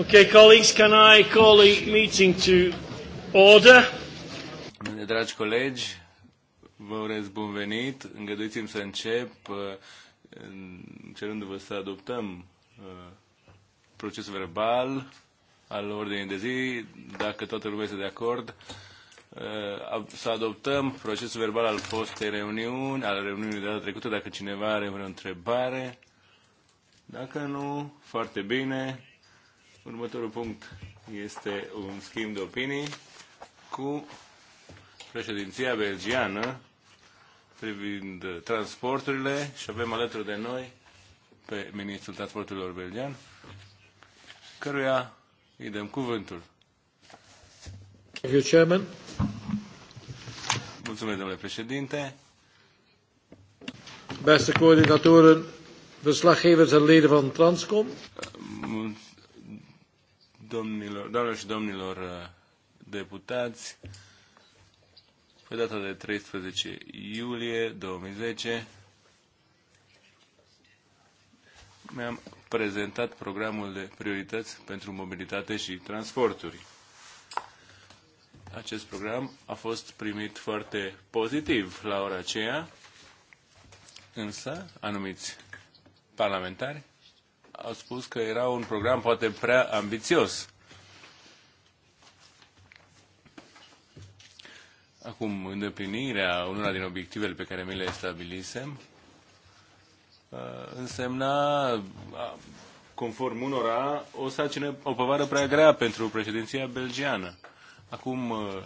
Okay, colleagues, can I call the meeting to order? Dragi colegi, vă urez bun venit. Îngăduiți-mi să încep uh, cerându-vă să adoptăm uh, procesul verbal al ordinii de zi, dacă toată lumea este de acord uh, să adoptăm procesul verbal al fostei reuniuni, al reuniunii de data trecută, dacă cineva are vreo întrebare. Dacă nu, foarte bine, Următorul punct este un schimb de opinii cu președinția belgiană privind transporturile și avem alături de noi pe ministrul transporturilor belgian, căruia îi dăm cuvântul. Mulțumesc, domnule președinte. Beste coördinatoren, verslaggevers en leden van Transcom domnilor, doamnelor și domnilor uh, deputați, pe data de 13 iulie 2010 mi-am prezentat programul de priorități pentru mobilitate și transporturi. Acest program a fost primit foarte pozitiv la ora aceea, însă anumiți parlamentari a spus că era un program poate prea ambițios. Acum, îndeplinirea unora din obiectivele pe care mi le stabilisem uh, însemna, conform unora, o sacină, o povară prea grea pentru președinția belgiană. Acum, uh,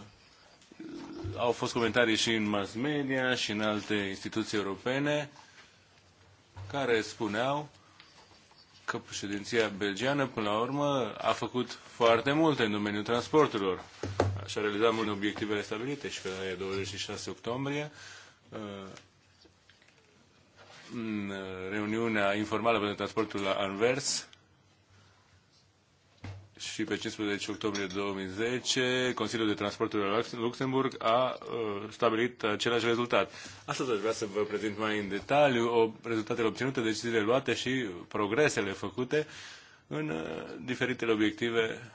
au fost comentarii și în mass media și în alte instituții europene care spuneau că președinția belgiană, până la urmă, a făcut foarte multe în domeniul transporturilor. Și a realizat multe obiectivele stabilite și pe 26 octombrie în reuniunea informală pentru transportul la Anvers și pe 15 octombrie 2010, Consiliul de Transporturi de Luxemburg a uh, stabilit același rezultat. Astăzi aș vrea să vă prezint mai în detaliu o, rezultatele obținute, deciziile luate și progresele făcute în uh, diferitele obiective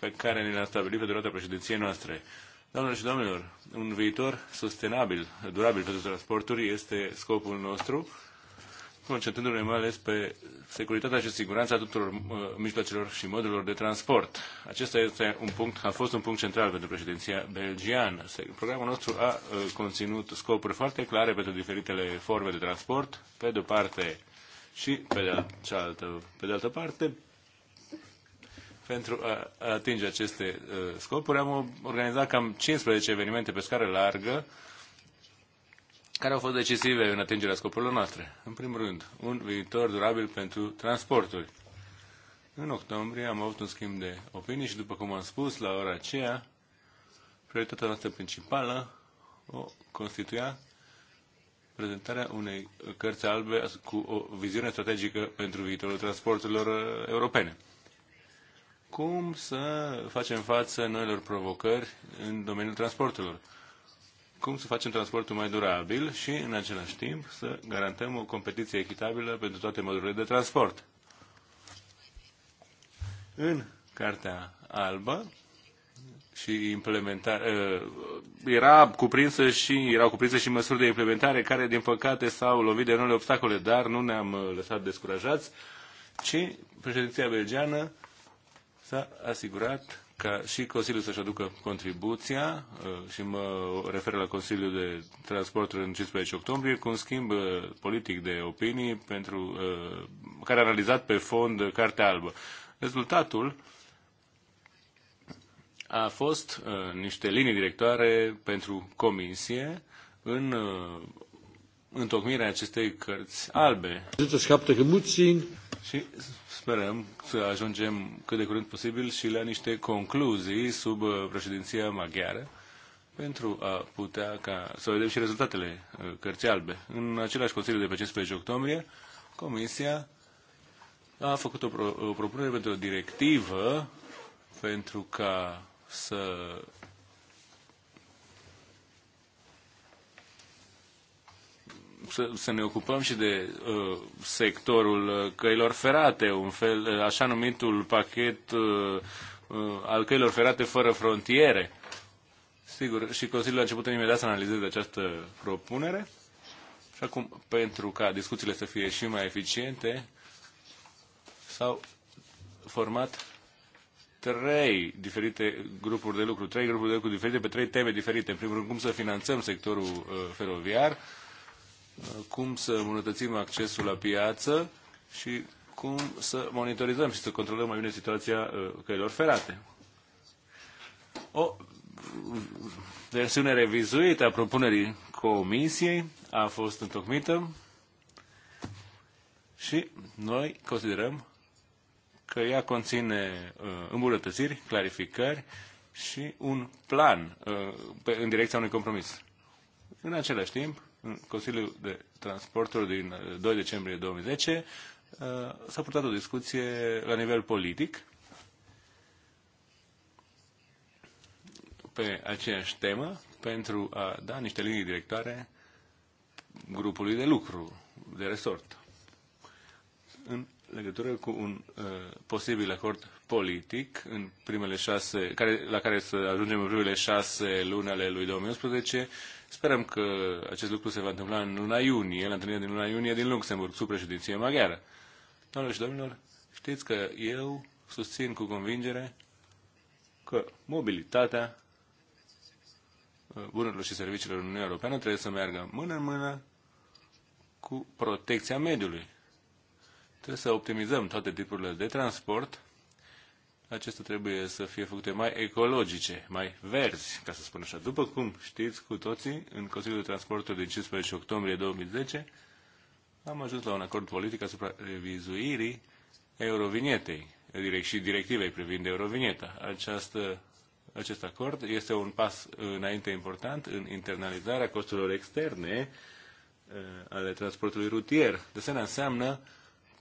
pe care ni le-am stabilit pe durata președinției noastre. Doamnelor și domnilor, un viitor sustenabil, durabil pentru transporturi este scopul nostru concentrându-ne mai ales pe securitatea și siguranța tuturor uh, mijloacelor și modurilor de transport. Acesta este un punct, a fost un punct central pentru președinția belgiană. Programul nostru a uh, conținut scopuri foarte clare pentru diferitele forme de transport, pe de-o parte și pe de, cealaltă, pe de altă parte. Pentru a atinge aceste uh, scopuri am organizat cam 15 evenimente pe scară largă, care au fost decisive în atingerea scopurilor noastre. În primul rând, un viitor durabil pentru transporturi. În octombrie am avut un schimb de opinii și, după cum am spus, la ora aceea, prioritatea noastră principală o constituia prezentarea unei cărți albe cu o viziune strategică pentru viitorul transporturilor uh, europene. Cum să facem față noilor provocări în domeniul transporturilor? cum să facem transportul mai durabil și, în același timp, să garantăm o competiție echitabilă pentru toate modurile de transport. În Cartea Albă și ă, era cuprinsă și, erau cuprinse și măsuri de implementare care, din păcate, s-au lovit de noile obstacole, dar nu ne-am ă, lăsat descurajați, ci președinția belgeană s-a asigurat ca și Consiliul să-și aducă contribuția uh, și mă refer la Consiliul de Transporturi în 15 octombrie cu un schimb uh, politic de opinii pentru, uh, care a analizat pe fond Cartea Albă. Rezultatul a fost niște linii directoare pentru Comisie în întocmirea acestei cărți albe și sperăm să ajungem cât de curând posibil și la niște concluzii sub uh, președinția maghiară pentru a putea ca, să vedem și rezultatele uh, cărții albe. În același Consiliu de pe 15 octombrie, Comisia a făcut o, pro, o propunere pentru o directivă pentru ca să să, să ne ocupăm și de uh, sectorul uh, căilor ferate, un fel, uh, așa numitul pachet uh, uh, al căilor ferate fără frontiere. Sigur, și Consiliul a început imediat să analizeze această propunere. Și acum, pentru ca discuțiile să fie și mai eficiente, s-au format trei diferite grupuri de lucru, trei grupuri de lucru diferite pe trei teme diferite. În primul rând, cum să finanțăm sectorul uh, feroviar, uh, cum să îmbunătățim accesul la piață și cum să monitorizăm și să controlăm mai bine situația uh, căilor ferate. O versiune revizuită a propunerii Comisiei a fost întocmită și noi considerăm că ea conține uh, îmbunătățiri, clarificări și un plan uh, pe, în direcția unui compromis. În același timp, în Consiliul de Transporturi din 2 uh, decembrie 2010 uh, s-a purtat o discuție la nivel politic pe aceeași temă pentru a da niște linii directoare grupului de lucru, de resort, în legătură cu un uh, posibil acord politic în primele șase, care, la care să ajungem în primele șase luni ale lui 2011. Sperăm că acest lucru se va întâmpla în luna iunie, la întâlnirea din luna iunie din Luxemburg, sub președinție maghiară. Doamnelor și domnilor, știți că eu susțin cu convingere că mobilitatea uh, bunurilor și serviciilor în Uniunea Europeană trebuie să meargă mână în mână cu protecția mediului. Trebuie să optimizăm toate tipurile de transport acestea trebuie să fie făcute mai ecologice, mai verzi, ca să spun așa. După cum știți cu toții, în Consiliul de Transporturi din 15 octombrie 2010 am ajuns la un acord politic asupra revizuirii Eurovinietei și directivei privind Eurovinieta. Această, acest acord este un pas înainte important în internalizarea costurilor externe eh, ale transportului rutier. De asemenea, înseamnă uh,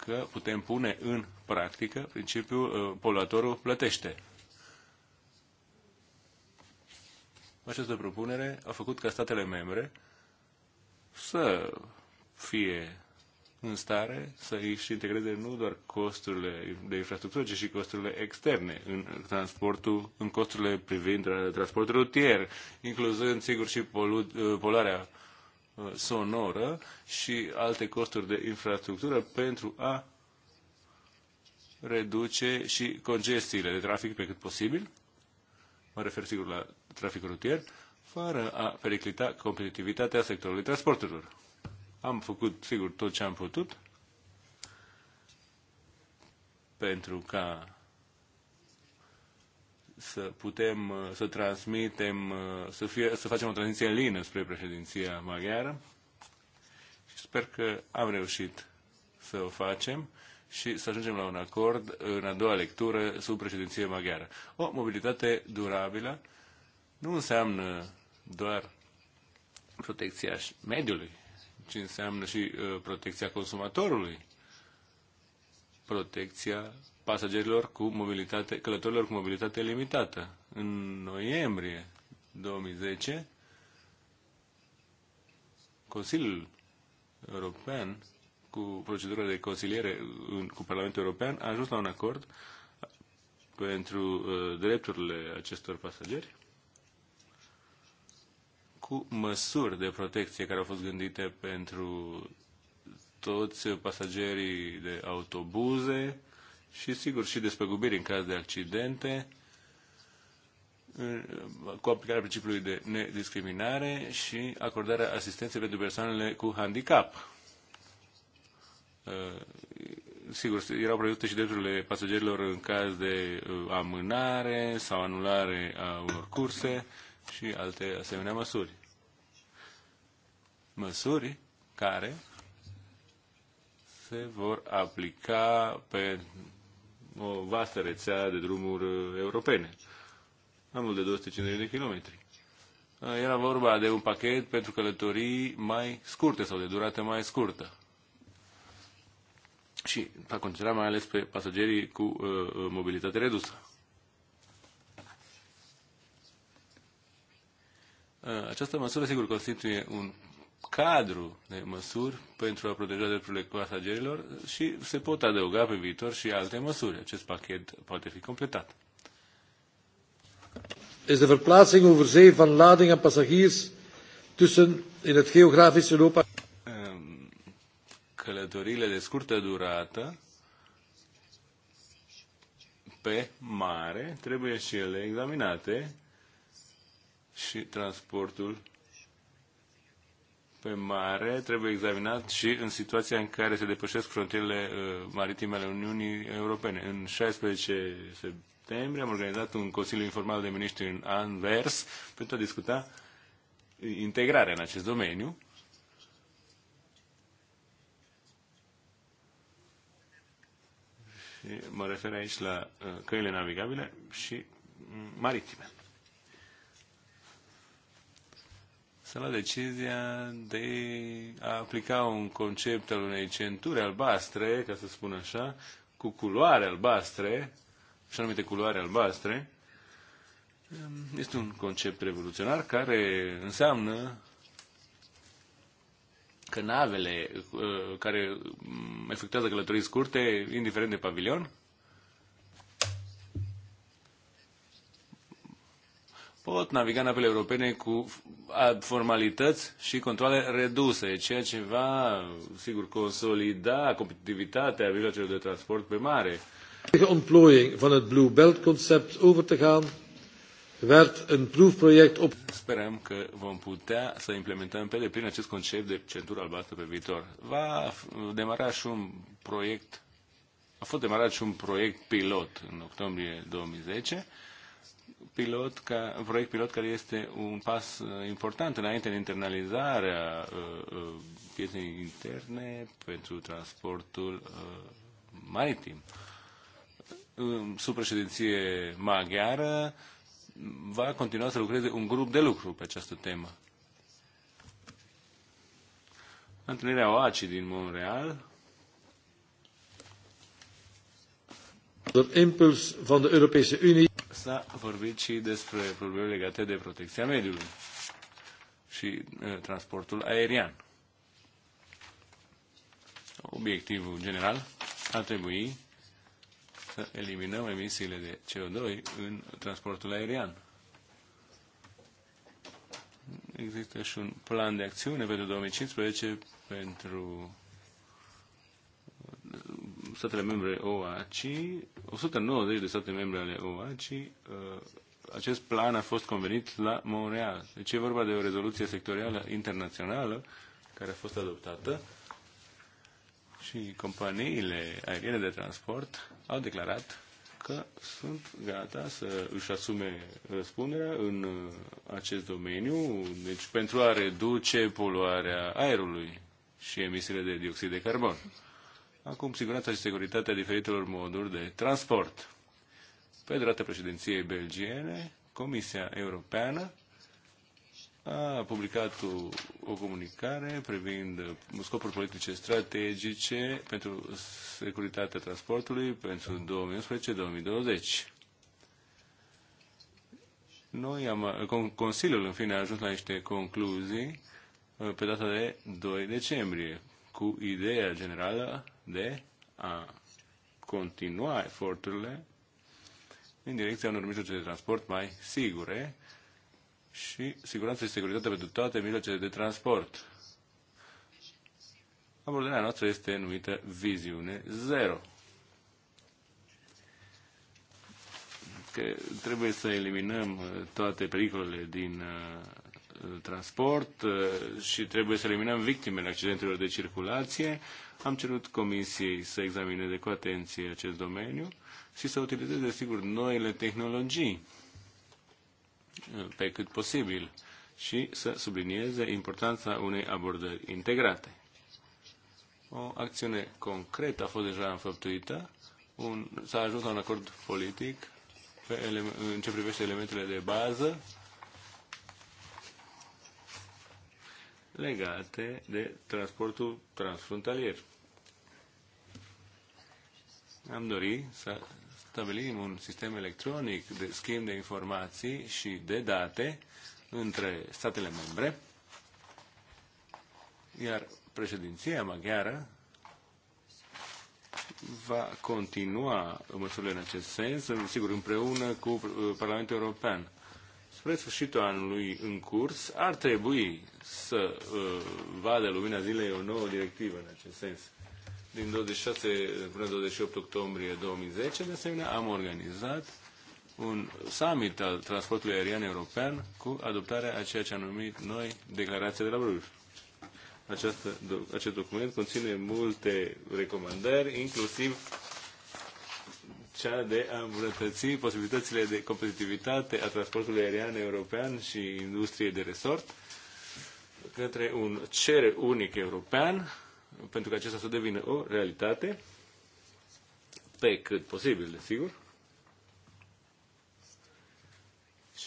că putem pune în practică principiul uh, poluatorul plătește. Această propunere a făcut ca statele membre să fie în stare să își integreze nu doar costurile de infrastructură, ci și costurile externe în transportul, în costurile privind transportul rutier, incluzând, sigur, și polu- uh, poluarea sonoră și alte costuri de infrastructură pentru a reduce și congestiile de trafic pe cât posibil, mă refer sigur la traficul rutier, fără a periclita competitivitatea sectorului transporturilor. Am făcut, sigur, tot ce am putut pentru ca să putem uh, să transmitem, uh, să, fie, să facem o tranziție lină spre președinția maghiară și sper că am reușit să o facem și să ajungem la un acord în a doua lectură sub președinție maghiară. O mobilitate durabilă nu înseamnă doar protecția mediului, ci înseamnă și uh, protecția consumatorului, protecția pasagerilor cu mobilitate, călătorilor cu mobilitate limitată. În noiembrie 2010, Consiliul European, cu procedura de consiliere cu Parlamentul European, a ajuns la un acord pentru uh, drepturile acestor pasageri cu măsuri de protecție care au fost gândite pentru toți pasagerii de autobuze, și, sigur, și despăgubiri în caz de accidente, cu aplicarea principiului de nediscriminare și acordarea asistenței pentru persoanele cu handicap. Uh, sigur, erau prevăzute și drepturile pasagerilor în caz de uh, amânare sau anulare a unor curse și alte asemenea măsuri. Măsuri care se vor aplica pe o vastă rețea de drumuri uh, europene, mai mult de 250 de kilometri. Uh, era vorba de un pachet pentru călătorii mai scurte sau de durată mai scurtă. Și a concentrat mai ales pe pasagerii cu uh, uh mobilitate redusă. Această măsură, sigur, constituie un cadru de măsuri pentru a proteja drepturile pasagerilor și se pot adăuga pe viitor și alte măsuri. Acest pachet poate fi completat. Is de verplaatsing over zee van lading en passagiers tussen in het geografisch Europa? Ehm, Călătorile de scurtă durată pe mare trebuie și ele examinate și transportul pe mare trebuie examinat și în situația în care se depășesc frontierele uh, maritime ale Uniunii Europene. În 16 septembrie am organizat un Consiliu Informal de Miniștri în Anvers pentru a discuta integrarea în acest domeniu. mă refer aici la uh, căile navigabile și mm, maritime. s-a luat decizia de a aplica un concept al unei centuri albastre, ca să spun așa, cu culoare albastre, și anumite culoare albastre. Este un concept revoluționar care înseamnă că navele uh, care efectuează călătorii scurte, indiferent de pavilion, pot naviga în apele europene cu formalități și controle reduse, ceea ce va, sigur, consolida competitivitatea mijloacelor de transport pe mare. De ontplooiing van het Blue Belt concept over te gaan, werd een proefproject op. Sperăm că vom putea să implementăm pe deplin acest concept de centură albastră pe viitor. Va demara și un proiect, a fost demarat și un proiect pilot în octombrie 2010 pilot, ca, proiect pilot care este un pas uh, important înainte de internalizarea uh, uh, pieței interne pentru transportul maritim. Sub președinție maghiară va continua să lucreze un grup de lucru pe această temă. Întâlnirea OACI din Montreal impuls van de Europese S-a vorbit și despre probleme legate de protecția mediului și uh, transportul aerian. Obiectivul general ar trebui să eliminăm emisiile de CO2 în transportul aerian. Există și un plan de acțiune pentru 2015 pentru statele membre OACI, 190 de state membre ale OACI, uh, acest plan a fost convenit la Montreal. Deci e vorba de o rezoluție sectorială internațională care a fost adoptată și companiile aeriene de transport au declarat că sunt gata să își asume răspunderea în uh, acest domeniu, deci pentru a reduce poluarea aerului și emisiile de dioxid de carbon. Acum, siguranța și securitatea diferitelor moduri de transport. Pe durata președinției belgiene, Comisia Europeană a publicat o, o comunicare privind scopuri politice strategice pentru securitatea transportului pentru 2011-2020. Noi am, Consiliul, în fine, a ajuns la niște concluzii uh, pe data de 2 decembrie, cu ideea generală de a continua eforturile în direcția unor mijloace de transport mai sigure și siguranță și securitate pentru toate mijloacele de transport. Abordarea noastră este numită viziune zero. Că trebuie să eliminăm uh, toate pericolele din uh, transport uh, și trebuie să eliminăm victimele accidentelor de circulație am cerut Comisiei să examineze cu atenție acest domeniu și să utilizeze, sigur, noile tehnologii pe cât posibil și să sublinieze importanța unei abordări integrate. O acțiune concretă a fost deja înfăptuită, s-a ajuns la un acord politic pe ele, în ce privește elementele de bază legate de transportul transfrontalier. Am dorit să stabilim un sistem electronic de schimb de informații și de date între statele membre, iar președinția maghiară va continua măsurile în acest sens, sigur, împreună cu uh, Parlamentul European spre sfârșitul anului în curs, ar trebui să uh, vadă lumina zilei o nouă directivă în acest sens. Din 26 până 28 octombrie 2010, de asemenea, am organizat un summit al transportului aerian european cu adoptarea a ceea ce am numit noi Declarația de la Bruges. Această, acest document conține multe recomandări, inclusiv cea de a îmbunătăți posibilitățile de competitivitate a transportului aerian european și industriei de resort către un cer unic european, pentru că acesta să devină o realitate, pe cât posibil, desigur,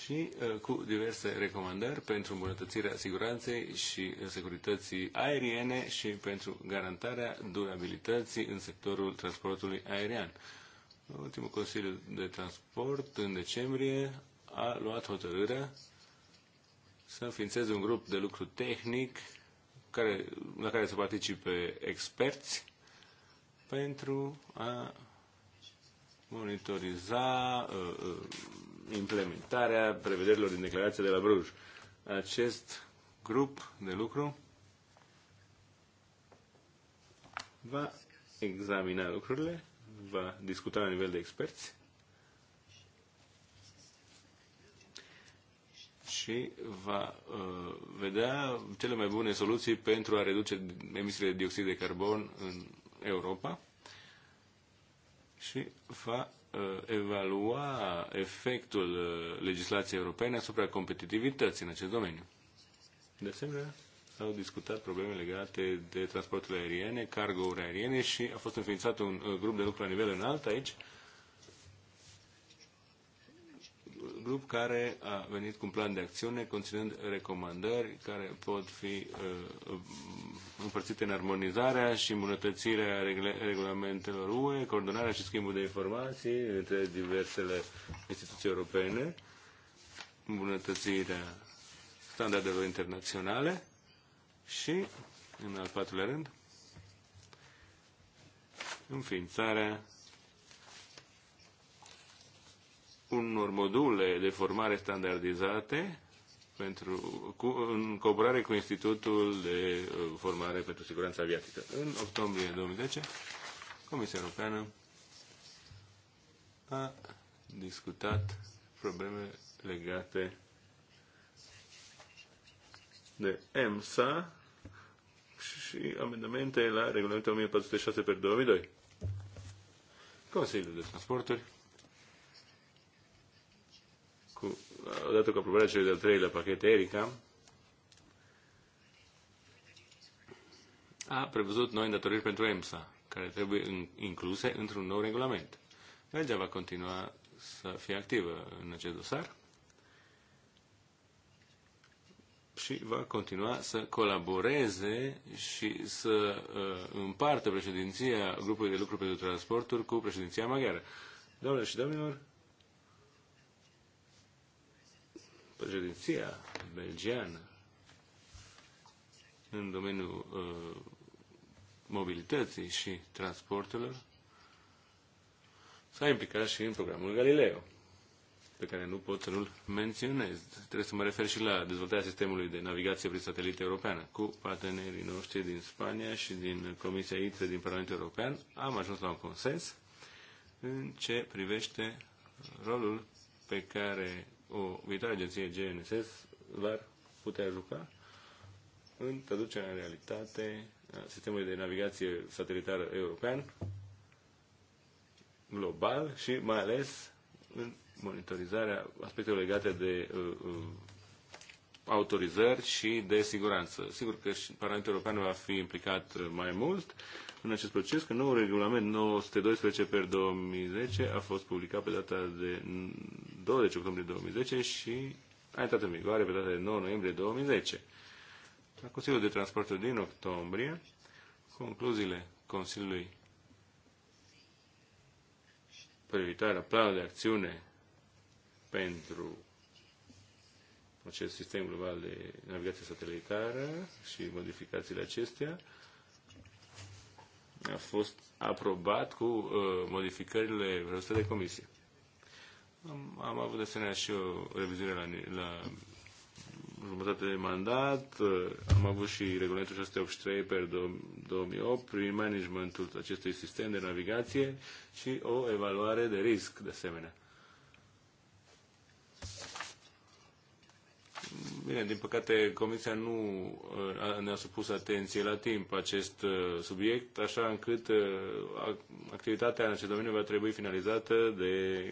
și uh, cu diverse recomandări pentru îmbunătățirea siguranței și securității aeriene și pentru garantarea durabilității în sectorul transportului aerian. Ultimul Consiliu de Transport, în decembrie, a luat hotărârea să înființeze un grup de lucru tehnic care, la care să participe experți pentru a monitoriza uh, uh implementarea prevederilor din declarația de la Bruj. Acest grup de lucru va examina lucrurile va discuta la nivel de experți și va uh, vedea cele mai bune soluții pentru a reduce emisiile de dioxid de carbon în Europa și va uh, evalua efectul uh, legislației europene asupra competitivității în acest domeniu. De asemenea, s-au discutat probleme legate de transporturile aeriene, cargouri aeriene și a fost înființat un uh, grup de lucru la nivel înalt aici, grup care a venit cu un plan de acțiune conținând recomandări care pot fi uh, împărțite în armonizarea și îmbunătățirea regulamentelor UE, coordonarea și schimbul de informații între diversele instituții europene, îmbunătățirea standardelor internaționale și, în al patrulea rând, înființarea unor module de formare standardizate pentru, cu, în cooperare cu Institutul de uh, Formare pentru Siguranța Aviatică. În octombrie 2010, Comisia Europeană a discutat probleme legate de EMSA, și amendamente la regulamentul 1406 per 2002. Consiliul de Transporturi, cu, odată cu aprobarea celui de-al treilea pachet ERICA, a prevăzut noi îndatoriri pentru EMSA, care trebuie incluse într-un nou regulament. Legea va continua să fie activă în acest dosar și va continua să colaboreze și să uh, împartă președinția grupului de lucru pentru transporturi cu președinția maghiară. Doamnelor și domnilor, președinția belgiană în domeniul uh, mobilității și transportelor s-a implicat și în programul Galileo pe care nu pot să nu-l menționez. Trebuie să mă refer și la dezvoltarea sistemului de navigație prin satelit europeană. Cu partenerii noștri din Spania și din Comisia ITRE din Parlamentul European am ajuns la un consens în ce privește rolul pe care o viitoare agenție GNSS l-ar putea juca în traducerea în realitate a sistemului de navigație satelitară european, global și mai ales în monitorizarea aspectelor legate de uh, uh, autorizări și de siguranță. Sigur că și Parlamentul European va fi implicat uh, mai mult în acest proces, că noul regulament 912 per 2010 a fost publicat pe data de 20 octombrie 2010 și a intrat în vigoare pe data de 9 noiembrie 2010. La Consiliul de transport din octombrie, concluziile Consiliului privitoare la planul de acțiune pentru acest sistem global de navigație satelitară și modificațiile acestea a fost aprobat cu uh, modificările vreo de comisie. Am, am avut de asemenea și o revizuire la, la jumătate de mandat, uh, am avut și regulamentul 683 per 2008 prin managementul acestui sistem de navigație și o evaluare de risc de asemenea. Bine, din păcate, Comisia nu uh, ne-a supus atenție la timp acest uh, subiect, așa încât uh, activitatea în acest domeniu va trebui finalizată de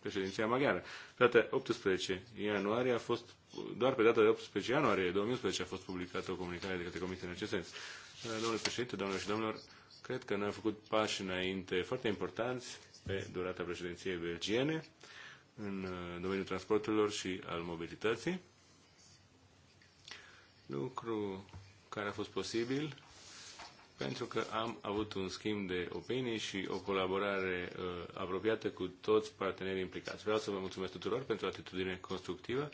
președinția maghiară. Data 18 ianuarie a fost, doar pe data de 18 ianuarie 2011 a fost publicată o comunicare de către Comisie în acest sens. Domnule președinte, doamnelor și domnilor, cred că noi am făcut pași înainte foarte importanți pe durata președinției belgiene în domeniul transporturilor și al mobilității lucru care a fost posibil pentru că am avut un schimb de opinii și o colaborare uh, apropiată cu toți partenerii implicați. Vreau să vă mulțumesc tuturor pentru atitudine constructivă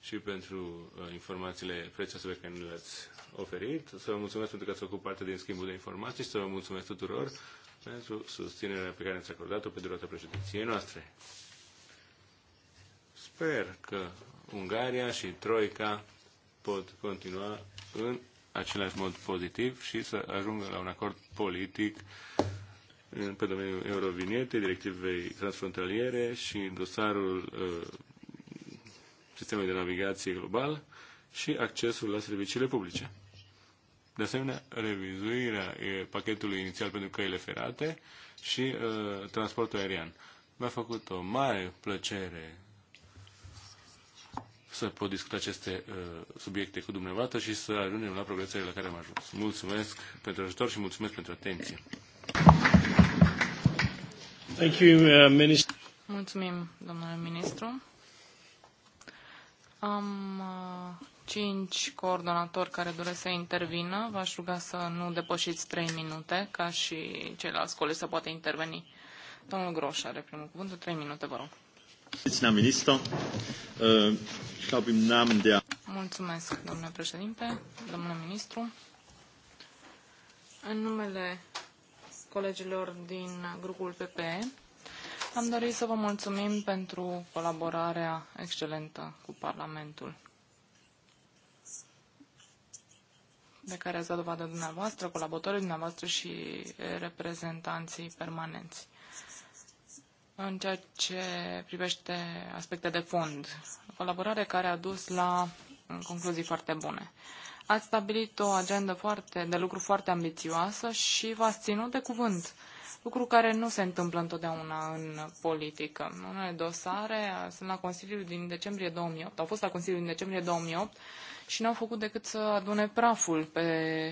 și pentru uh, informațiile prețioase pe care ne le-ați oferit. Să vă mulțumesc pentru că ați făcut parte din schimbul de informații și să vă mulțumesc tuturor pentru susținerea pe care ne-ați acordat-o pe durata președinției noastre. Sper că Ungaria și Troica pot continua în același mod pozitiv și să ajungă la un acord politic pe domeniul Eurovinietei, directivei transfrontaliere și dosarul uh, sistemului de navigație global și accesul la serviciile publice. De asemenea, revizuirea pachetului inițial pentru căile ferate și uh, transportul aerian. Mi-a făcut o mare plăcere să pot discuta aceste uh, subiecte cu dumneavoastră și să ajungem la progresele la care am ajuns. Mulțumesc pentru ajutor și mulțumesc pentru atenție. Thank you, uh, minister. Mulțumim, domnule ministru. Am uh, cinci coordonatori care doresc să intervină. V-aș ruga să nu depășiți trei minute, ca și ceilalți colegi să poată interveni. Domnul Groș are primul cuvânt, trei minute, vă rog. Uh, Mulțumesc, domnule președinte, domnule ministru. În numele colegilor din grupul PPE, am dorit să vă mulțumim pentru colaborarea excelentă cu Parlamentul de care ați dat dovadă dumneavoastră, colaboratorii dumneavoastră și reprezentanții permanenți în ceea ce privește aspecte de fond. O colaborare care a dus la concluzii foarte bune. Ați stabilit o agendă foarte, de lucru foarte ambițioasă și v-ați ținut de cuvânt, lucru care nu se întâmplă întotdeauna în politică. Unele dosare sunt la Consiliul din decembrie 2008, au fost la Consiliul din decembrie 2008 și n-au făcut decât să adune praful pe,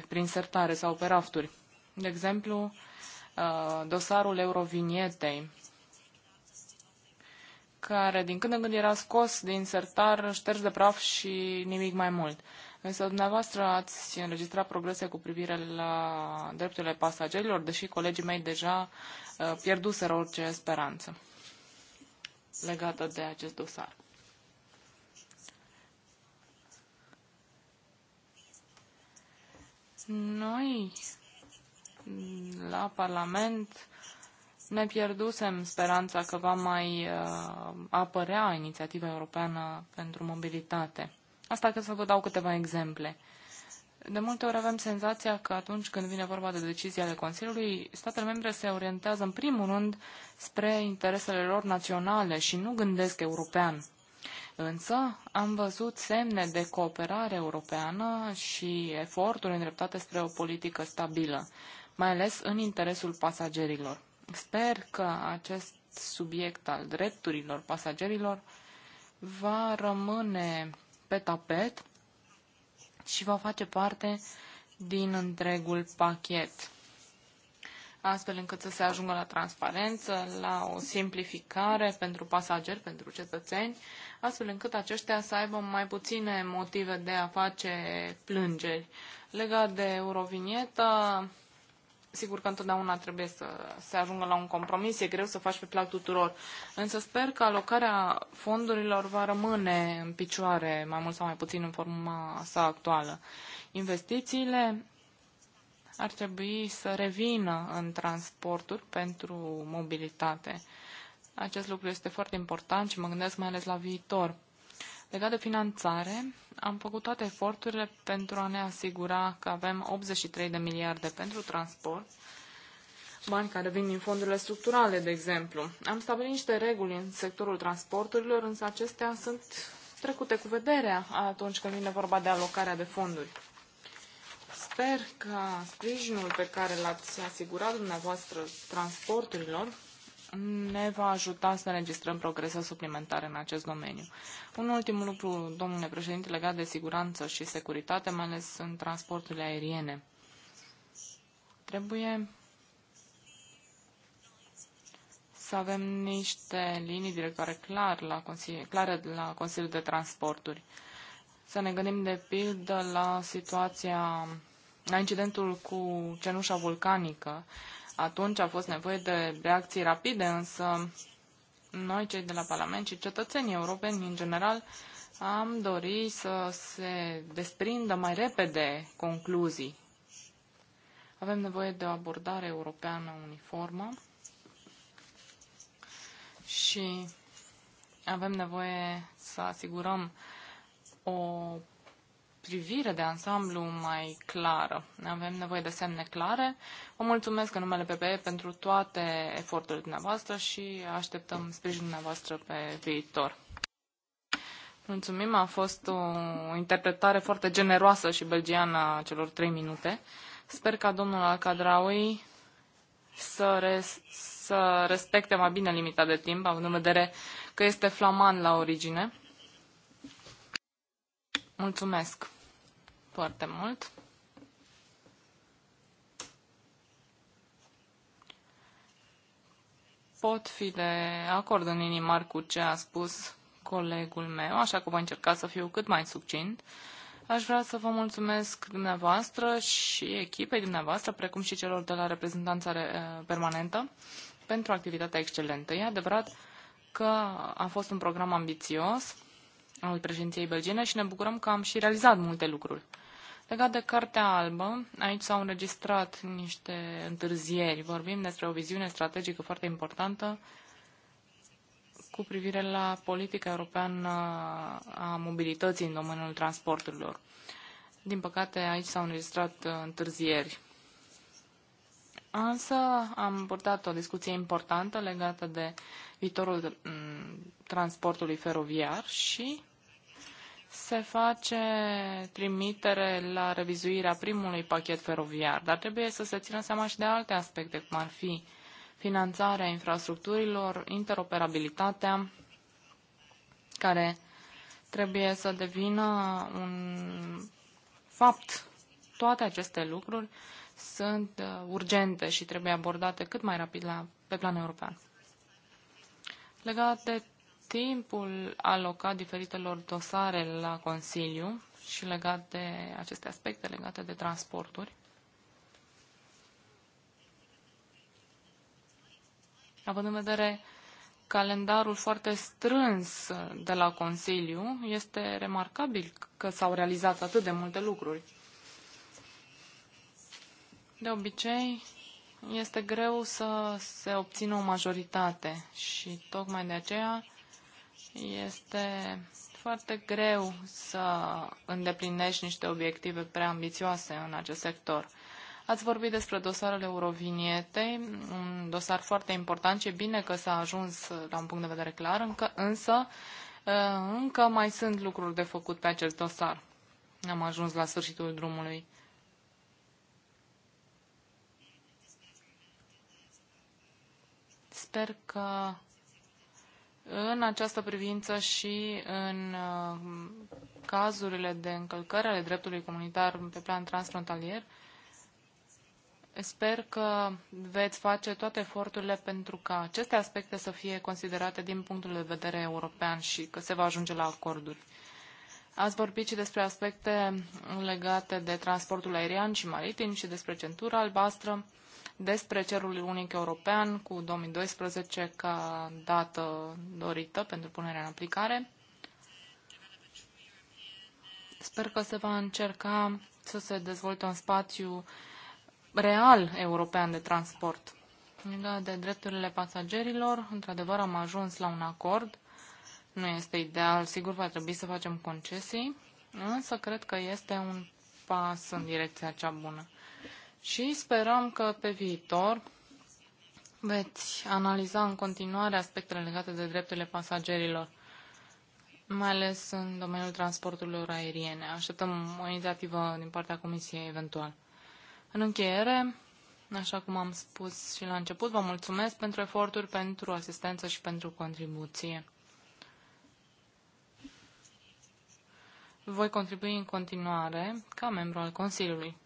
prin sertare sau pe rafturi. De exemplu, dosarul Eurovinietei, care din când în când era scos din sertar, șters de praf și nimic mai mult. Însă dumneavoastră ați înregistrat progrese cu privire la drepturile pasagerilor, deși colegii mei deja uh, pierduseră orice speranță legată de acest dosar. Noi la Parlament ne pierdusem speranța că va mai uh, apărea inițiativa europeană pentru mobilitate. Asta că să vă dau câteva exemple. De multe ori avem senzația că atunci când vine vorba de decizii ale Consiliului, statele membre se orientează în primul rând spre interesele lor naționale și nu gândesc european. Însă am văzut semne de cooperare europeană și eforturi îndreptate spre o politică stabilă, mai ales în interesul pasagerilor. Sper că acest subiect al drepturilor pasagerilor va rămâne pe tapet și va face parte din întregul pachet, astfel încât să se ajungă la transparență, la o simplificare pentru pasageri, pentru cetățeni, astfel încât aceștia să aibă mai puține motive de a face plângeri. Legat de Eurovinietă, Sigur că întotdeauna trebuie să se ajungă la un compromis, e greu să faci pe plac tuturor, însă sper că alocarea fondurilor va rămâne în picioare, mai mult sau mai puțin în forma sa actuală. Investițiile ar trebui să revină în transporturi pentru mobilitate. Acest lucru este foarte important și mă gândesc mai ales la viitor. Legat de finanțare, am făcut toate eforturile pentru a ne asigura că avem 83 de miliarde pentru transport, bani care vin din fondurile structurale, de exemplu. Am stabilit niște reguli în sectorul transporturilor, însă acestea sunt trecute cu vederea atunci când vine vorba de alocarea de fonduri. Sper că sprijinul pe care l-ați asigurat dumneavoastră transporturilor ne va ajuta să înregistrăm progrese suplimentare în acest domeniu. Un ultim lucru, domnule președinte, legat de siguranță și securitate, mai ales în transporturile aeriene. Trebuie să avem niște linii directoare clar la consili, clare la Consiliul de Transporturi. Să ne gândim de pildă la situația, la incidentul cu cenușa vulcanică atunci a fost nevoie de reacții rapide, însă noi, cei de la Parlament și cetățenii europeni în general, am dorit să se desprindă mai repede concluzii. Avem nevoie de o abordare europeană uniformă și avem nevoie să asigurăm o privire de ansamblu mai clară. Avem nevoie de semne clare. Vă mulțumesc în numele PPE pentru toate eforturile dumneavoastră și așteptăm sprijinul dumneavoastră pe viitor. Mulțumim, a fost o interpretare foarte generoasă și belgiană a celor trei minute. Sper ca domnul Alcadraui să, res- să respecte mai bine limita de timp, având în vedere că este flaman la origine. Mulțumesc foarte mult. Pot fi de acord în inimar cu ce a spus colegul meu, așa că voi încerca să fiu cât mai succint. Aș vrea să vă mulțumesc dumneavoastră și echipei dumneavoastră, precum și celor de la reprezentanța uh, permanentă, pentru activitatea excelentă. E adevărat că a fost un program ambițios al președinției belgiene și ne bucurăm că am și realizat multe lucruri. Legat de Cartea Albă, aici s-au înregistrat niște întârzieri. Vorbim despre o viziune strategică foarte importantă cu privire la politica europeană a mobilității în domeniul transporturilor. Din păcate, aici s-au înregistrat uh, întârzieri. Însă am purtat o discuție importantă legată de viitorul mm, transportului feroviar și se face trimitere la revizuirea primului pachet feroviar, dar trebuie să se țină seama și de alte aspecte, cum ar fi finanțarea infrastructurilor, interoperabilitatea, care trebuie să devină un fapt. Toate aceste lucruri sunt uh, urgente și trebuie abordate cât mai rapid la, pe plan european. Legat de timpul alocat diferitelor dosare la Consiliu și legat de aceste aspecte legate de transporturi, având în vedere calendarul foarte strâns de la Consiliu, este remarcabil că s-au realizat atât de multe lucruri. De obicei, este greu să se obțină o majoritate și tocmai de aceea este foarte greu să îndeplinești niște obiective prea ambițioase în acest sector. Ați vorbit despre dosarele Eurovinietei, un dosar foarte important și bine că s-a ajuns la un punct de vedere clar, încă, însă ă, încă mai sunt lucruri de făcut pe acest dosar. Am ajuns la sfârșitul drumului. Sper că în această privință și în uh, cazurile de încălcări ale dreptului comunitar pe plan transfrontalier, sper că veți face toate eforturile pentru ca aceste aspecte să fie considerate din punctul de vedere european și că se va ajunge la acorduri. Ați vorbit și despre aspecte legate de transportul aerian și maritim și despre centura albastră despre cerul unic european cu 2012 ca dată dorită pentru punerea în aplicare. Sper că se va încerca să se dezvolte un spațiu real european de transport. Legat de drepturile pasagerilor, într-adevăr am ajuns la un acord. Nu este ideal, sigur va trebui să facem concesii, însă cred că este un pas în direcția cea bună și sperăm că pe viitor veți analiza în continuare aspectele legate de drepturile pasagerilor, mai ales în domeniul transporturilor aeriene. Așteptăm o inițiativă din partea Comisiei eventual. În încheiere, așa cum am spus și la început, vă mulțumesc pentru eforturi, pentru asistență și pentru contribuție. Voi contribui în continuare ca membru al Consiliului.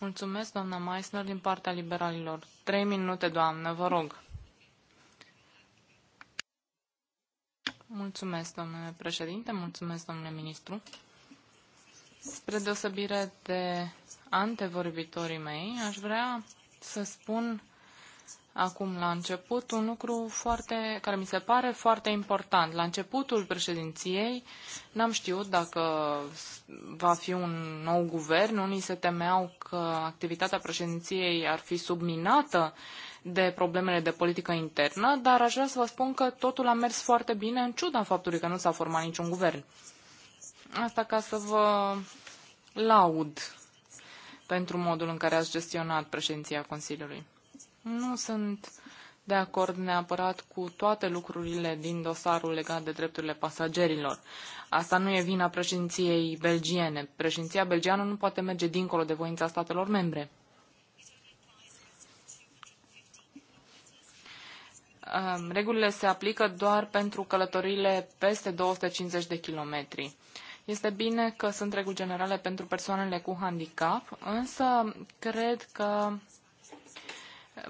Mulțumesc, doamna Meissner, din partea liberalilor. Trei minute, doamnă, vă rog. Mulțumesc, domnule președinte, mulțumesc, domnule ministru. Spre deosebire de antevorbitorii mei, aș vrea să spun acum la început un lucru foarte, care mi se pare foarte important. La începutul președinției n-am știut dacă va fi un nou guvern. Unii se temeau că activitatea președinției ar fi subminată de problemele de politică internă, dar aș vrea să vă spun că totul a mers foarte bine în ciuda faptului că nu s-a format niciun guvern. Asta ca să vă laud pentru modul în care ați gestionat președinția Consiliului. Nu sunt de acord neapărat cu toate lucrurile din dosarul legat de drepturile pasagerilor. Asta nu e vina președinției belgiene. Președinția belgiană nu poate merge dincolo de voința statelor membre. Regulile se aplică doar pentru călătorile peste 250 de kilometri. Este bine că sunt reguli generale pentru persoanele cu handicap, însă cred că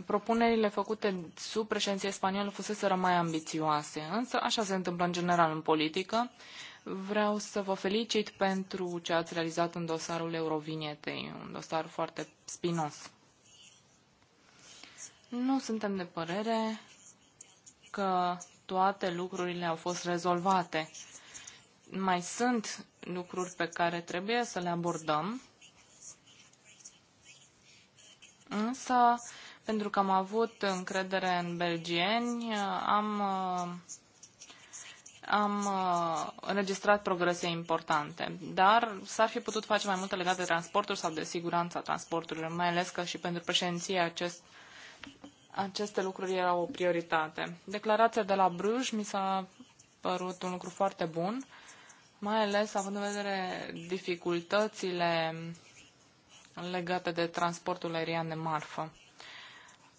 Propunerile făcute sub președinția spaniolă fuseseră mai ambițioase, însă așa se întâmplă în general în politică. Vreau să vă felicit pentru ce ați realizat în dosarul Eurovinietei, un dosar foarte spinos. Nu suntem de părere că toate lucrurile au fost rezolvate. Mai sunt lucruri pe care trebuie să le abordăm, însă pentru că am avut încredere în belgieni, am, am uh, înregistrat progrese importante, dar s-ar fi putut face mai multe legate de transporturi sau de siguranța transporturilor, mai ales că și pentru președinție acest, aceste lucruri erau o prioritate. Declarația de la Bruj mi s-a părut un lucru foarte bun, mai ales având în vedere dificultățile legate de transportul aerian de marfă.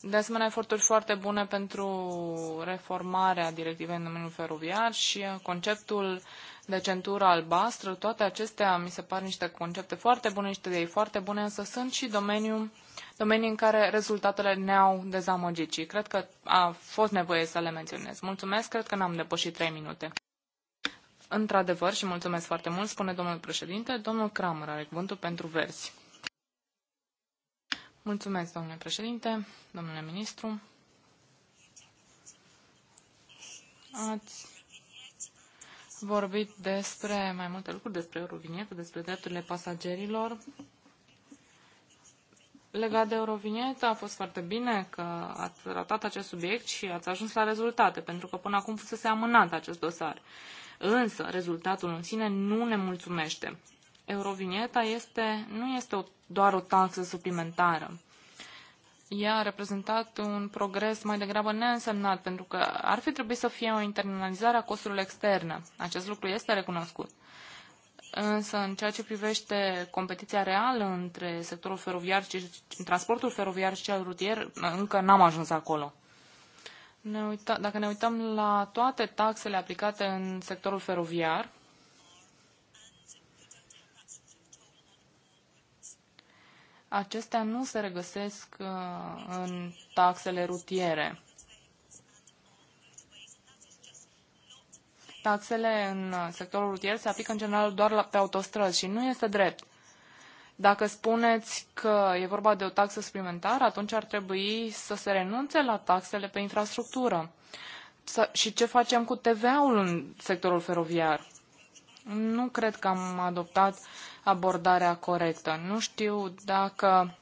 De asemenea, eforturi foarte bune pentru reformarea directivei în domeniul feroviar și uh, conceptul de centură albastră. Toate acestea mi se par niște concepte foarte bune, niște idei foarte bune, însă sunt și domeniu, domenii în care rezultatele ne-au dezamăgit și cred că a fost nevoie să le menționez. Mulțumesc, cred că n-am depășit trei minute. Într-adevăr, și mulțumesc foarte mult, spune domnul președinte, domnul Kramer are cuvântul pentru versi. Mulțumesc, domnule președinte, domnule ministru. Ați vorbit despre mai multe lucruri, despre Eurovinietă, despre drepturile pasagerilor. Legat de Eurovinietă, a fost foarte bine că ați ratat acest subiect și ați ajuns la rezultate, pentru că până acum fusese amânat acest dosar. Însă, rezultatul în sine nu ne mulțumește. Eurovinieta este, nu este o, doar o taxă suplimentară. Ea a reprezentat un progres mai degrabă neînsemnat, pentru că ar fi trebuit să fie o internalizare a costurilor externe. Acest lucru este recunoscut. Însă, în ceea ce privește competiția reală între sectorul feroviar și transportul feroviar și cel rutier, încă n-am ajuns acolo. Ne uita, dacă ne uităm la toate taxele aplicate în sectorul feroviar, acestea nu se regăsesc uh, în taxele rutiere. Taxele în sectorul rutier se aplică în general doar pe autostrăzi și nu este drept. Dacă spuneți că e vorba de o taxă suplimentară, atunci ar trebui să se renunțe la taxele pe infrastructură. Și ce facem cu TVA-ul în sectorul feroviar? Nu cred că am adoptat abordarea corectă. Nu știu dacă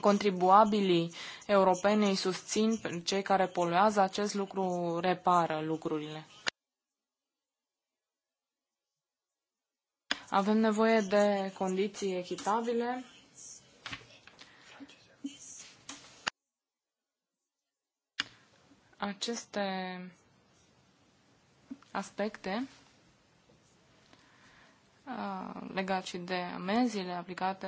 contribuabilii europenei susțin cei care poluează, acest lucru repară lucrurile. Avem nevoie de condiții echitabile. Aceste aspecte Uh, legat și de amenziile aplicate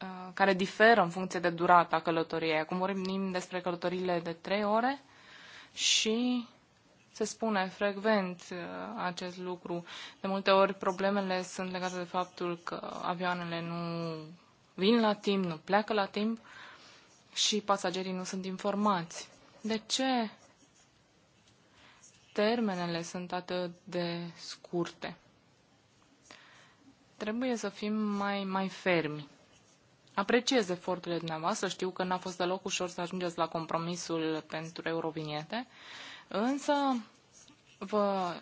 uh, care diferă în funcție de durata călătoriei. Acum vorbim despre călătorile de 3 ore și se spune frecvent uh, acest lucru. De multe ori problemele sunt legate de faptul că avioanele nu vin la timp, nu pleacă la timp și pasagerii nu sunt informați. De ce termenele sunt atât de scurte. Trebuie să fim mai, mai fermi. Apreciez eforturile dumneavoastră, știu că n-a fost deloc ușor să ajungeți la compromisul pentru euroviniete, însă vă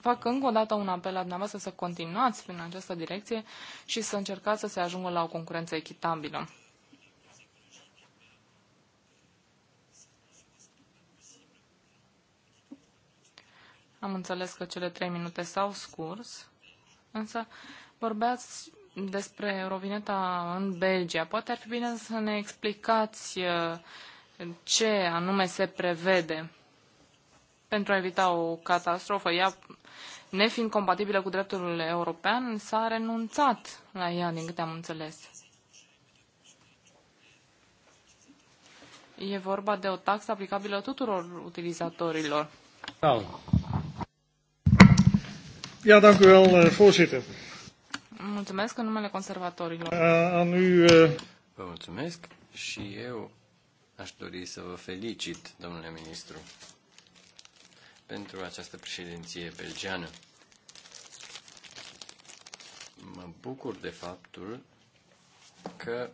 fac încă o dată un apel la dumneavoastră să continuați prin această direcție și să încercați să se ajungă la o concurență echitabilă. Am înțeles că cele trei minute s-au scurs, însă vorbeați despre Eurovineta în Belgia. Poate ar fi bine să ne explicați uh, ce anume se prevede pentru a evita o catastrofă. Ea, nefiind compatibilă cu dreptul european, s-a renunțat la ea, din câte am înțeles. E vorba de o taxă aplicabilă tuturor utilizatorilor. Da. Ja, dank u wel, eh, voorzitter. Mulțumesc în numele conservatorilor. Eh, aan u... Eh, vă mulțumesc și eu aș dori să vă felicit, domnule ministru, pentru această președinție belgeană. Mă bucur de faptul că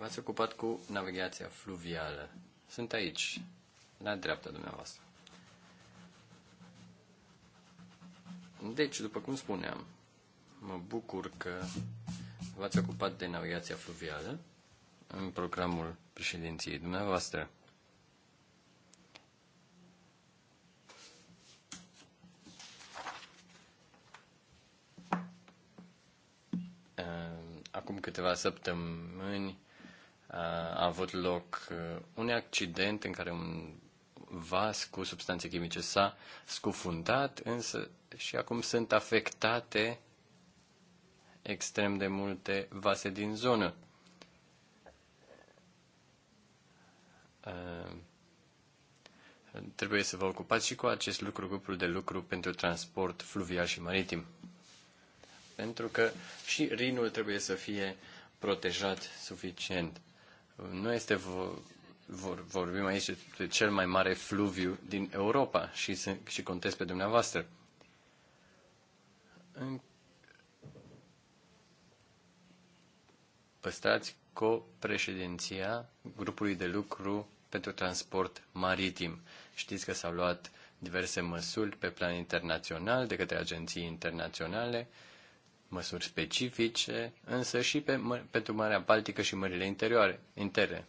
v-ați ocupat cu navigația fluvială. Sunt aici, la dreapta dumneavoastră. Deci, după cum spuneam, mă bucur că v-ați ocupat de navigația fluvială în programul președinției dumneavoastră. Eh, acum câteva săptămâni eh, a avut loc eh, un accident în care un vas cu substanțe chimice s-a scufundat, însă și acum sunt afectate extrem de multe vase din zonă. Uh, trebuie să vă ocupați și cu acest lucru, grupul de lucru pentru transport fluvial și maritim. Pentru că și rinul trebuie să fie protejat suficient. Nu este vor, vorbim aici de cel mai mare fluviu din Europa și, și contez pe dumneavoastră în... păstrați co-președinția grupului de lucru pentru transport maritim. Știți că s-au luat diverse măsuri pe plan internațional de către agenții internaționale, măsuri specifice, însă și pe, pentru Marea Baltică și mările interioare, interne.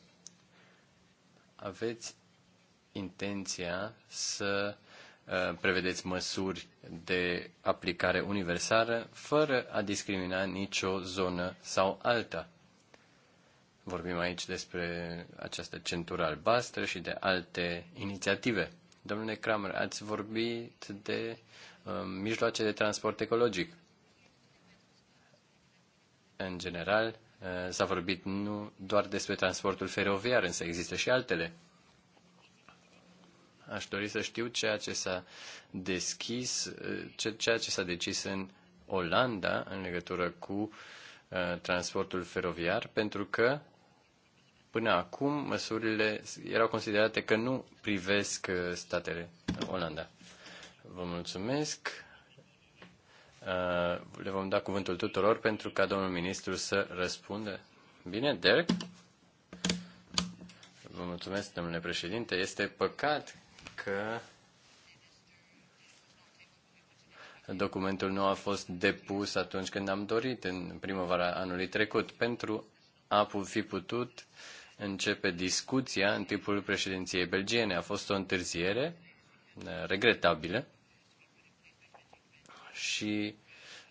Aveți intenția să Uh, prevedeți măsuri de aplicare universală fără a discrimina nicio zonă sau alta. Vorbim aici despre această centură albastră și de alte inițiative. Domnule Kramer, ați vorbit de uh, mijloace de transport ecologic. În general, uh, s-a vorbit nu doar despre transportul feroviar, însă există și altele. Aș dori să știu ceea ce s-a deschis, ceea ce s-a decis în Olanda în legătură cu uh, transportul feroviar, pentru că până acum măsurile erau considerate că nu privesc uh, statele Olanda. Vă mulțumesc. Uh, le vom da cuvântul tuturor pentru ca domnul ministru să răspundă. Bine, Derek? Vă mulțumesc, domnule președinte. Este păcat că documentul nu a fost depus atunci când am dorit, în primăvara anului trecut, pentru a fi putut începe discuția în timpul președinției belgiene. A fost o întârziere eh, regretabilă și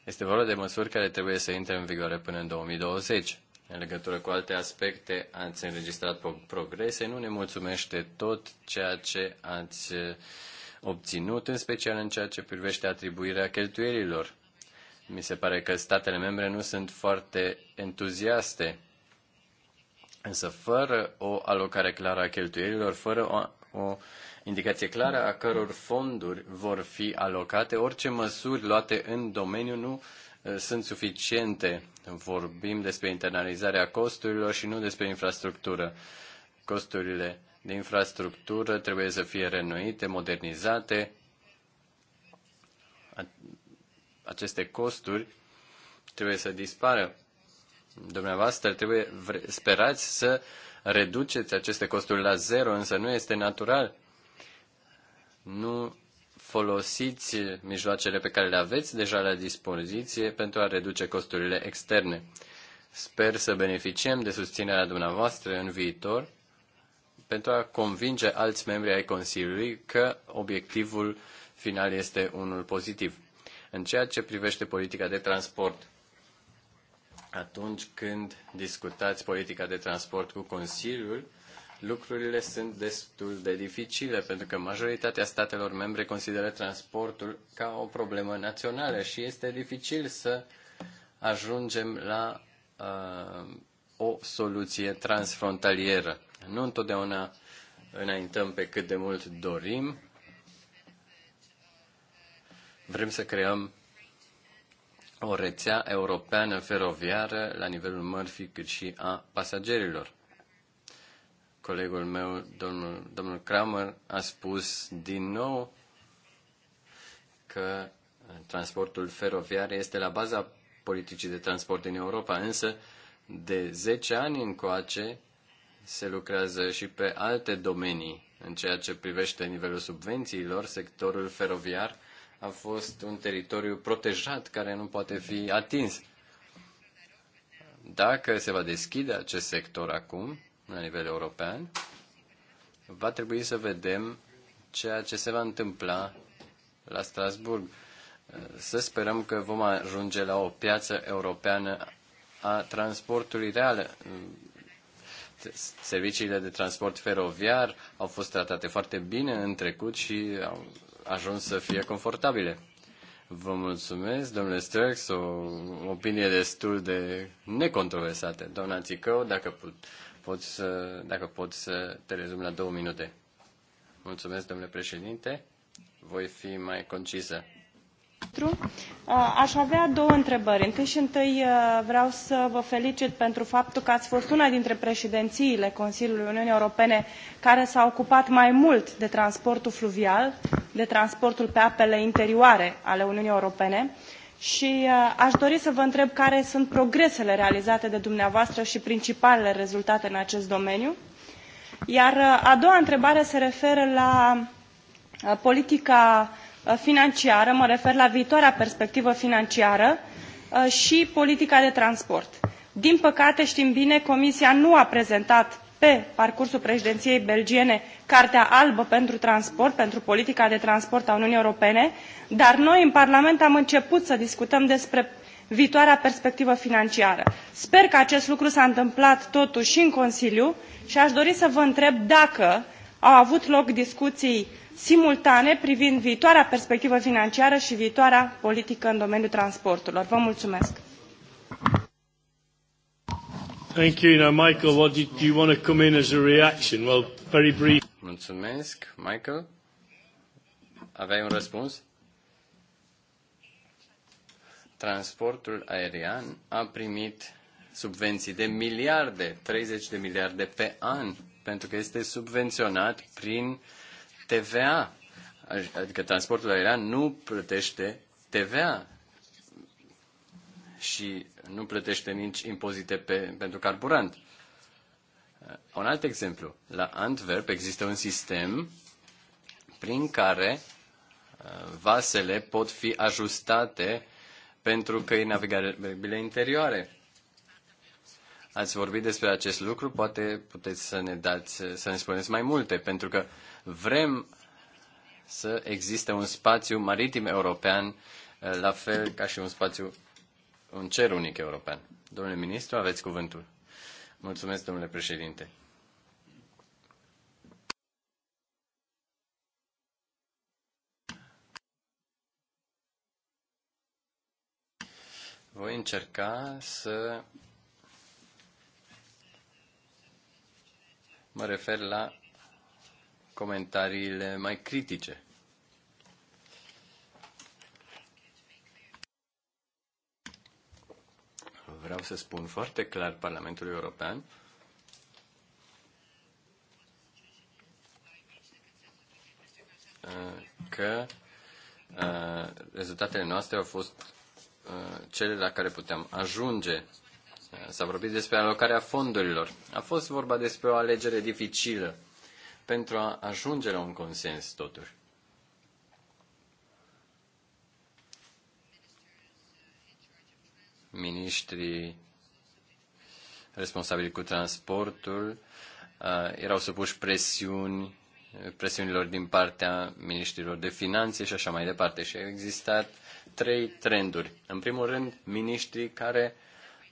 este vorba de măsuri care trebuie să intre în vigoare până în 2020. În legătură cu alte aspecte, ați înregistrat progrese, nu ne mulțumește tot ceea ce ați eh, obținut, în special în ceea ce privește atribuirea cheltuielilor. Mi se pare că statele membre nu sunt foarte entuziaste, însă fără o alocare clară a cheltuielilor, fără o, o indicație clară a căror fonduri vor fi alocate, orice măsuri luate în domeniu nu Eh, sunt suficiente. Vorbim despre internalizarea costurilor și nu despre infrastructură. Costurile de infrastructură trebuie să fie renoite, modernizate. Aceste costuri trebuie să dispară. Dumneavoastră trebuie, sperați să reduceți aceste costuri la zero, însă nu este natural. Nu folosiți mijloacele pe care le aveți deja la dispoziție pentru a reduce costurile externe. Sper să beneficiem de susținerea dumneavoastră în viitor pentru a convinge alți membri ai Consiliului că obiectivul final este unul pozitiv. În ceea ce privește politica de transport, atunci când discutați politica de transport cu Consiliul, lucrurile sunt destul de dificile, pentru că majoritatea statelor membre consideră transportul ca o problemă națională și este dificil să ajungem la uh, o soluție transfrontalieră. Nu întotdeauna înaintăm pe cât de mult dorim. Vrem să creăm o rețea europeană feroviară la nivelul mărfii cât și a pasagerilor colegul meu, domnul, domnul Kramer, a spus din nou că uh, transportul feroviar este la baza politicii de transport din Europa, însă de 10 ani încoace se lucrează și pe alte domenii. În ceea ce privește nivelul subvențiilor, sectorul feroviar a fost un teritoriu protejat care nu poate fi atins. Dacă se va deschide acest sector acum, la nivel european, va trebui să vedem ceea ce se va întâmpla la Strasburg. Să sperăm că vom ajunge la o piață europeană a transportului real. Serviciile de transport feroviar au fost tratate foarte bine în trecut și au ajuns să fie confortabile. Vă mulțumesc, domnule Sturx, o opinie destul de necontroversată. Doamna Țicău, dacă put, pot să, dacă pot să te rezum la două minute. Mulțumesc, domnule președinte. Voi fi mai concisă. Uh, aș avea două întrebări. Întâi și întâi uh, vreau să vă felicit pentru faptul că ați fost una dintre președințiile Consiliului Uniunii Europene care s-a ocupat mai mult de transportul fluvial, de transportul pe apele interioare ale Uniunii Europene și uh, aș dori să vă întreb care sunt progresele realizate de dumneavoastră și principalele rezultate în acest domeniu. Iar uh, a doua întrebare se referă la uh, politica financiară, mă refer la viitoarea perspectivă financiară și politica de transport. Din păcate, știm bine, Comisia nu a prezentat pe parcursul preediniei belgiene cartea albă pentru transport pentru politica de transport a uniunii europene dar noi în parlament am început să discutăm despre viitoarea perspectivă financiară. sper că acest lucru s a întâmplat totui în consiliu i a dori să vă întreb dacă au avut loc discuii simultane privind viitoarea perspectivă financiară i viitoarea politică în domeniul transporturilor. Vă mulțumesc! Thank you. Now, Michael, what did, do you want to come in as a reaction? Well, very brief. Mulțumesc, Michael. Aveai un răspuns? Transportul aerian a primit subvenții de miliarde, 30 de miliarde pe an, pentru că este subvenționat prin TVA. Adică transportul aerian nu plătește TVA. Și nu plătește nici impozite pe, pentru carburant. Uh, un alt exemplu. La Antwerp există un sistem prin care uh, vasele pot fi ajustate pentru căi navigabile interioare. Ați vorbit despre acest lucru, poate puteți să ne dați, să ne spuneți mai multe, pentru că vrem să existe un spațiu maritim european, uh, la fel ca și un spațiu un cer unic european. Domnule ministru, aveți cuvântul. Mulțumesc, domnule președinte. Voi încerca să mă refer la comentariile mai critice vreau să spun foarte clar Parlamentului European uh, că uh, rezultatele noastre au fost uh, cele la care puteam ajunge. S-a vorbit despre alocarea fondurilor. A fost vorba despre o alegere dificilă pentru a ajunge la un consens, totuși. miniștrii responsabili cu transportul uh, erau supuși presiuni, presiunilor din partea ministrilor de finanțe și așa mai departe. Și au existat trei trenduri. În primul rând, miniștrii care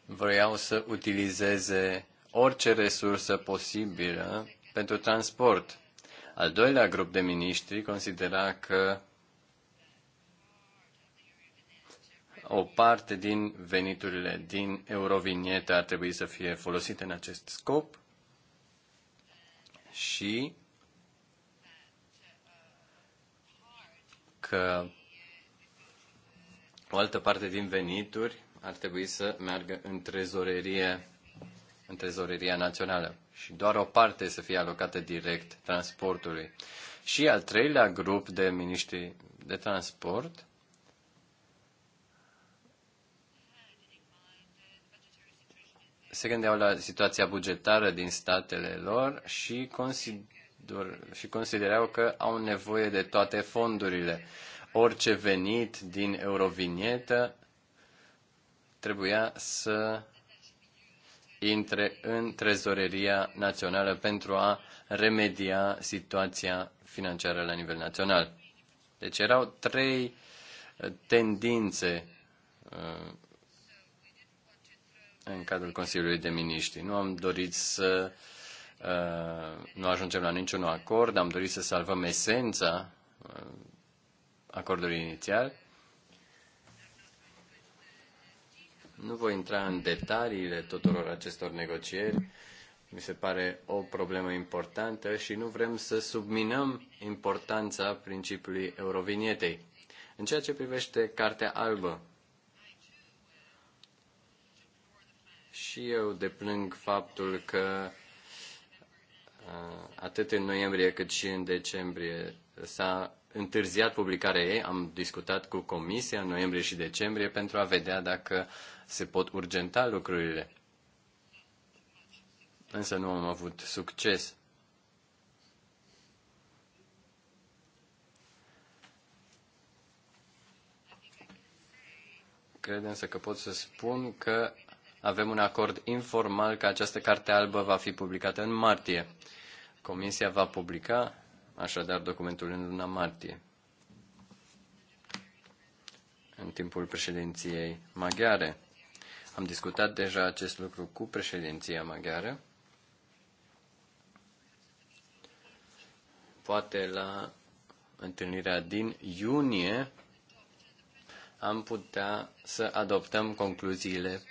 vreau să utilizeze orice resursă posibilă pentru transport. Al doilea grup de miniștri considera că o parte din veniturile din Eurovinietă ar trebui să fie folosite în acest scop și că o altă parte din venituri ar trebui să meargă în trezorerie, în trezoreria națională și doar o parte să fie alocată direct transportului. Și al treilea grup de miniștri de transport se gândeau la situația bugetară din statele lor și, consider, și considerau că au nevoie de toate fondurile. Orice venit din eurovinietă trebuia să intre în trezoreria națională pentru a remedia situația financiară la nivel național. Deci erau trei eh, tendințe eh, în cadrul Consiliului de Miniștri. Nu am dorit să uh, nu ajungem la niciun acord, am dorit să salvăm esența uh, acordului inițial. Nu voi intra în detaliile tuturor acestor negocieri. Mi se pare o problemă importantă și nu vrem să subminăm importanța principiului eurovinietei. În ceea ce privește Cartea Albă, Și eu deplâng faptul că uh, atât în noiembrie cât și în decembrie s-a întârziat publicarea ei. Am discutat cu comisia în noiembrie și decembrie pentru a vedea dacă se pot urgenta lucrurile. Însă nu am avut succes. Cred însă că pot să spun că avem un acord informal că această carte albă va fi publicată în martie. Comisia va publica așadar documentul în luna martie, în timpul președinției maghiare. Am discutat deja acest lucru cu președinția maghiară. Poate la întâlnirea din iunie am putea să adoptăm concluziile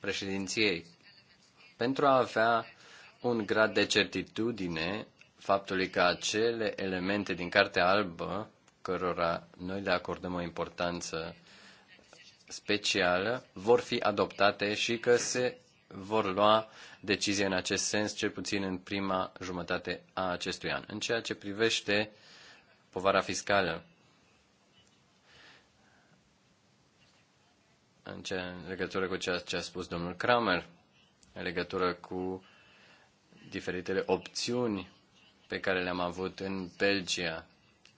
președinției pentru a avea un grad de certitudine faptului că acele elemente din Cartea Albă, cărora noi le acordăm o importanță specială, vor fi adoptate și că se vor lua decizie în acest sens, cel puțin în prima jumătate a acestui an. În ceea ce privește povara fiscală, în, ce, în legătură cu ceea ce a spus domnul Kramer, în legătură cu diferitele opțiuni pe care le-am avut în Belgia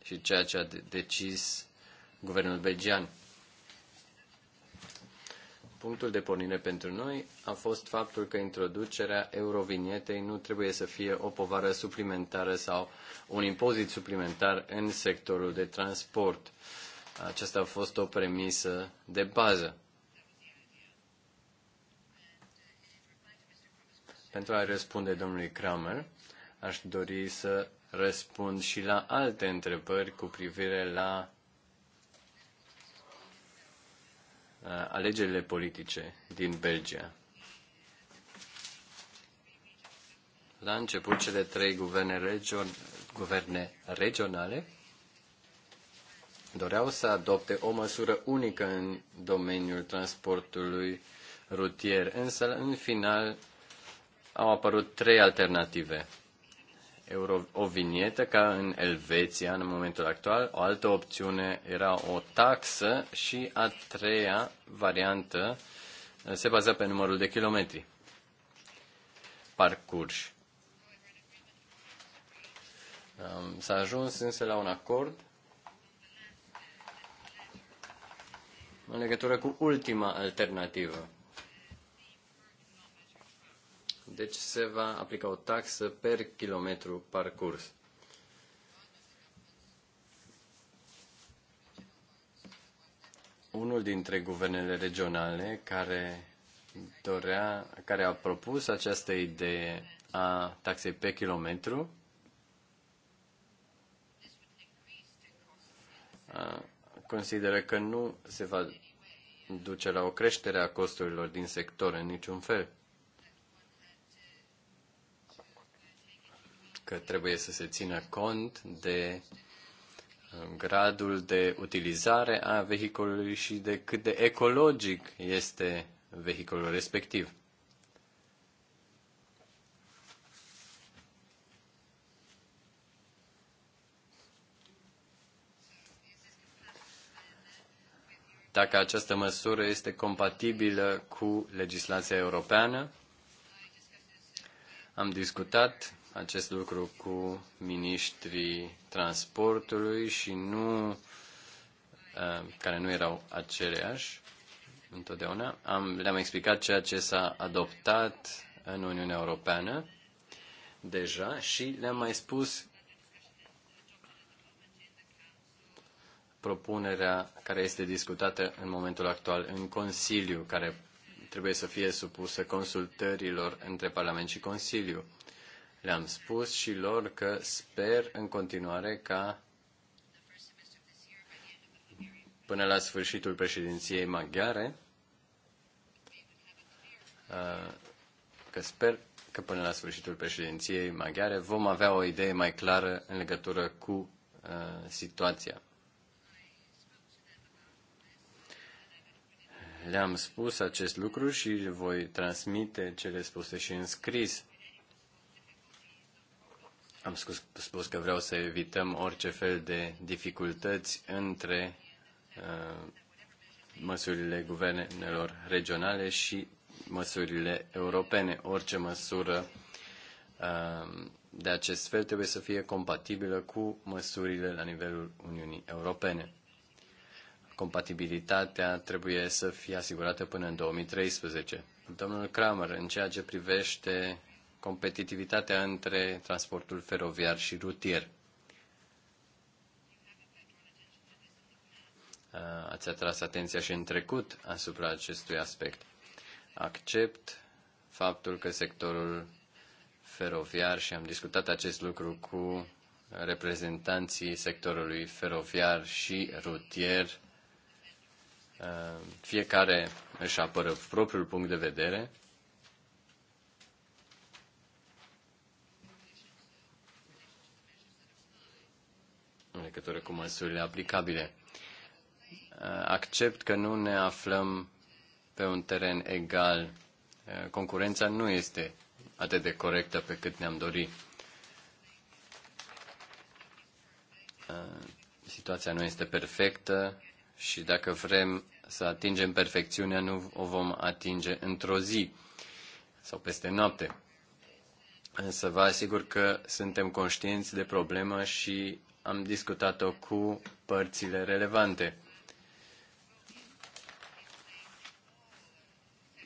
și ceea ce a decis guvernul belgian. Punctul de pornire pentru noi a fost faptul că introducerea eurovinietei nu trebuie să fie o povară suplimentară sau un impozit suplimentar în sectorul de transport. Aceasta a fost o premisă de bază. Pentru a răspunde domnului Kramer, aș dori să răspund și la alte întrebări cu privire la uh, alegerile politice din Belgia. La început, cele trei guverne, region, guverne regionale doreau să adopte o măsură unică în domeniul transportului rutier, însă în final au apărut trei alternative. Euro, o vinietă ca în Elveția în momentul actual, o altă opțiune era o taxă și a treia variantă se baza pe numărul de kilometri parcurși. Um, s-a ajuns însă la un acord în legătură cu ultima alternativă, deci se va aplica o taxă per kilometru parcurs. Unul dintre guvernele regionale care dorea, care a propus această idee a taxei pe kilometru, consideră că nu se va duce la o creștere a costurilor din sector în niciun fel. că trebuie să se țină cont de um, gradul de utilizare a vehiculului și de cât de ecologic este vehiculul respectiv. dacă această măsură este compatibilă cu legislația europeană. Am discutat acest lucru cu ministrii transportului și nu uh, care nu erau aceleași întotdeauna. Am, le-am explicat ceea ce s-a adoptat în Uniunea Europeană deja și le-am mai spus propunerea care este discutată în momentul actual în Consiliu, care trebuie să fie supusă consultărilor între Parlament și Consiliu. Le-am spus și lor că sper în continuare ca până la sfârșitul președinției maghiare, uh, că sper că până la sfârșitul președinției maghiare vom avea o idee mai clară în legătură cu uh, situația. Le-am spus acest lucru și voi transmite cele spuse și în scris. Am spus, spus că vreau să evităm orice fel de dificultăți între uh, măsurile guvernelor regionale și măsurile europene. Orice măsură uh, de acest fel trebuie să fie compatibilă cu măsurile la nivelul Uniunii Europene. Compatibilitatea trebuie să fie asigurată până în 2013. Domnul Kramer, în ceea ce privește competitivitatea între transportul feroviar și rutier. Ați atras atenția și în trecut asupra acestui aspect. Accept faptul că sectorul feroviar și am discutat acest lucru cu reprezentanții sectorului feroviar și rutier. Fiecare își apără propriul punct de vedere în legătură cu măsurile aplicabile. Accept că nu ne aflăm pe un teren egal. Concurența nu este atât de corectă pe cât ne-am dorit. Situația nu este perfectă și dacă vrem să atingem perfecțiunea, nu o vom atinge într-o zi sau peste noapte. Însă vă asigur că suntem conștienți de problemă și am discutat-o cu părțile relevante.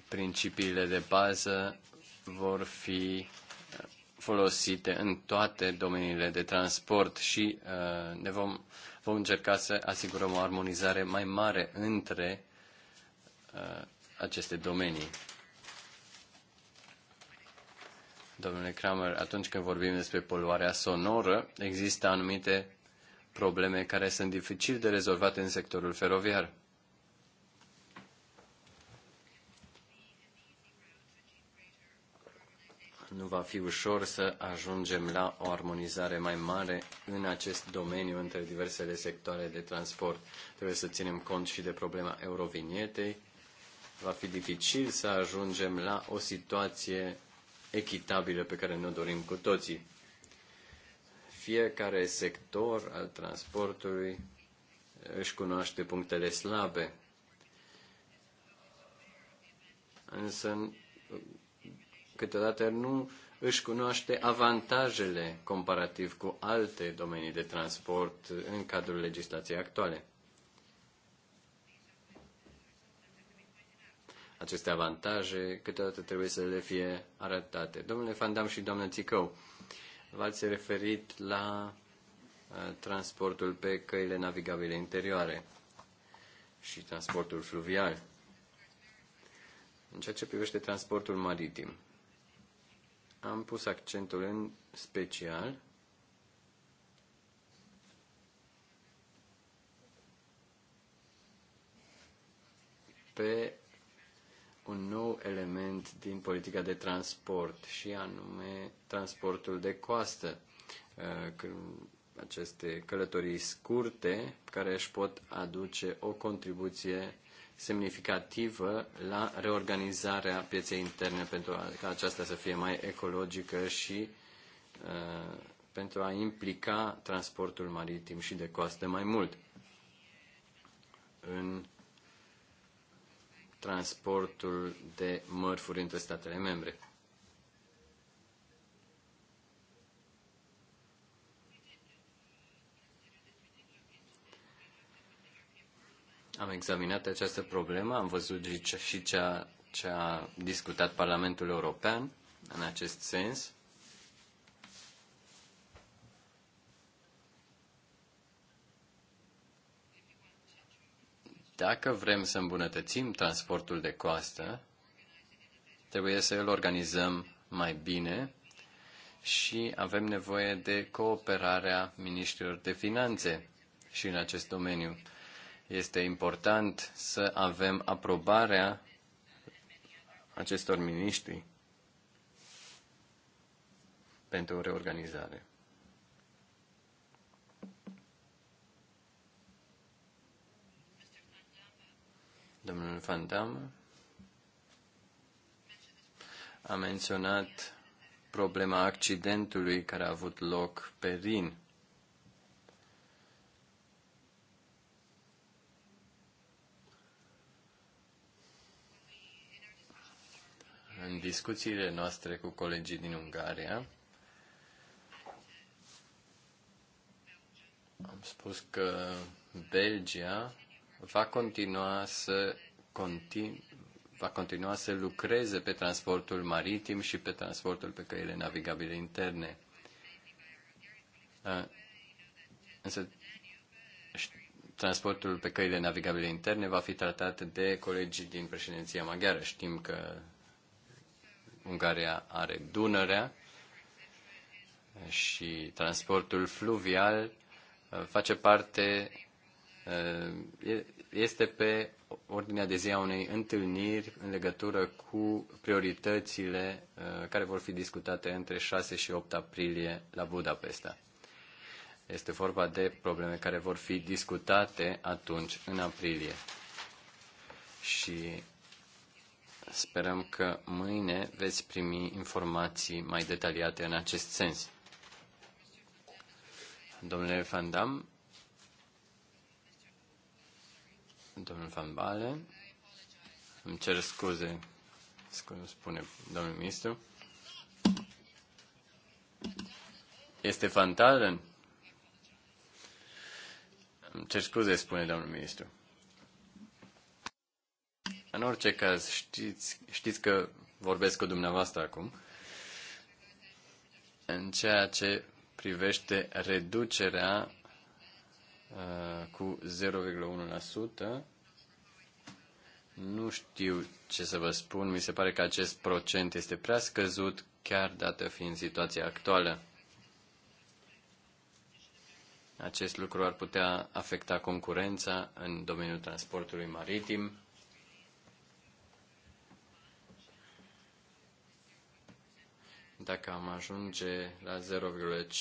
Principiile de bază vor fi uh, folosite în toate domeniile de transport și uh, ne vom, vom încerca să asigurăm o armonizare mai mare între uh, aceste domenii domnule Kramer, atunci când vorbim despre poluarea sonoră, există anumite probleme care sunt dificil de rezolvate în sectorul feroviar. Nu va fi ușor să ajungem la o armonizare mai mare în acest domeniu între diversele sectoare de transport. Trebuie să ținem cont și de problema eurovinietei. Va fi dificil să ajungem la o situație echitabilă pe care ne-o dorim cu toții. Fiecare sector al transportului își cunoaște punctele slabe. Însă, câteodată nu își cunoaște avantajele comparativ cu alte domenii de transport în cadrul legislației actuale. aceste avantaje, câteodată trebuie să le fie arătate. Domnule Fandam și doamnă Țicău, v-ați referit la uh, transportul pe căile navigabile interioare și transportul fluvial. În ceea ce privește transportul maritim, am pus accentul în special pe un nou element din politica de transport și anume transportul de coastă. Uh, aceste călătorii scurte care își pot aduce o contribuție semnificativă la reorganizarea pieței interne pentru ca aceasta să fie mai ecologică și uh, pentru a implica transportul maritim și de coastă mai mult. În transportul de mărfuri între statele membre. Am examinat această problemă, am văzut și ce, a, ce a discutat Parlamentul European în acest sens. Dacă vrem să îmbunătățim transportul de coastă, trebuie să îl organizăm mai bine și avem nevoie de cooperarea ministrilor de finanțe și în acest domeniu. Este important să avem aprobarea acestor miniștri pentru reorganizare. Domnul Van Damme a menționat problema accidentului care a avut loc pe Rin. În discuțiile noastre cu colegii din Ungaria, am spus că Belgia va continua să continu- va continua să lucreze pe transportul maritim și pe transportul pe căile navigabile interne. Uh, însă transportul pe căile navigabile interne va fi tratat de colegii din președinția maghiară. Știm că Ungaria are Dunărea și transportul fluvial uh, face parte este pe ordinea de zi a unei întâlniri în legătură cu prioritățile care vor fi discutate între 6 și 8 aprilie la Budapesta. Este vorba de probleme care vor fi discutate atunci, în aprilie. Și sperăm că mâine veți primi informații mai detaliate în acest sens. Domnule Van Damme, domnul Van Bale. Îmi cer scuze, spune domnul ministru. Este Van Talen? Îmi cer scuze, spune domnul ministru. În orice caz, știți, știți că vorbesc cu dumneavoastră acum. În ceea ce privește reducerea Uh, cu 0,1%. Nu știu ce să vă spun, mi se pare că acest procent este prea scăzut, chiar dată fiind situația actuală. Acest lucru ar putea afecta concurența în domeniul transportului maritim. Dacă am ajunge la 0,1%,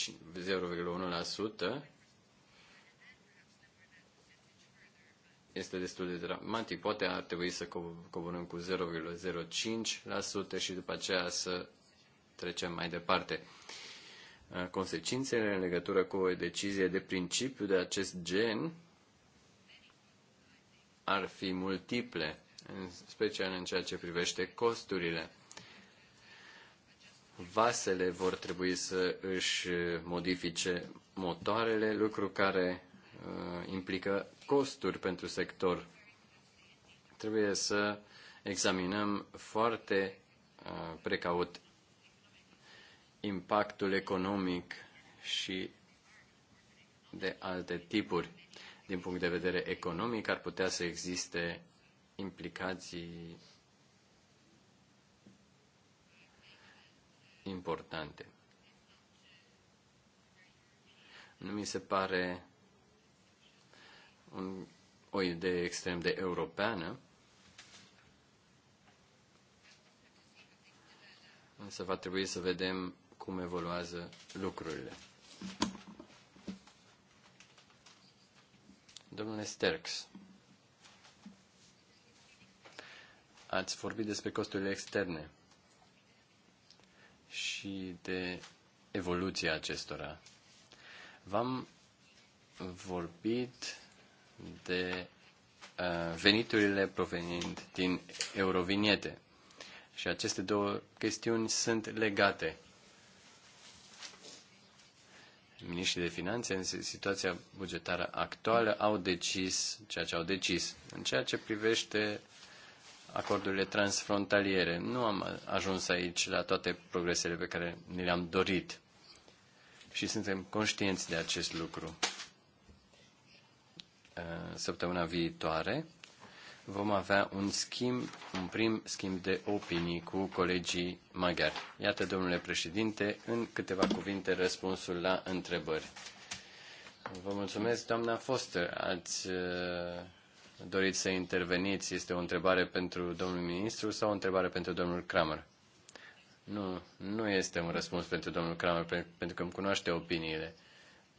este destul de dramatic. Poate ar trebui să coborâm cu 0,05% și după aceea să trecem mai departe. Uh, consecințele în legătură cu o decizie de principiu de acest gen ar fi multiple, în special în ceea ce privește costurile. Vasele vor trebui să își modifice motoarele, lucru care uh, implică costuri pentru sector. Trebuie să examinăm foarte uh, precaut impactul economic și de alte tipuri. Din punct de vedere economic, ar putea să existe implicații importante. Nu mi se pare un, o idee extrem de europeană, însă va trebui să vedem cum evoluează lucrurile. Domnule Sterks, ați vorbit despre costurile externe și de evoluția acestora. V-am vorbit de uh, veniturile provenind din Eurovinete Și aceste două chestiuni sunt legate. Ministrii de Finanțe, în situația bugetară actuală, au decis ceea ce au decis. În ceea ce privește acordurile transfrontaliere, nu am ajuns aici la toate progresele pe care ni le-am dorit. Și suntem conștienți de acest lucru. Uh, săptămâna viitoare vom avea un schimb, un prim schimb de opinii cu colegii maghiari. Iată, domnule președinte, în câteva cuvinte răspunsul la întrebări. Vă mulțumesc, doamna Foster. Ați uh, dorit să interveniți? Este o întrebare pentru domnul ministru sau o întrebare pentru domnul Kramer? Nu, nu este un răspuns pentru domnul Kramer, pentru că îmi cunoaște opiniile.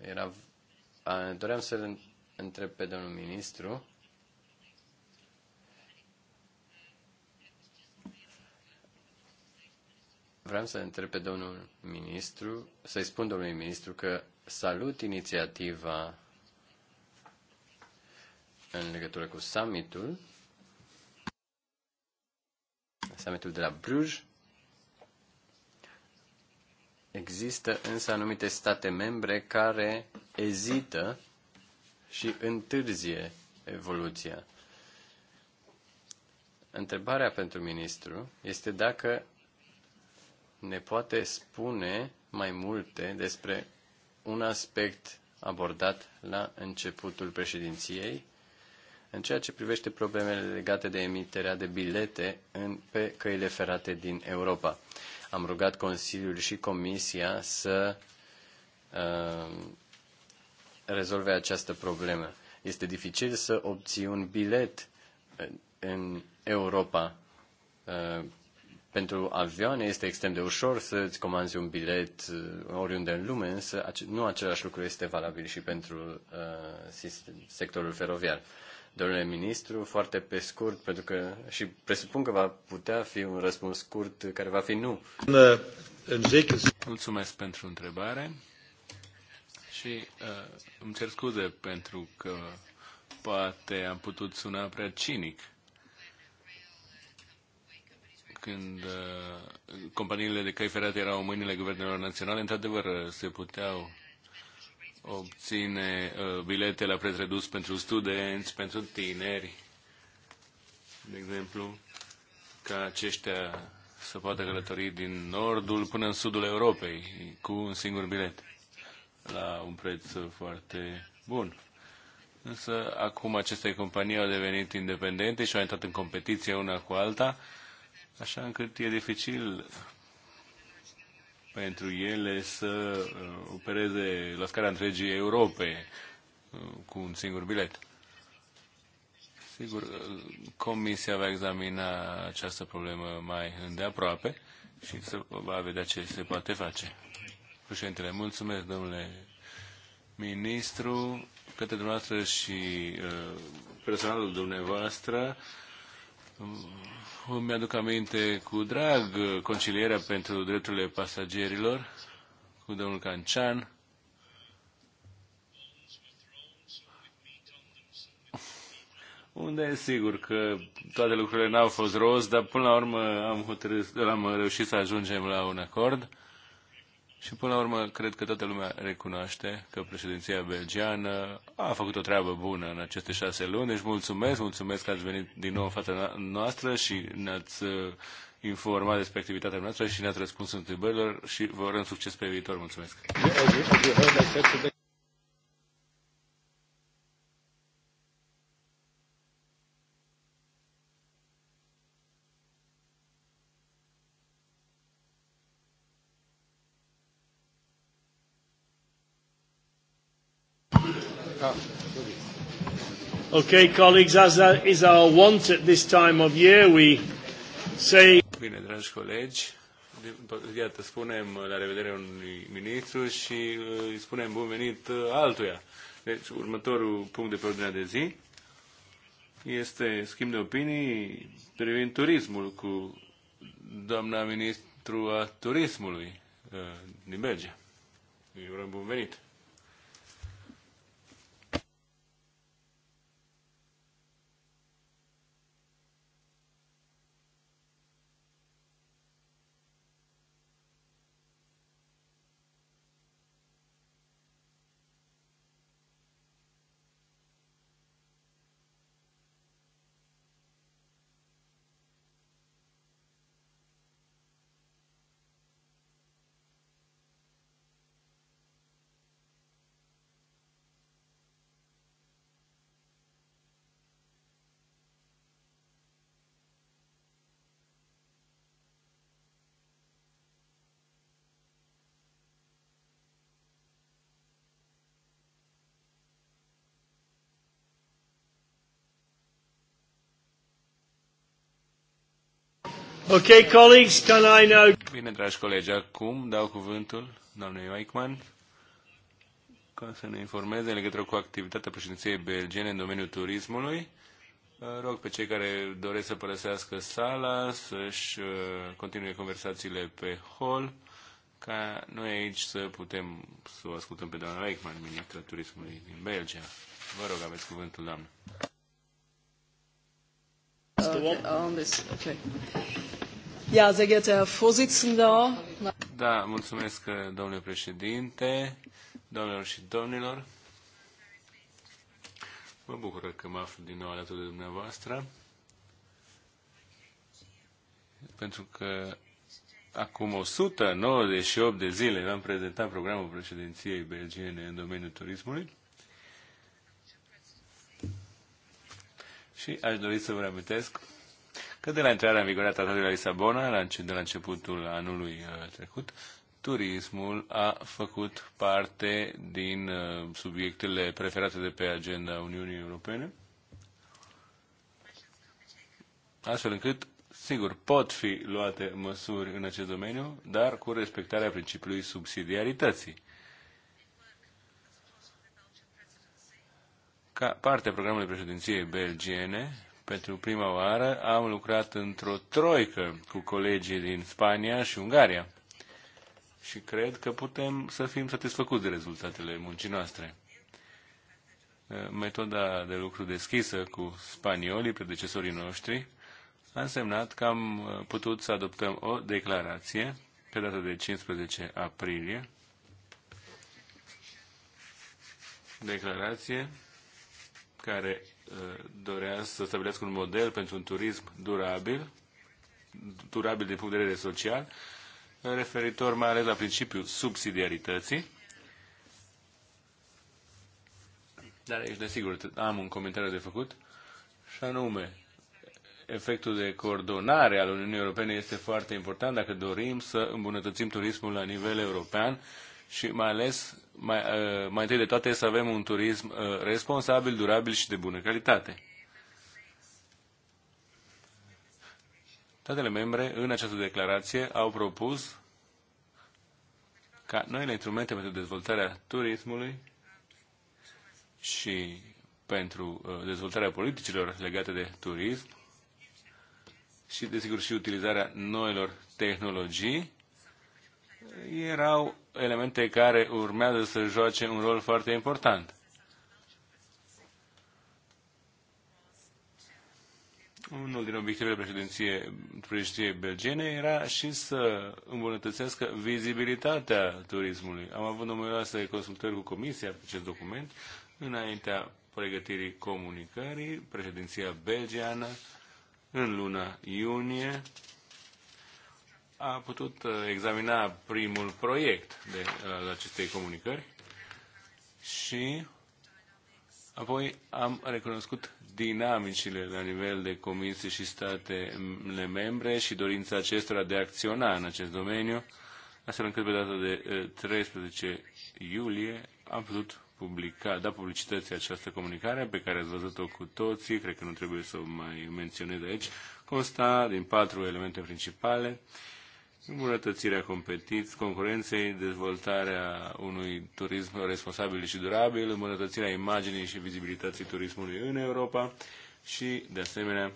Era, doream să întreb pe domnul ministru Vreau să întreb pe domnul ministru, să-i spun domnului ministru că salut inițiativa în legătură cu summitul, summitul de la Bruj. Există însă anumite state membre care ezită și întârzie evoluția. Întrebarea pentru ministru este dacă ne poate spune mai multe despre un aspect abordat la începutul președinției în ceea ce privește problemele legate de emiterea de bilete în, pe căile ferate din Europa. Am rugat Consiliul și Comisia să uh, rezolve această problemă. Este dificil să obții un bilet uh, în Europa. Uh, pentru avioane este extrem de ușor să-ți comanzi un bilet uh, oriunde în lume, însă nu același lucru este valabil și pentru sectorul feroviar. Domnule ministru, foarte pe scurt, pentru că și presupun că va putea fi un răspuns scurt care va fi nu. Mulțumesc pentru întrebare și uh, îmi cer scuze pentru că poate am putut suna prea cinic când uh, companiile de căi ferate erau în mâinile guvernelor naționale, într-adevăr uh, se puteau obține uh, bilete la preț redus pentru studenți, pentru tineri, de exemplu, ca aceștia să poată călători din nordul până în sudul Europei cu un singur bilet la un preț foarte bun. Însă acum aceste companii au devenit independente și au intrat în competiție una cu alta, așa încât e dificil pentru ele să uh, opereze la scara întregii Europe uh, cu un singur bilet. Sigur, uh, Comisia va examina această problemă mai îndeaproape și se va vedea ce se poate face. Președintele, mulțumesc, domnule ministru, către dumneavoastră și uh, personalul dumneavoastră. Um, îmi aduc aminte cu drag concilierea pentru drepturile pasagerilor cu domnul Cancian. Unde sigur că toate lucrurile n-au fost roz, dar până la urmă am, hotărât, am reușit să ajungem la un acord. Și până la urmă, cred că toată lumea recunoaște că președinția belgiană a făcut o treabă bună în aceste șase luni. Deci mulțumesc, mulțumesc că ați venit din nou în fața noastră și ne-ați uh, informat despre activitatea noastră și ne-ați răspuns întrebărilor și vă urăm succes pe viitor. Mulțumesc! Okay, colleagues, as that is our want at this time of year, we say... Bine, dragi colegi, iată, spunem la revedere unui ministru și uh, îi spunem bun venit uh, altuia. Deci, următorul punct de pe ordinea de zi este schimb de opinii privind turismul cu doamna ministru a turismului uh, din Belgia. Îi urăm bun venit! Ok, colleagues, can I now... Bine, dragi colegi, acum dau cuvântul doamnei Weichmann ca să ne informeze în legătură cu activitatea președinției belgene în domeniul turismului. Rog pe cei care doresc să părăsească sala să-și uh, continue conversațiile pe hol, ca noi aici să putem să o ascultăm pe doamna Reichmann, ministra turismului din Belgia. Vă rog, aveți cuvântul, doamnă. Okay, uh, uh, on this, okay. Ja, sehr geehrter Herr Vorsitzender. Da, mulțumesc, domnule președinte, domnilor și domnilor. Mă bucur că mă aflu din nou alături de dumneavoastră, pentru că acum 198 de zile v-am prezentat programul președinției belgiene în domeniul turismului. Și aș dori să vă reamintesc că de la intrarea în vigoare a tratatului la Lisabona, la, de la începutul anului uh, trecut, turismul a făcut parte din uh, subiectele preferate de pe agenda Uniunii Europene, astfel încât, sigur, pot fi luate măsuri în acest domeniu, dar cu respectarea principiului subsidiarității. Ca parte a programului președinției belgiene, pentru prima oară am lucrat într-o troică cu colegii din Spania și Ungaria și cred că putem să fim satisfăcuți de rezultatele muncii noastre. Metoda de lucru deschisă cu spaniolii, predecesorii noștri, a însemnat că am putut să adoptăm o declarație pe data de 15 aprilie. Declarație care dorea să stabilească un model pentru un turism durabil, durabil din punct de vedere social, referitor mai ales la principiul subsidiarității. Dar aici, desigur, am un comentariu de făcut, și anume, efectul de coordonare al Uniunii Europene este foarte important dacă dorim să îmbunătățim turismul la nivel european și mai ales mai, uh, mai întâi de toate să avem un turism uh, responsabil, durabil și de bună calitate. Statele membre, în această declarație, au propus ca noile instrumente pentru dezvoltarea turismului și pentru uh, dezvoltarea politicilor legate de turism și, desigur, și utilizarea noilor tehnologii erau elemente care urmează să joace un rol foarte important. Unul din obiectivele președinției, președinției belgene era și să îmbunătățească vizibilitatea turismului. Am avut numeroase consultări cu Comisia pe acest document înaintea pregătirii comunicării. Președinția belgiană în luna iunie a putut uh, examina primul proiect de, uh, al acestei comunicări și apoi am recunoscut dinamicile la nivel de comisii și statele membre și dorința acestora de a acționa în acest domeniu, astfel încât pe data de 13 uh, iulie am putut publica, da publicității această comunicare pe care ați văzut-o cu toții, cred că nu trebuie să o mai menționez aici, consta din patru elemente principale îmbunătățirea concurenței, dezvoltarea unui turism responsabil și durabil, îmbunătățirea imaginii și vizibilității turismului în Europa și, de asemenea,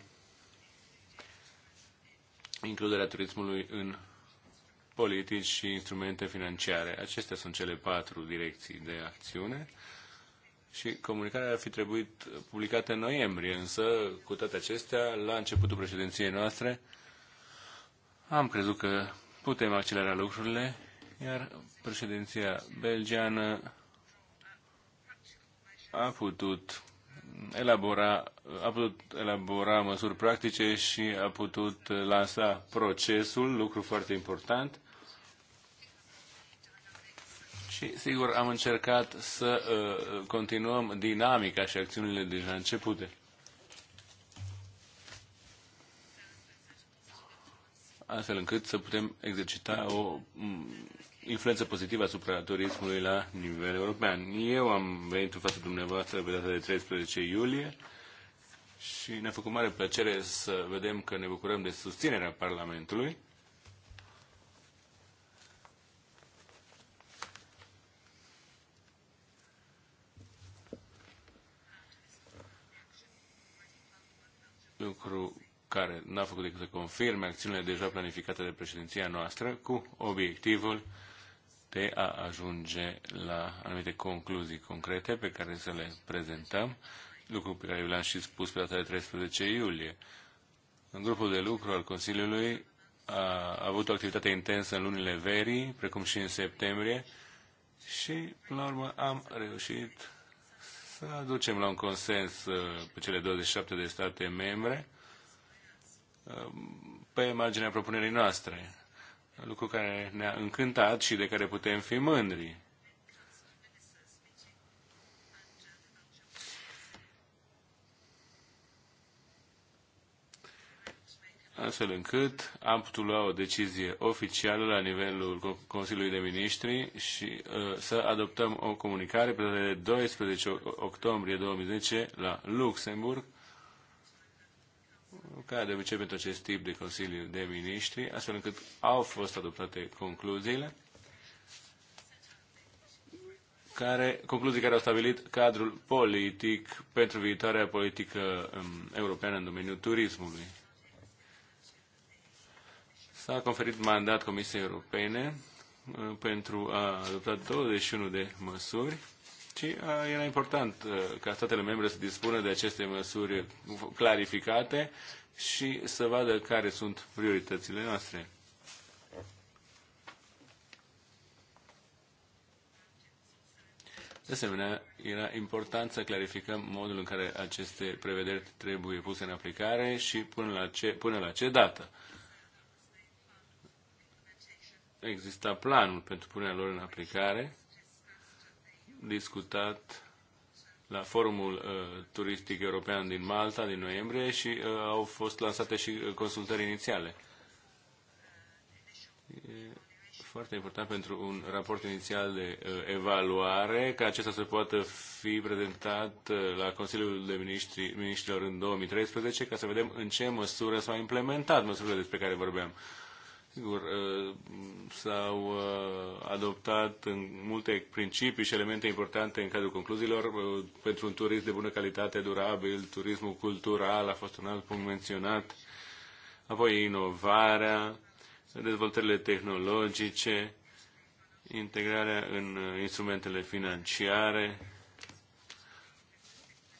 includerea turismului în politici și instrumente financiare. Acestea sunt cele patru direcții de acțiune și comunicarea ar fi trebuit publicată în noiembrie, însă, cu toate acestea, la începutul președinției noastre, am crezut că putem accelera lucrurile, iar președinția belgiană a putut elabora, a putut elabora măsuri practice și a putut lansa procesul, lucru foarte important. Și, sigur, am încercat să uh, continuăm dinamica și acțiunile deja începute. astfel încât să putem exercita o influență pozitivă asupra turismului la nivel european. Eu am venit în fața dumneavoastră pe data de 13 iulie și ne-a făcut mare plăcere să vedem că ne bucurăm de susținerea Parlamentului. lucru care n-a făcut decât să confirme acțiunile deja planificate de președinția noastră cu obiectivul de a ajunge la anumite concluzii concrete pe care să le prezentăm, lucru pe care l-am și spus pe data de 13 iulie. În grupul de lucru al Consiliului a avut o activitate intensă în lunile verii, precum și în septembrie, și, până la urmă, am reușit să aducem la un consens uh, pe cele 27 de state membre Um, pe marginea propunerii noastre, lucru care ne-a încântat și de care putem fi mândri. astfel încât am putut lua o decizie oficială la nivelul Consiliului de Ministri și uh, să adoptăm o comunicare pe de 12 octombrie 2010 la Luxemburg, care de obicei pentru acest tip de Consiliu de Ministri, astfel încât au fost adoptate concluziile care, concluzii care au stabilit cadrul politic pentru viitoarea politică um, europeană în domeniul turismului. S-a conferit mandat Comisiei Europene uh, pentru a adopta 21 de măsuri și uh, era important uh, ca statele membre să dispună de aceste măsuri clarificate și să vadă care sunt prioritățile noastre. De asemenea, era important să clarificăm modul în care aceste prevederi trebuie puse în aplicare și până la ce, până la ce dată. Exista planul pentru punerea lor în aplicare, discutat la Forumul uh, Turistic European din Malta din noiembrie și uh, au fost lansate și uh, consultări inițiale. E foarte important pentru un raport inițial de uh, evaluare, ca acesta să poată fi prezentat uh, la Consiliul de Ministri, Ministrilor în 2013, ca să vedem în ce măsură s-au implementat măsurile despre care vorbeam. Uh, Sigur, uh, s-au uh, adoptat în multe principii și elemente importante în cadrul concluziilor uh, pentru un turism de bună calitate, durabil, turismul cultural a fost un alt punct menționat, apoi inovarea, dezvoltările tehnologice, integrarea în instrumentele financiare,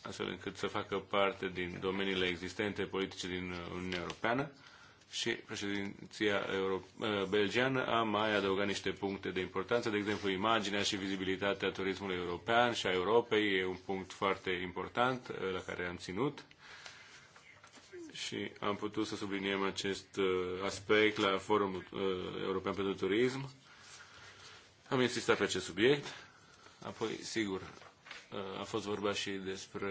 astfel încât să facă parte din domeniile existente politice din Uniunea Europeană și președinția euro- eh, belgiană a mai adăugat niște puncte de importanță, de exemplu imaginea și vizibilitatea turismului european și a Europei e un punct foarte important eh, la care am ținut și am putut să subliniem acest eh, aspect la Forumul European pentru Turism. Am insistat pe acest subiect. Apoi, sigur, a fost vorba și despre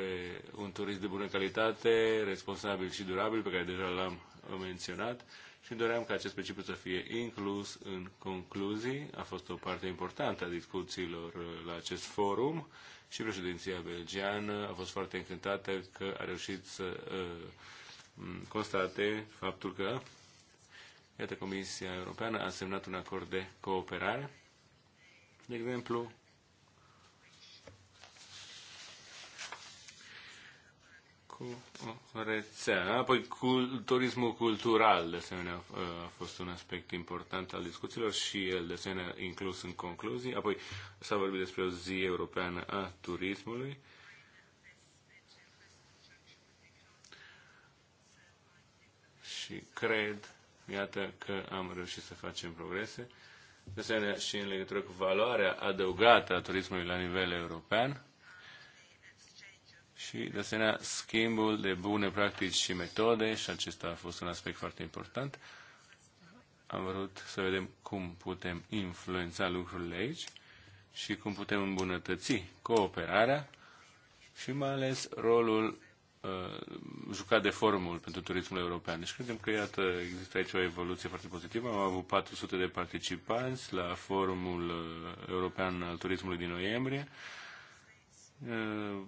un turist de bună calitate, responsabil și durabil, pe care deja l-am menționat și doream ca acest principiu să fie inclus în concluzii. A fost o parte importantă a discuțiilor uh, la acest forum și președinția belgiană a fost foarte încântată că a reușit să uh, constate faptul că Iată, Comisia Europeană a semnat un acord de cooperare, de exemplu, cu o rețea. Apoi cul, turismul cultural, de asemenea, a fost un aspect important al discuțiilor și el, de asemenea, inclus în concluzii. Apoi s-a vorbit despre o zi europeană a turismului. Și cred, iată, că am reușit să facem progrese. De asemenea, și în legătură cu valoarea adăugată a turismului la nivel european și, de asemenea, schimbul de bune practici și metode, și acesta a fost un aspect foarte important. Am vrut să vedem cum putem influența lucrurile aici și cum putem îmbunătăți cooperarea și mai ales rolul uh, jucat de forumul pentru turismul european. Deci credem că, iată, există aici o evoluție foarte pozitivă. Am avut 400 de participanți la forumul uh, european al turismului din noiembrie. Uh,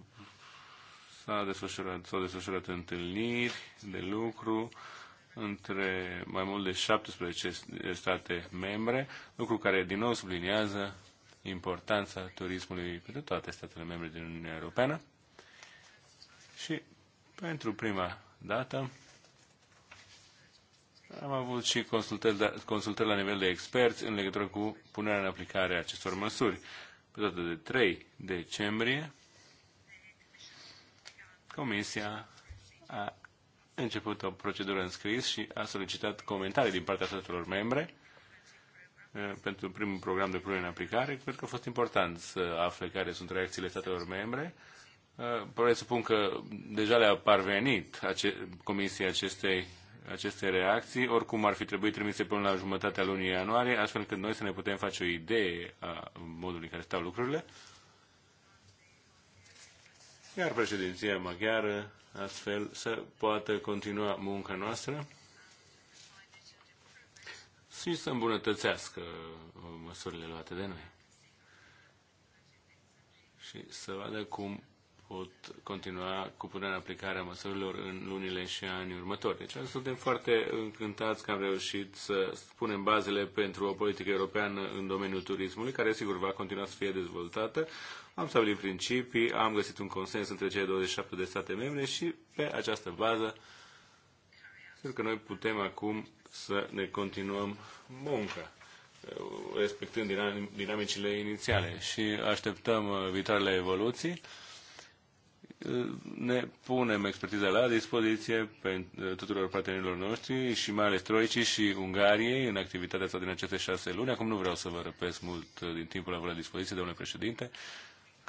s a desfășurat, s-au desfășurat întâlniri de lucru între mai mult de 17 state membre, lucru care din nou subliniază importanța turismului pentru toate statele membre din Uniunea Europeană. Și pentru prima dată am avut și consultări, consultări la nivel de experți în legătură cu punerea în aplicare a acestor măsuri. Pe data de 3 decembrie Comisia a început o procedură în scris și a solicitat comentarii din partea statelor membre uh, pentru primul program de punere în aplicare. Cred că a fost important să afle care sunt reacțiile statelor membre. Uh, spun că deja le-a parvenit ace- Comisia acestei aceste reacții, oricum ar fi trebuit trimise până la jumătatea lunii ianuarie, astfel încât noi să ne putem face o idee a modului în care stau lucrurile iar președinția maghiară astfel să poată continua munca noastră și să îmbunătățească uh, măsurile luate de noi și să vadă cum pot continua cu punerea în aplicare a măsurilor în lunile și anii următori. Deci suntem foarte încântați că am reușit să punem bazele pentru o politică europeană în domeniul turismului, care sigur va continua să fie dezvoltată, am stabilit principii, am găsit un consens între cele 27 de state membre și pe această bază cred că noi putem acum să ne continuăm munca respectând dinamicile inițiale și așteptăm uh, viitoarele evoluții ne punem expertiza la dispoziție pentru uh, tuturor partenerilor noștri și mai ales troicii și Ungariei în activitatea asta din aceste șase luni. Acum nu vreau să vă răpesc mult uh, din timpul la la dispoziție, domnule președinte,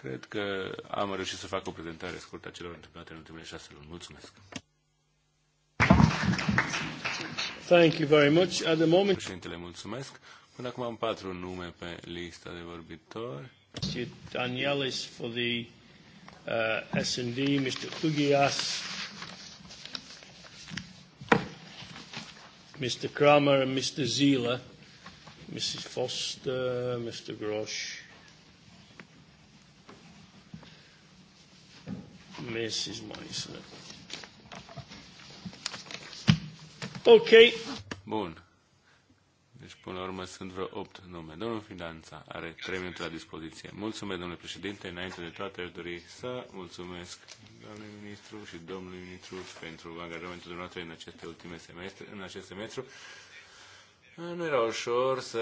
Cred că am reușit să fac o prezentare scurtă a celor întâmplate în ultimele șase luni. Mulțumesc! Thank you very much. At the moment... Președintele, mulțumesc. Până acum am patru nume pe lista de vorbitori. Danielis for the uh, S&D, Mr. Kugias, Mr. Kramer and Mr. Zila, Mrs. Foster, Mr. Grosch. Mrs. Meissner. Ok. Bun. Deci, până la urmă, sunt vreo opt nume. Domnul Finanța are trei minute la dispoziție. Mulțumesc, domnule președinte. Înainte de toate, aș dori să mulțumesc doamnei ministru și domnului ministru pentru angajamentul dumneavoastră în aceste ultime semestre, în acest semestru. Nu era ușor să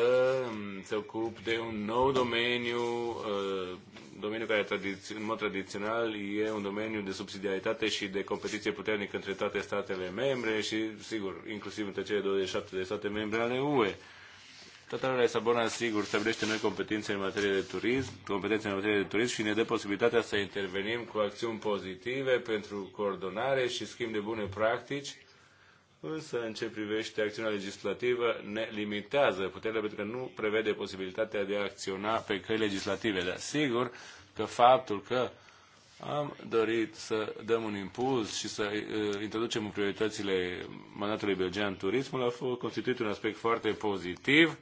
mm, se ocup de un nou domeniu, uh, domeniu care în mod tradițional e un domeniu de subsidiaritate și de competiție puternică între toate statele membre și, sigur, inclusiv între cele 27 de state membre ale UE. Tratatul de Lisabona, sigur, stabilește noi competențe în materie de turism, competențe în materie de turism și ne dă posibilitatea să intervenim cu acțiuni pozitive pentru coordonare și schimb de bune practici Însă, în ce privește acțiunea legislativă, ne limitează puterea pentru că nu prevede posibilitatea de a acționa pe căi legislative. Dar sigur că faptul că am dorit să dăm un impuls și să uh, introducem în prioritățile mandatului belgean turismul a fost constituit un aspect foarte pozitiv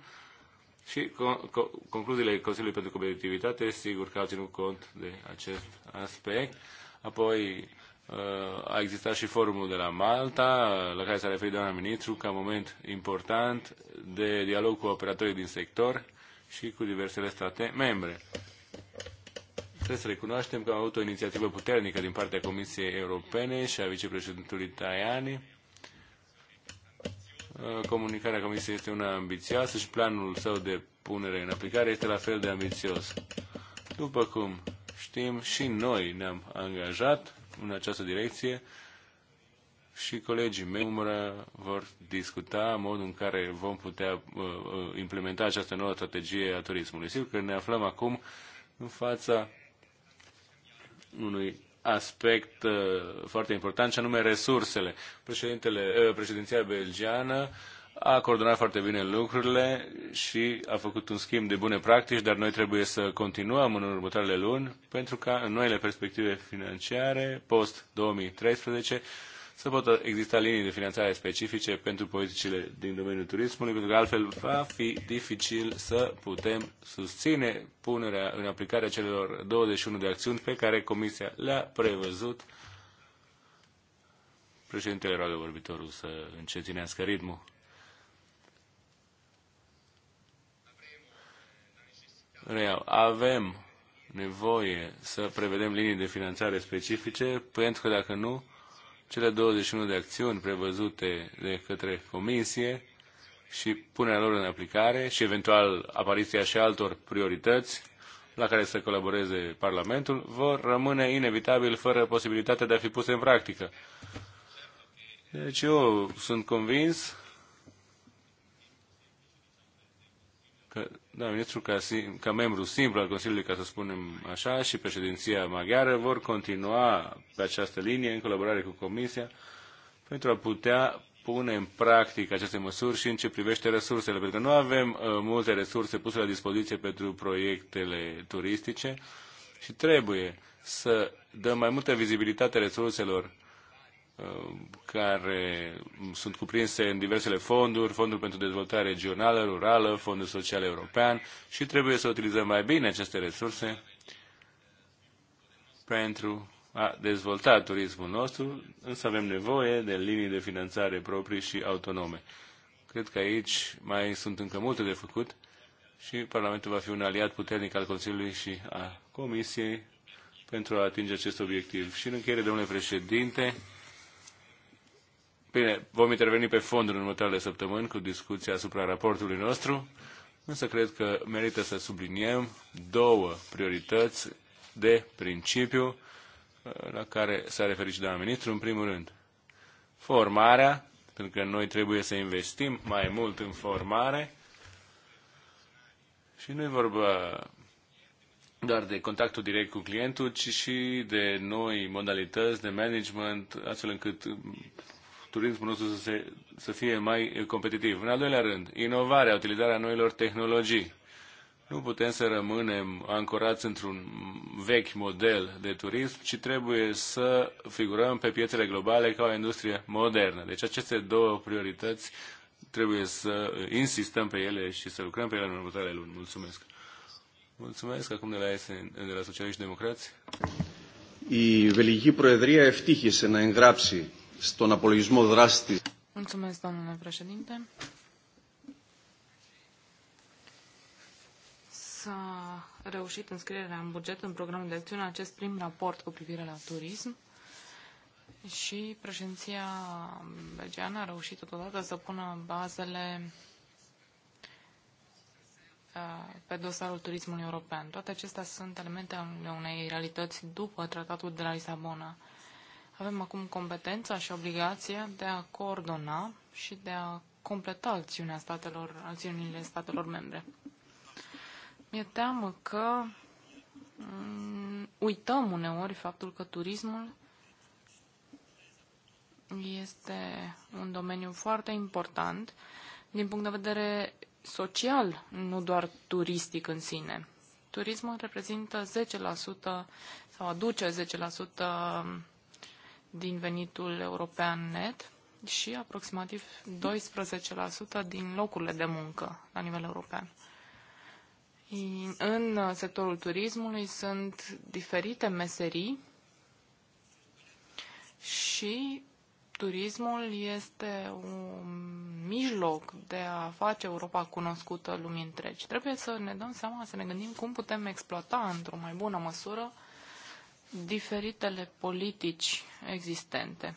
și co- co- concluziile Consiliului pentru Competitivitate sigur că au ținut cont de acest aspect. Apoi, Uh, a existat și forumul de la Malta, la care s-a referit doamna ministru, ca moment important de dialog cu operatorii din sector și cu diversele state membre. Trebuie să recunoaștem că am avut o inițiativă puternică din partea Comisiei Europene și a vicepreședintului Tajani. Uh, comunicarea Comisiei este una ambițioasă și planul său de punere în aplicare este la fel de ambițios. După cum știm, și noi ne-am angajat în această direcție și colegii mei umără vor discuta modul în care vom putea uh, uh, implementa această nouă strategie a turismului. Sigur că ne aflăm acum în fața unui aspect uh, foarte important, și anume resursele. Președintele, președinția belgiană a coordonat foarte bine lucrurile și a făcut un schimb de bune practici, dar noi trebuie să continuăm în următoarele luni pentru ca în noile perspective financiare post-2013 să pot exista linii de finanțare specifice pentru politicile din domeniul turismului, pentru că altfel va fi dificil să putem susține punerea în aplicare a celor 21 de acțiuni pe care Comisia le-a prevăzut. Președintele roagă vorbitorul să încetinească ritmul. real. avem nevoie să prevedem linii de finanțare specifice, pentru că dacă nu, cele 21 de acțiuni prevăzute de către Comisie și punerea lor în aplicare și eventual apariția și altor priorități la care să colaboreze Parlamentul vor rămâne inevitabil fără posibilitatea de a fi puse în practică. Deci eu sunt convins da, ministrul ca, ca membru simplu al Consiliului, ca să spunem așa, și președinția maghiară vor continua pe această linie în colaborare cu Comisia pentru a putea pune în practică aceste măsuri și în ce privește resursele, pentru că nu avem uh, multe resurse puse la dispoziție pentru proiectele turistice și trebuie să dăm mai multă vizibilitate resurselor care sunt cuprinse în diversele fonduri, Fondul pentru Dezvoltare Regională, Rurală, Fondul Social European și trebuie să utilizăm mai bine aceste resurse pentru a dezvolta turismul nostru, însă avem nevoie de linii de finanțare proprii și autonome. Cred că aici mai sunt încă multe de făcut și Parlamentul va fi un aliat puternic al Consiliului și a Comisiei pentru a atinge acest obiectiv. Și în încheiere, domnule președinte, Bine, vom interveni pe fondul în următoarele săptămâni cu discuția asupra raportului nostru, însă cred că merită să subliniem două priorități de principiu uh, la care s-a referit și doamna ministru. În primul rând, formarea, pentru că noi trebuie să investim mai mult în formare și nu e vorba doar de contactul direct cu clientul, ci și de noi modalități de management, astfel încât turismul nostru să, se, să fie mai competitiv. În al doilea rând, inovarea, utilizarea noilor tehnologii. Nu putem să rămânem ancorați într-un vechi model de turism, ci trebuie să figurăm pe piețele globale ca o industrie modernă. Deci aceste două priorități trebuie să insistăm pe ele și să lucrăm pe ele în următoarele luni. Mulțumesc! Mulțumesc acum de la, SN, de la Socialiști Democrați. Η Βελγική Προεδρία ευτύχησε να εγγράψει στον απολογισμό δράσης της. Mulțumesc, domnule președinte. S-a reușit înscrierea în buget, în programul de acțiune, acest prim raport cu privire la turism și președinția belgeană a reușit totodată să pună bazele pe dosarul turismului european. Toate acestea sunt elemente ale unei realități după tratatul de la Lisabona. Avem acum competența și obligația de a coordona și de a completa acțiunea statelor, acțiunile statelor membre. Mi-e teamă că mm, uităm uneori faptul că turismul este un domeniu foarte important din punct de vedere social, nu doar turistic în sine. Turismul reprezintă 10% sau aduce 10% din venitul european net și aproximativ 12% din locurile de muncă la nivel european. În sectorul turismului sunt diferite meserii și turismul este un mijloc de a face Europa cunoscută lumii întregi. Trebuie să ne dăm seama, să ne gândim cum putem exploata într-o mai bună măsură diferitele politici existente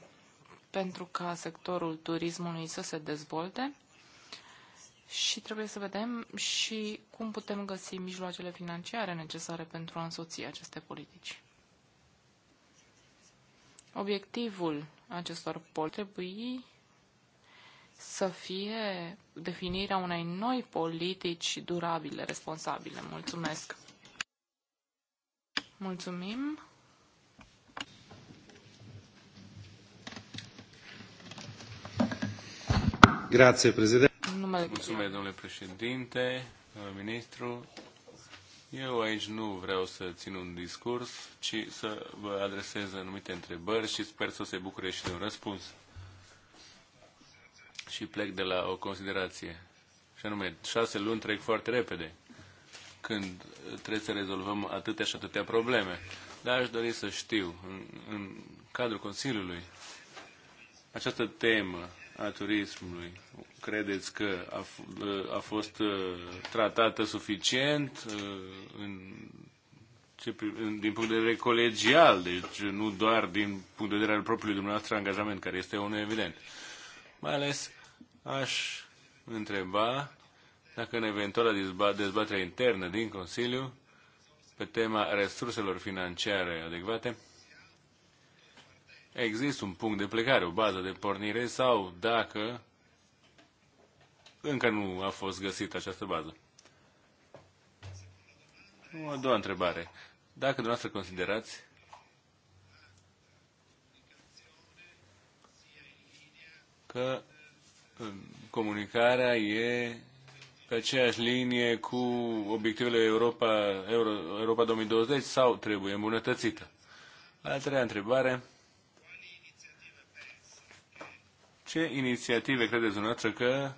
pentru ca sectorul turismului să se dezvolte și trebuie să vedem și cum putem găsi mijloacele financiare necesare pentru a însoți aceste politici. Obiectivul acestor politici trebuie să fie definirea unei noi politici durabile, responsabile. Mulțumesc! Mulțumim! Grazie, președinte. Mulțumesc, domnule președinte, domnule ministru. Eu aici nu vreau să țin un discurs, ci să vă adresez anumite întrebări și sper să se bucure și de un răspuns. Și plec de la o considerație. Și anume, șase luni trec foarte repede când trebuie să rezolvăm atâtea și atâtea probleme. Dar aș dori să știu, în, în cadrul Consiliului, această temă a turismului. Credeți că a, a fost uh, tratată suficient uh, în ce, din punct de vedere colegial, deci nu doar din punct de vedere al propriului dumneavoastră angajament, care este unul evident. Mai ales aș întreba dacă în eventuala dezbatere internă din Consiliu pe tema resurselor financiare adecvate, există un punct de plecare, o bază de pornire sau dacă încă nu a fost găsită această bază. O a doua întrebare. Dacă dumneavoastră considerați că um, comunicarea e pe aceeași linie cu obiectivele Europa, Euro, Europa 2020 sau trebuie îmbunătățită? A treia întrebare. Ce inițiative credeți dumneavoastră că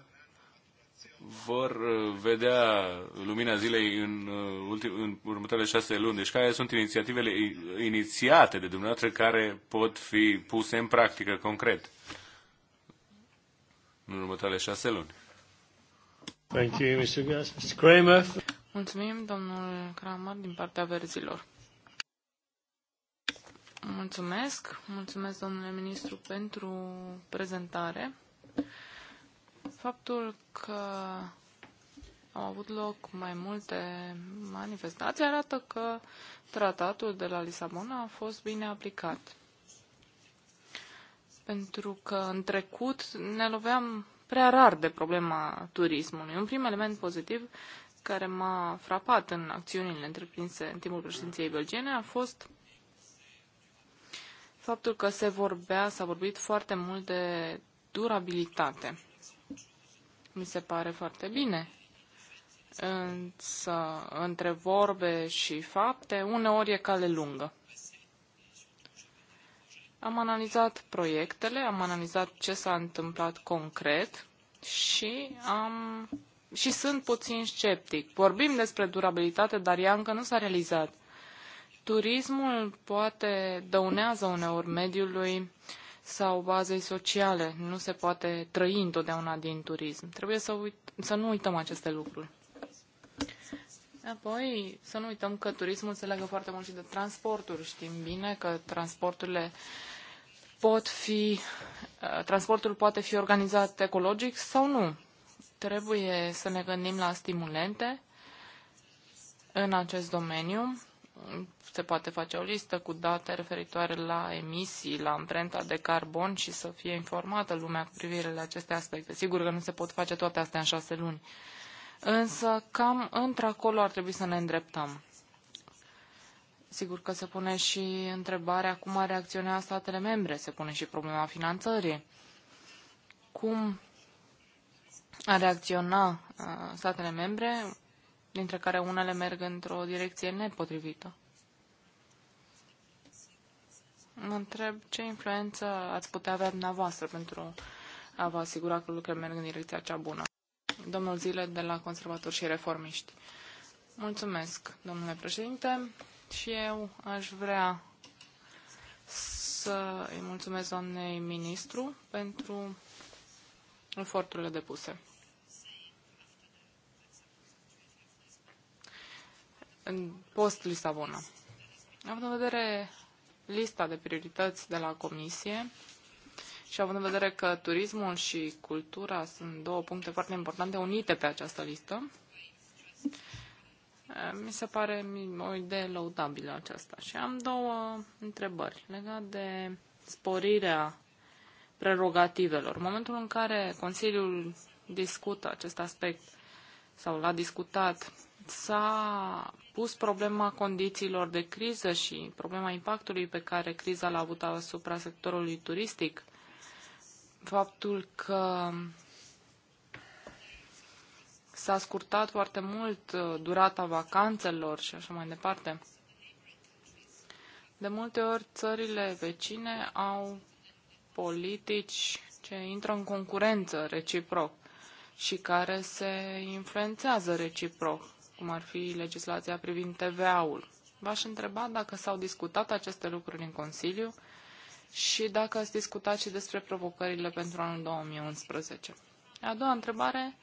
vor uh, vedea lumina zilei în, uh, ultim, în următoarele șase luni? Deci care sunt inițiativele inițiate de dumneavoastră care pot fi puse în practică concret în următoarele șase luni? Thank you, Mr. Gas. Mr. Kramer. Mulțumim, domnul Kramer, din partea verzilor. Mulțumesc, mulțumesc domnule ministru pentru prezentare. Faptul că au avut loc mai multe manifestații arată că tratatul de la Lisabona a fost bine aplicat. Pentru că în trecut ne loveam prea rar de problema turismului. Un prim element pozitiv care m-a frapat în acțiunile întreprinse în timpul președinției belgiene a fost faptul că se vorbea, s-a vorbit foarte mult de durabilitate. Mi se pare foarte bine. Însă, între vorbe și fapte, uneori e cale lungă. Am analizat proiectele, am analizat ce s-a întâmplat concret și am și sunt puțin sceptic. Vorbim despre durabilitate, dar ea încă nu s-a realizat. Turismul poate dăunează uneori mediului sau bazei sociale. Nu se poate trăi întotdeauna din turism. Trebuie să, uit- să nu uităm aceste lucruri. Apoi, să nu uităm că turismul se legă foarte mult și de transporturi. Știm bine că transporturile pot fi, uh, transportul poate fi organizat ecologic sau nu. Trebuie să ne gândim la stimulente în acest domeniu se poate face o listă cu date referitoare la emisii, la amprenta de carbon și să fie informată lumea cu privire la aceste aspecte. Sigur că nu se pot face toate astea în șase luni. Însă cam într-acolo ar trebui să ne îndreptăm. Sigur că se pune și întrebarea cum reacționat statele membre, se pune și problema finanțării. Cum a reacționa uh, statele membre dintre care unele merg într-o direcție nepotrivită. Mă întreb ce influență ați putea avea dumneavoastră pentru a vă asigura că lucrurile merg în direcția cea bună. Domnul Zile de la Conservatori și Reformiști. Mulțumesc, domnule președinte, și eu aș vrea să îi mulțumesc doamnei ministru pentru eforturile depuse. în post-Lisabona. Având în vedere lista de priorități de la Comisie și având în vedere că turismul și cultura sunt două puncte foarte importante unite pe această listă, mi se pare o idee laudabilă aceasta. Și am două întrebări legate de sporirea prerogativelor. În momentul în care Consiliul discută acest aspect sau l-a discutat s-a pus problema condițiilor de criză și problema impactului pe care criza l-a avut asupra sectorului turistic. Faptul că s-a scurtat foarte mult uh, durata vacanțelor și așa mai departe. De multe ori, țările vecine au politici ce intră în concurență reciproc și care se influențează reciproc cum ar fi legislația privind TVA-ul. V-aș întreba dacă s-au discutat aceste lucruri în Consiliu și dacă ați discutat și despre provocările pentru anul 2011. A doua întrebare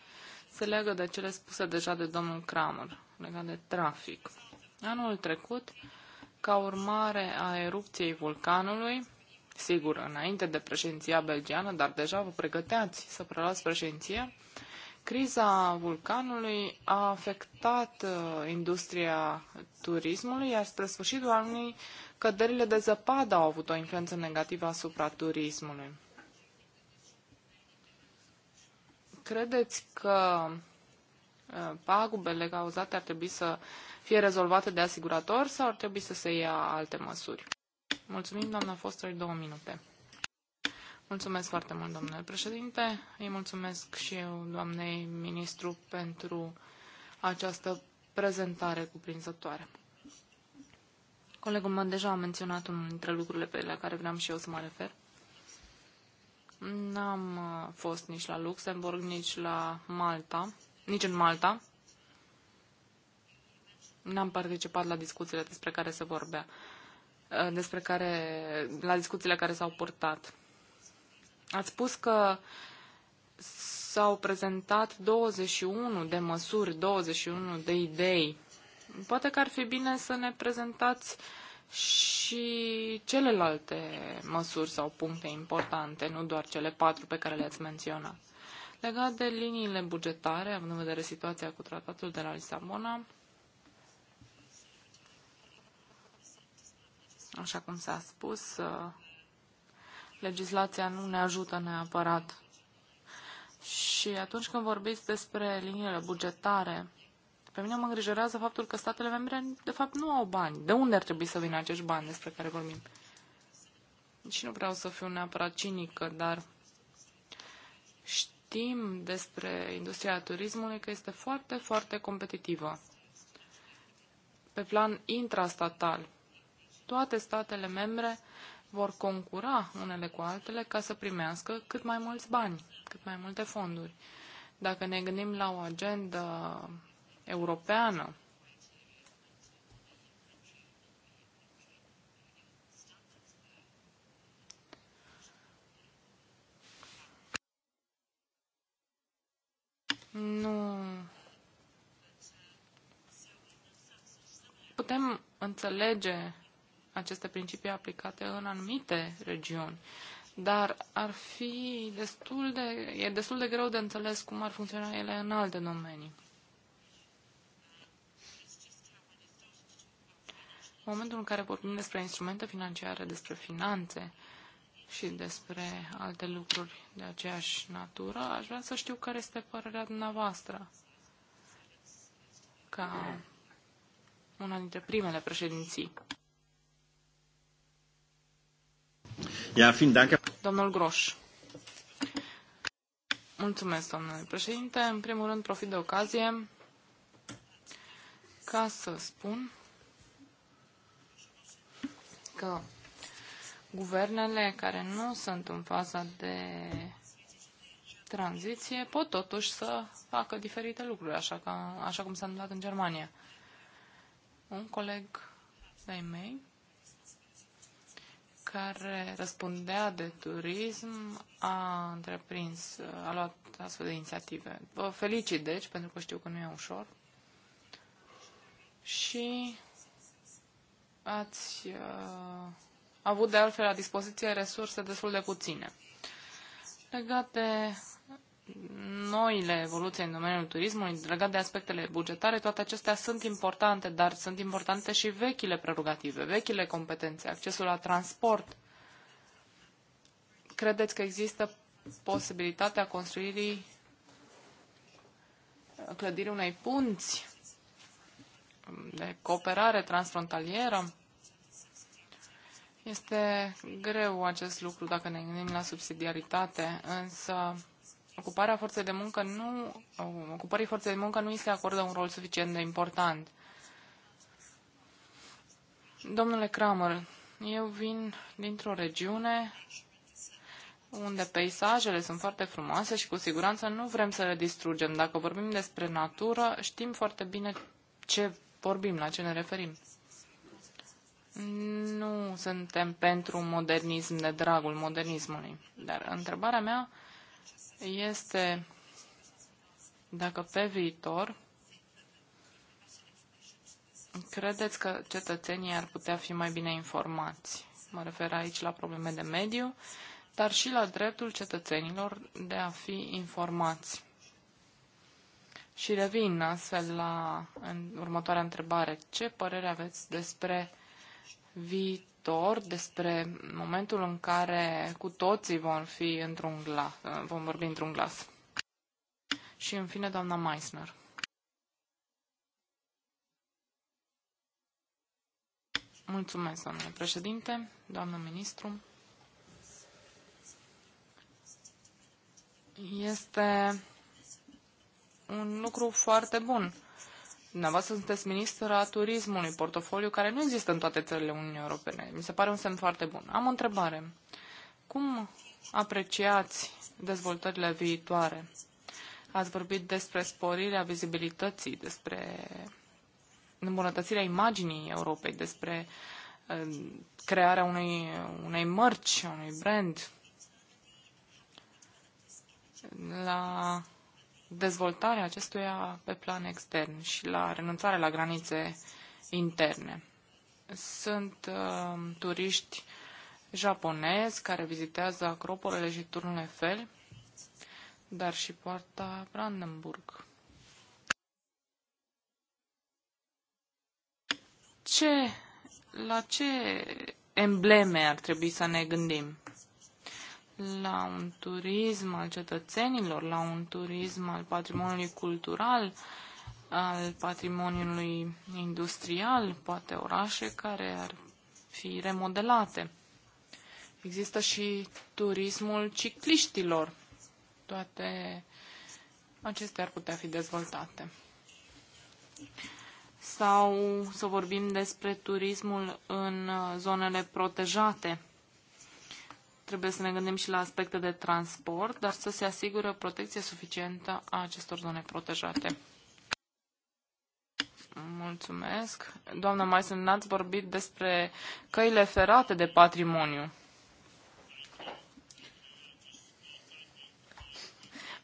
se legă de cele spuse deja de domnul Kramer, legat de trafic. Anul trecut, ca urmare a erupției vulcanului, sigur, înainte de președinția belgiană, dar deja vă pregăteați să preluați președinția, Criza vulcanului a afectat uh, industria turismului, iar spre sfârșitul anului căderile de zăpadă au avut o influență negativă asupra turismului. Credeți că uh, pagubele cauzate ar trebui să fie rezolvate de asigurator sau ar trebui să se ia alte măsuri? Mulțumim, doamna Foster, două minute. Mulțumesc foarte mult, domnule președinte. Îi mulțumesc și eu, doamnei ministru, pentru această prezentare cuprinzătoare. Colegul meu deja a menționat unul dintre lucrurile pe la care vreau și eu să mă refer. N-am uh, fost nici la Luxemburg, nici la Malta, nici în Malta. N-am participat la discuțiile despre care se vorbea, uh, despre care, la discuțiile care s-au purtat. Ați spus că s-au prezentat 21 de măsuri, 21 de idei. Poate că ar fi bine să ne prezentați și celelalte măsuri sau puncte importante, nu doar cele patru pe care le-ați menționat. Legat de liniile bugetare, având în vedere situația cu tratatul de la Lisabona, așa cum s-a spus, legislația nu ne ajută neapărat. Și atunci când vorbiți despre liniile bugetare, pe mine mă îngrijorează faptul că statele membre, de fapt, nu au bani. De unde ar trebui să vină acești bani despre care vorbim? Și nu vreau să fiu neapărat cinică, dar știm despre industria turismului că este foarte, foarte competitivă. Pe plan intrastatal, toate statele membre vor concura unele cu altele ca să primească cât mai mulți bani, cât mai multe fonduri. Dacă ne gândim la o agendă europeană, nu putem înțelege aceste principii aplicate în anumite regiuni, dar ar fi destul de, e destul de greu de înțeles cum ar funcționa ele în alte domenii. În momentul în care vorbim despre instrumente financiare, despre finanțe și despre alte lucruri de aceeași natură, aș vrea să știu care este părerea dumneavoastră ca una dintre primele președinții. Domnul Groș. Mulțumesc, domnule președinte. În primul rând, profit de ocazie ca să spun că guvernele care nu sunt în faza de tranziție pot totuși să facă diferite lucruri, așa, ca, așa cum s-a întâmplat în Germania. Un coleg de-ai mei care răspundea de turism, a întreprins, a luat astfel de inițiative. Vă felicit, deci, pentru că știu că nu e ușor. Și ați uh, avut de altfel la dispoziție resurse destul de puține. legate noile evoluții în domeniul turismului, legat de aspectele bugetare, toate acestea sunt importante, dar sunt importante și vechile prerogative, vechile competențe, accesul la transport. Credeți că există posibilitatea construirii clădirii unei punți de cooperare transfrontalieră? Este greu acest lucru dacă ne gândim la subsidiaritate, însă ocuparea forței de muncă nu, ocupării forței de muncă nu îi se acordă un rol suficient de important. Domnule Kramer, eu vin dintr-o regiune unde peisajele sunt foarte frumoase și cu siguranță nu vrem să le distrugem. Dacă vorbim despre natură, știm foarte bine ce vorbim, la ce ne referim. Nu suntem pentru modernism de dragul modernismului, dar întrebarea mea este dacă pe viitor credeți că cetățenii ar putea fi mai bine informați. Mă refer aici la probleme de mediu, dar și la dreptul cetățenilor de a fi informați. Și revin astfel la următoarea întrebare. Ce părere aveți despre viitor? viitor, despre momentul în care cu toții vom fi într-un glas, vom vorbi într-un glas. Și în fine, doamna Meissner. Mulțumesc, domnule președinte, doamnă ministru. Este un lucru foarte bun Dumneavoastră sunteți ministra turismului, portofoliu care nu există în toate țările Uniunii Europene. Mi se pare un semn foarte bun. Am o întrebare. Cum apreciați dezvoltările viitoare? Ați vorbit despre sporirea vizibilității, despre îmbunătățirea imaginii Europei, despre uh, crearea unei, unei mărci, unui brand. La dezvoltarea acestuia pe plan extern și la renunțarea la granițe interne. Sunt uh, turiști japonezi care vizitează acropolele și turnul Eiffel, dar și poarta Brandenburg. Ce, la ce embleme ar trebui să ne gândim? la un turism al cetățenilor, la un turism al patrimoniului cultural, al patrimoniului industrial, poate orașe care ar fi remodelate. Există și turismul cicliștilor. Toate acestea ar putea fi dezvoltate. Sau să vorbim despre turismul în zonele protejate Trebuie să ne gândim și la aspecte de transport, dar să se asigure o protecție suficientă a acestor zone protejate. Mulțumesc. Doamna Maison, n-ați vorbit despre căile ferate de patrimoniu.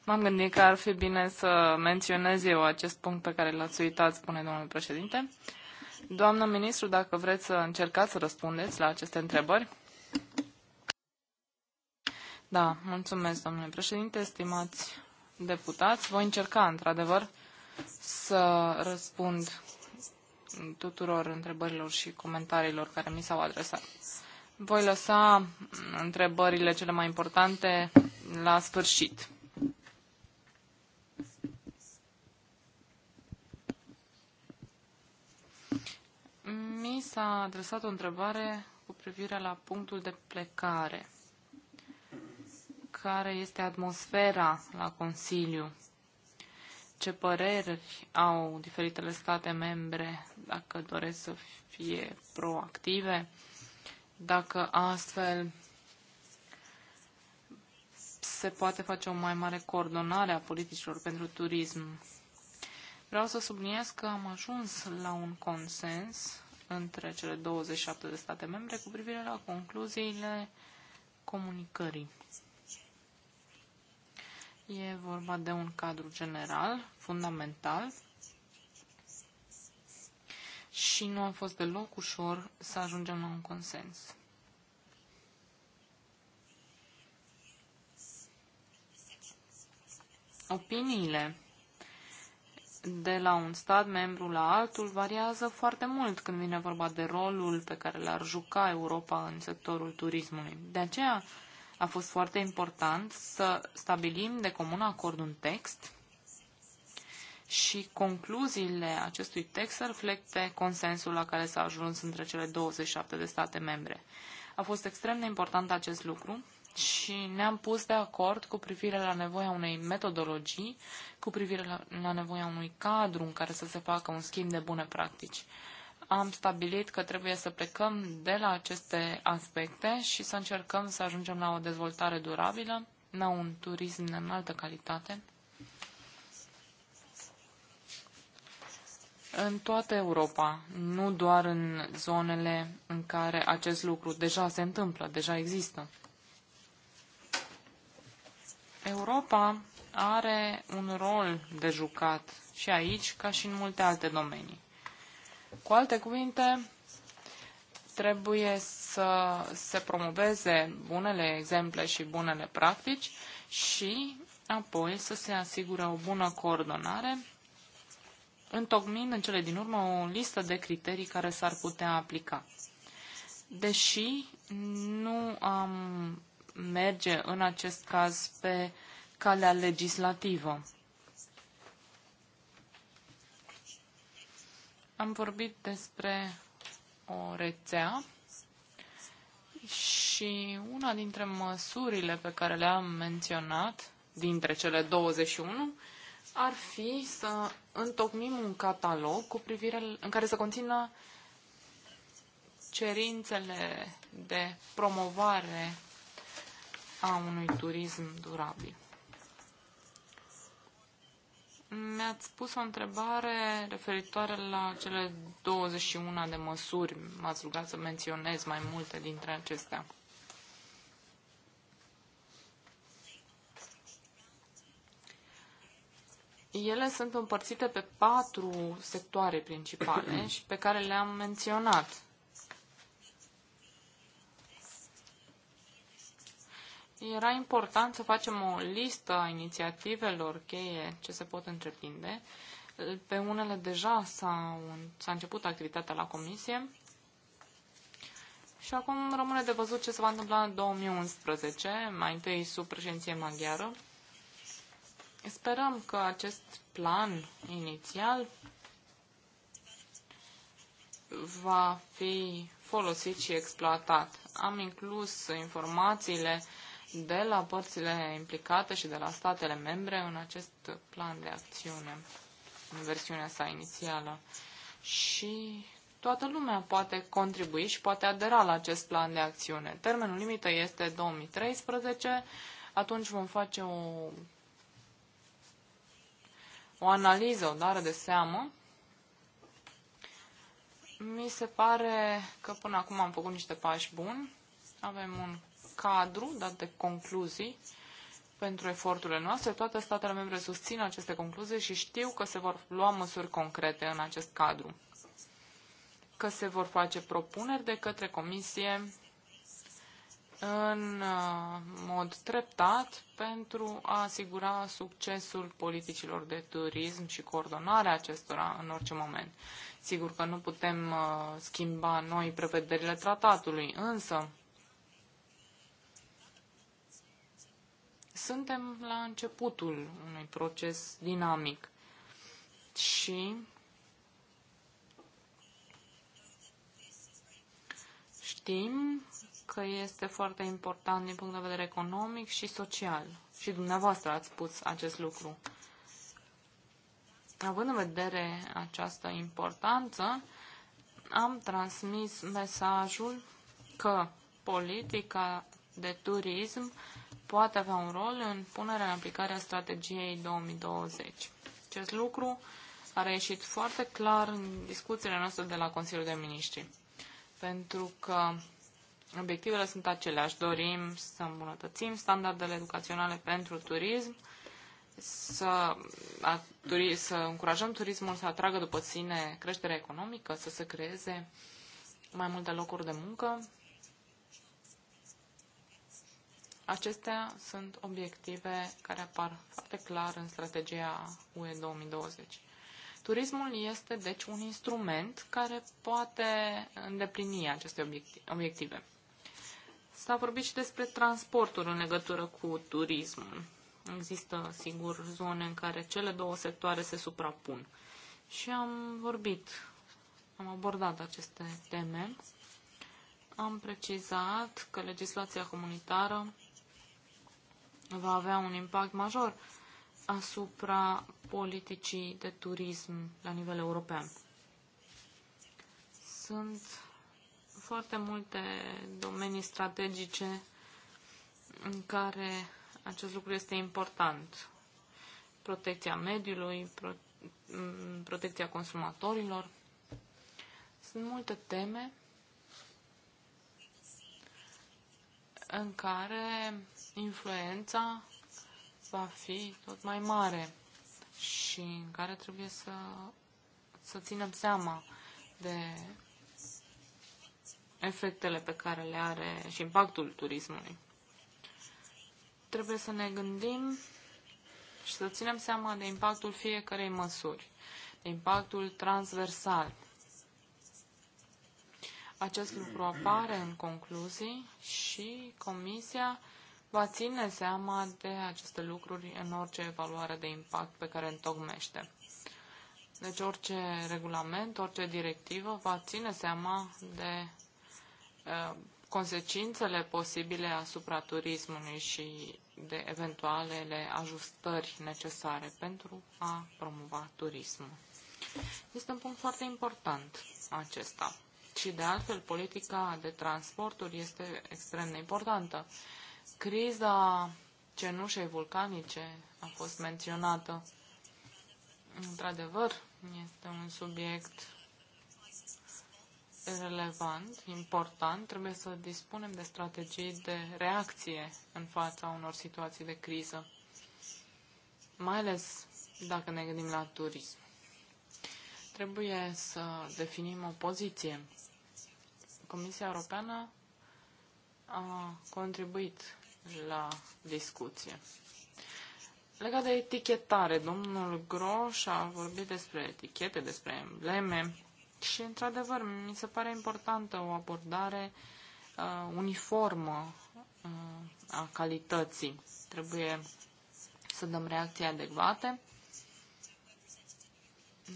M-am gândit că ar fi bine să menționez eu acest punct pe care l-ați uitat, spune domnul președinte. Doamnă ministru, dacă vreți să încercați să răspundeți la aceste întrebări. Da, mulțumesc, domnule președinte, stimați deputați. Voi încerca, într-adevăr, să răspund tuturor întrebărilor și comentariilor care mi s-au adresat. Voi lăsa întrebările cele mai importante la sfârșit. Mi s-a adresat o întrebare cu privire la punctul de plecare care este atmosfera la Consiliu, ce păreri au diferitele state membre dacă doresc să fie proactive, dacă astfel se poate face o mai mare coordonare a politicilor pentru turism. Vreau să subliniez că am ajuns la un consens între cele 27 de state membre cu privire la concluziile comunicării. E vorba de un cadru general, fundamental, și nu a fost deloc ușor să ajungem la un consens. Opiniile de la un stat membru la altul variază foarte mult când vine vorba de rolul pe care l-ar juca Europa în sectorul turismului. De aceea, a fost foarte important să stabilim de comun acord un text și concluziile acestui text reflecte consensul la care s-a ajuns între cele 27 de state membre. A fost extrem de important acest lucru și ne-am pus de acord cu privire la nevoia unei metodologii, cu privire la, la nevoia unui cadru în care să se facă un schimb de bune practici am stabilit că trebuie să plecăm de la aceste aspecte și să încercăm să ajungem la o dezvoltare durabilă, la un turism de înaltă calitate. În toată Europa, nu doar în zonele în care acest lucru deja se întâmplă, deja există. Europa are un rol de jucat și aici, ca și în multe alte domenii. Cu alte cuvinte, trebuie să se promoveze bunele exemple și bunele practici și apoi să se asigure o bună coordonare, întocmind în cele din urmă o listă de criterii care s-ar putea aplica. Deși nu am merge în acest caz pe calea legislativă. Am vorbit despre o rețea și una dintre măsurile pe care le-am menționat, dintre cele 21, ar fi să întocmim un catalog cu privire în care să conțină cerințele de promovare a unui turism durabil. Mi-ați pus o întrebare referitoare la cele 21 de măsuri. M-ați rugat să menționez mai multe dintre acestea. Ele sunt împărțite pe patru sectoare principale și pe care le-am menționat. era important să facem o listă a inițiativelor cheie ce se pot întreprinde. Pe unele deja s-a, început activitatea la comisie și acum rămâne de văzut ce se va întâmpla în 2011, mai întâi sub președinție maghiară. Sperăm că acest plan inițial va fi folosit și exploatat. Am inclus informațiile uh, de la părțile implicate și de la statele membre în acest plan de acțiune, în versiunea sa inițială. Și toată lumea poate contribui și poate adera la acest plan de acțiune. Termenul limită este 2013, atunci vom face o, o analiză, o dare de seamă. Mi se pare că până acum am făcut niște pași buni. Avem un cadru dat de concluzii pentru eforturile noastre. Toate statele membre susțin aceste concluzii și știu că se vor lua măsuri concrete în acest cadru, că se vor face propuneri de către Comisie în uh, mod treptat pentru a asigura succesul politicilor de turism și coordonarea acestora în orice moment. Sigur că nu putem uh, schimba noi prevederile tratatului, însă Suntem la începutul unui proces dinamic și știm că este foarte important din punct de vedere economic și social. Și dumneavoastră ați spus acest lucru. Având în vedere această importanță, am transmis mesajul că politica de turism poate avea un rol în punerea în aplicare a strategiei 2020. Acest lucru a reieșit foarte clar în discuțiile noastre de la Consiliul de Miniștri, pentru că obiectivele sunt aceleași. Dorim să îmbunătățim standardele educaționale pentru turism, să, a, turi, să încurajăm turismul să atragă după sine creșterea economică, să se creeze mai multe locuri de muncă Acestea sunt obiective care apar foarte clar în strategia UE 2020. Turismul este, deci, un instrument care poate îndeplini aceste obiective. S-a vorbit și despre transportul în legătură cu turismul. Există, sigur, zone în care cele două sectoare se suprapun. Și am vorbit, am abordat aceste teme. Am precizat că legislația comunitară va avea un impact major asupra politicii de turism la nivel european. Sunt foarte multe domenii strategice în care acest lucru este important. Protecția mediului, pro, protecția consumatorilor. Sunt multe teme în care influența va fi tot mai mare și în care trebuie să, să ținem seama de efectele pe care le are și impactul turismului. Trebuie să ne gândim și să ținem seama de impactul fiecarei măsuri, de impactul transversal. Acest lucru apare în concluzii și Comisia va ține seama de aceste lucruri în orice evaluare de impact pe care întocmește. Deci orice regulament, orice directivă va ține seama de uh, consecințele posibile asupra turismului și de eventualele ajustări necesare pentru a promova turismul. Este un punct foarte important acesta. Și de altfel, politica de transporturi este extrem de importantă Criza cenușei vulcanice a fost menționată. Într-adevăr, este un subiect relevant, important. Trebuie să dispunem de strategii de reacție în fața unor situații de criză, mai ales dacă ne gândim la turism. Trebuie să definim o poziție. Comisia Europeană a contribuit la discuție. Legat de etichetare, domnul Groș a vorbit despre etichete, despre embleme și, într-adevăr, mi se pare importantă o abordare uh, uniformă uh, a calității. Trebuie să dăm reacții adecvate.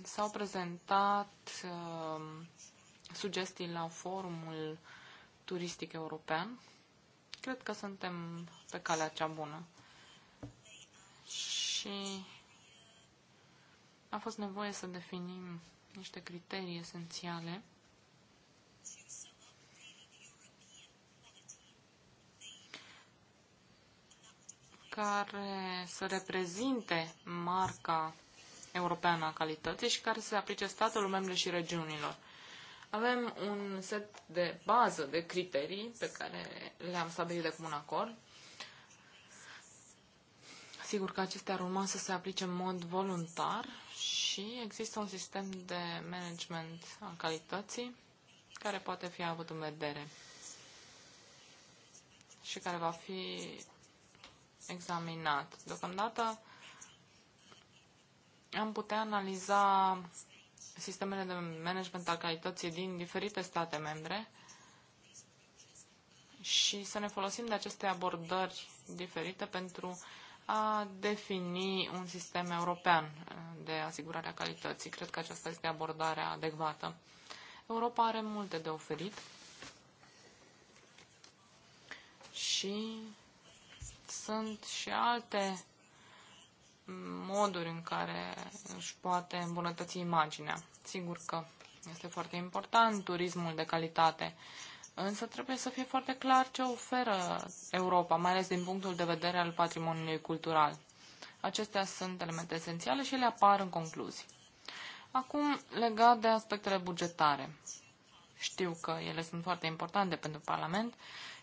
S-au prezentat uh, sugestii la forumul turistic european cred că suntem pe calea cea bună. Și a fost nevoie să definim niște criterii esențiale care să reprezinte marca europeană a calității și care să se aplice statelor membre și regiunilor. Avem un set de bază de criterii pe care le-am stabilit de comun acord. Sigur că acestea ar urma să se aplice în mod voluntar și există un sistem de management al calității care poate fi avut în vedere și care va fi examinat. Deocamdată am putea analiza sistemele de management al calității din diferite state membre și să ne folosim de aceste abordări diferite pentru a defini un sistem european uh, de asigurare a calității. Cred că aceasta este abordarea adecvată. Europa are multe de oferit și sunt și alte moduri în care își poate îmbunătăți imaginea. Sigur că este foarte important turismul de calitate, însă trebuie să fie foarte clar ce oferă Europa, mai ales din punctul de vedere al patrimoniului cultural. Acestea sunt elemente esențiale și ele apar în concluzii. Acum, legat de aspectele bugetare. Știu că ele sunt foarte importante pentru Parlament,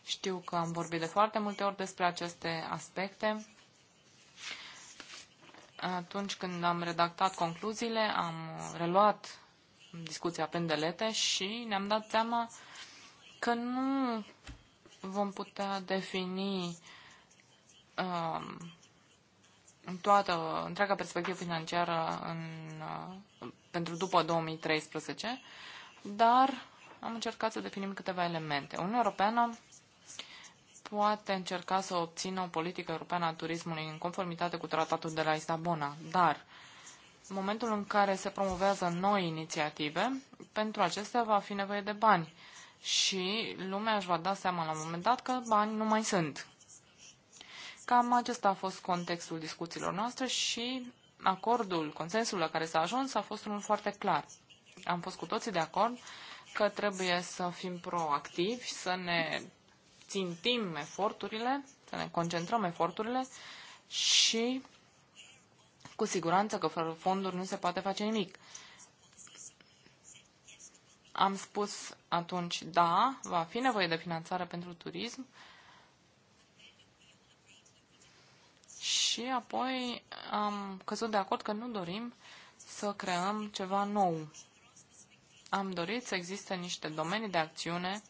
știu că am vorbit de foarte multe ori despre aceste aspecte atunci când am redactat concluziile, am reluat discuția pendelete și ne-am dat seama că nu vom putea defini uh, toată întreaga perspectivă financiară în, uh, pentru după 2013, dar am încercat să definim câteva elemente. Uniunea Europeană poate încerca să obțină o politică europeană a turismului în conformitate cu tratatul de la Istabona, dar în momentul în care se promovează noi inițiative, pentru acestea va fi nevoie de bani și lumea își va da seama la un moment dat că bani nu mai sunt. Cam acesta a fost contextul discuțiilor noastre și acordul, consensul la care s-a ajuns a fost unul foarte clar. Am fost cu toții de acord că trebuie să fim proactivi, să ne țintim eforturile, să ne concentrăm eforturile și cu siguranță că fără fonduri nu se poate face nimic. Am spus atunci, da, va fi nevoie de finanțare pentru turism și apoi am căzut de acord că nu dorim să creăm ceva nou. Am dorit să existe niște domenii de acțiune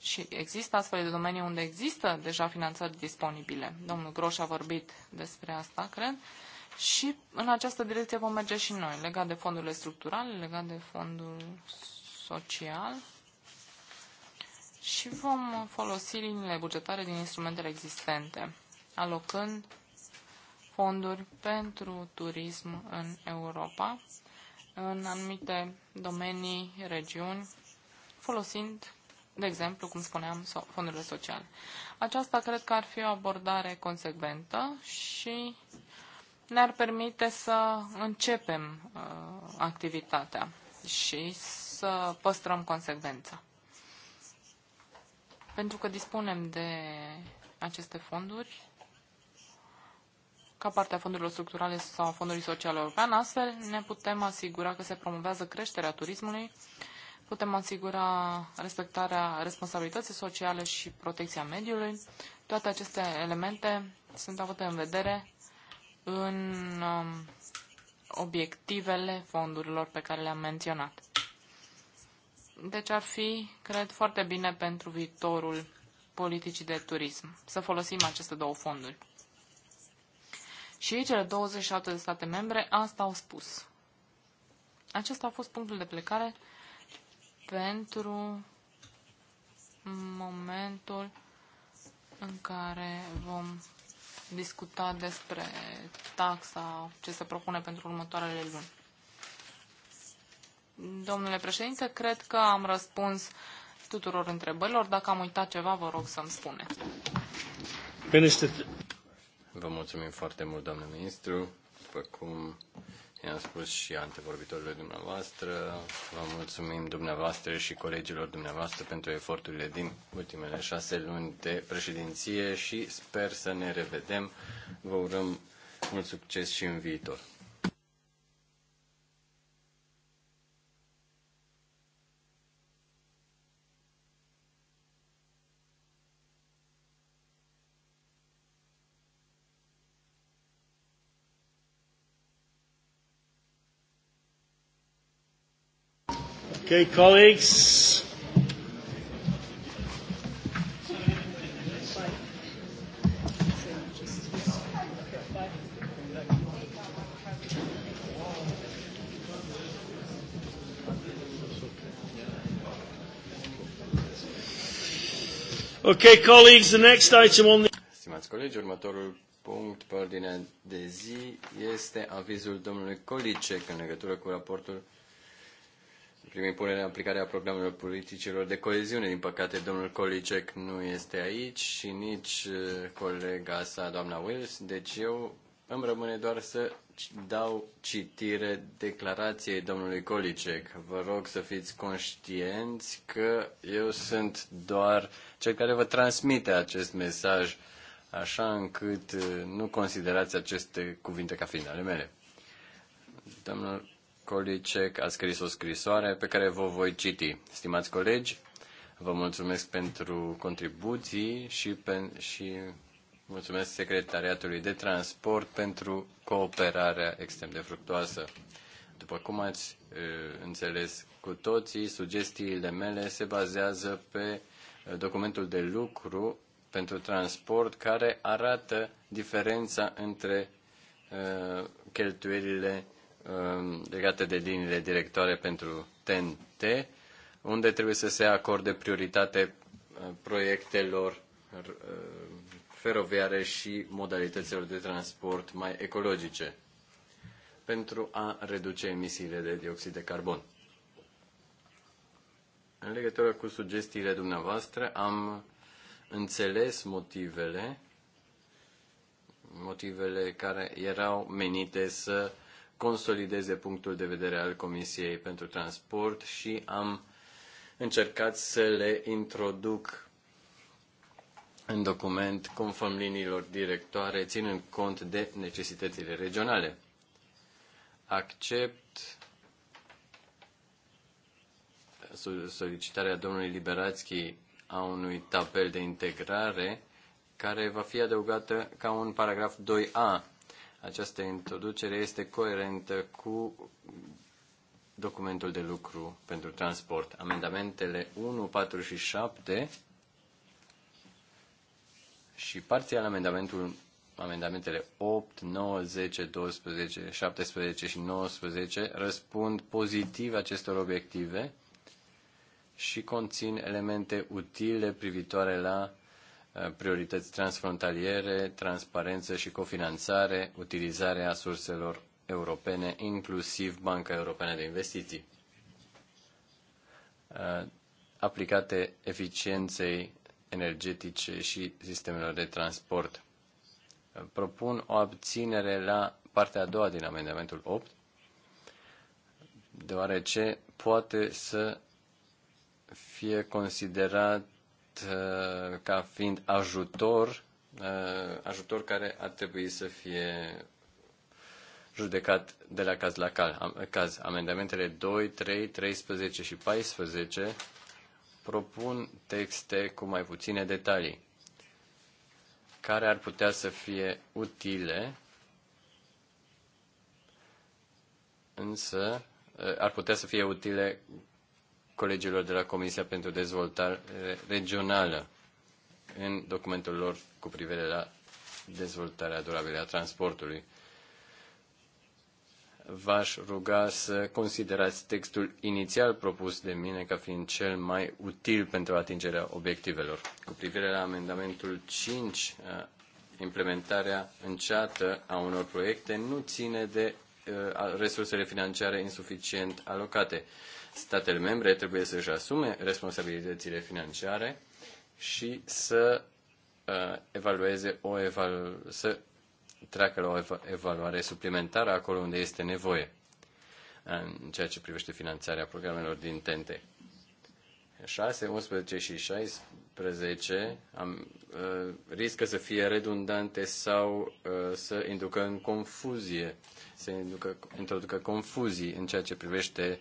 și există astfel de domenii unde există deja finanțări disponibile. Domnul Groș a vorbit despre asta, cred. Și în această direcție vom merge și noi, legat de fondurile structurale, legat de fondul social și vom folosi liniile bugetare din instrumentele existente, alocând fonduri pentru turism în Europa, în anumite domenii, regiuni, folosind de exemplu, cum spuneam, fondurile sociale. Aceasta cred că ar fi o abordare consecventă și ne-ar permite să începem uh, activitatea și să păstrăm consecvența. Pentru că dispunem de aceste fonduri ca parte a fondurilor structurale sau a fondului social european, astfel ne putem asigura că se promovează creșterea turismului putem asigura respectarea responsabilității sociale și protecția mediului. Toate aceste elemente sunt avute în vedere în um, obiectivele fondurilor pe care le-am menționat. Deci ar fi, cred, foarte bine pentru viitorul politicii de turism să folosim aceste două fonduri. Și cele 27 de state membre asta au spus. Acesta a fost punctul de plecare pentru momentul în care vom discuta despre taxa ce se propune pentru următoarele luni. Domnule președinte, cred că am răspuns tuturor întrebărilor. Dacă am uitat ceva, vă rog să-mi spuneți. Vă mulțumim foarte mult, doamnă ministru. După cum I-am spus și antevorbitorilor dumneavoastră, vă mulțumim dumneavoastră și colegilor dumneavoastră pentru eforturile din ultimele șase luni de președinție și sper să ne revedem. Vă urăm mult succes și în viitor. Okay, colleagues. Okay, colleagues, the next item on the... Stimați colegi, următorul punct pe ordinea de zi este avizul domnului Colicec în legătură cu raportul primei punere în aplicare a programelor politicilor de coeziune. Din păcate, domnul Kolicek nu este aici și nici eh, colega sa, doamna Wills, deci eu îmi rămâne doar să dau citire declarației domnului Kolicek. Vă rog să fiți conștienți că eu sunt doar cel care vă transmite acest mesaj, așa încât eh, nu considerați aceste cuvinte ca fiind ale mele. Domnul Kolicek a scris o scrisoare pe care vă voi citi. Stimați colegi, vă mulțumesc pentru contribuții și, pe, și mulțumesc Secretariatului de Transport pentru cooperarea extrem de fructuoasă. După cum ați e, înțeles cu toții, sugestiile mele se bazează pe documentul de lucru pentru transport care arată diferența între uh, cheltuielile Um, legate de liniile directoare pentru TNT, unde trebuie să se acorde prioritate uh, proiectelor uh, feroviare și modalităților de transport mai ecologice pentru a reduce emisiile de dioxid de carbon. În legătură cu sugestiile dumneavoastră, am înțeles motivele, motivele care erau menite să uh, consolideze punctul de vedere al Comisiei pentru Transport și am încercat să le introduc în document conform liniilor directoare, ținând cont de necesitățile regionale. Accept solicitarea domnului Liberațchi a unui tabel de integrare care va fi adăugată ca un paragraf 2a această introducere este coerentă cu documentul de lucru pentru transport. Amendamentele 1, 4 și 7 și parțial amendamentul, amendamentele 8, 9, 10, 12, 17 și 19 răspund pozitiv acestor obiective și conțin elemente utile privitoare la priorități transfrontaliere, transparență și cofinanțare, utilizarea surselor europene, inclusiv Banca Europeană de Investiții, uh, aplicate eficienței energetice și sistemelor de transport. Uh, propun o abținere la partea a doua din amendamentul 8, deoarece poate să fie considerat Uh, ca fiind ajutor, uh, ajutor care ar trebui să fie judecat de la caz la caz. Amendamentele 2, 3, 13 și 14 propun texte cu mai puține detalii care ar putea să fie utile, însă uh, ar putea să fie utile colegilor de la Comisia pentru Dezvoltare eh, Regională în documentul lor cu privire la dezvoltarea durabilă a transportului. V-aș ruga să considerați textul inițial propus de mine ca fiind cel mai util pentru atingerea obiectivelor. Cu privire la amendamentul 5, eh, implementarea înceată a unor proiecte nu ține de eh, resursele financiare insuficient alocate. Statele membre trebuie să-și asume responsabilitățile financiare și să uh, evalueze o evalu- să treacă la o evaluare suplimentară acolo unde este nevoie în ceea ce privește finanțarea programelor din TENTE. 6, 11 și 16 am, uh, riscă să fie redundante sau uh, să inducă în confuzie, să inducă, introducă confuzii în ceea ce privește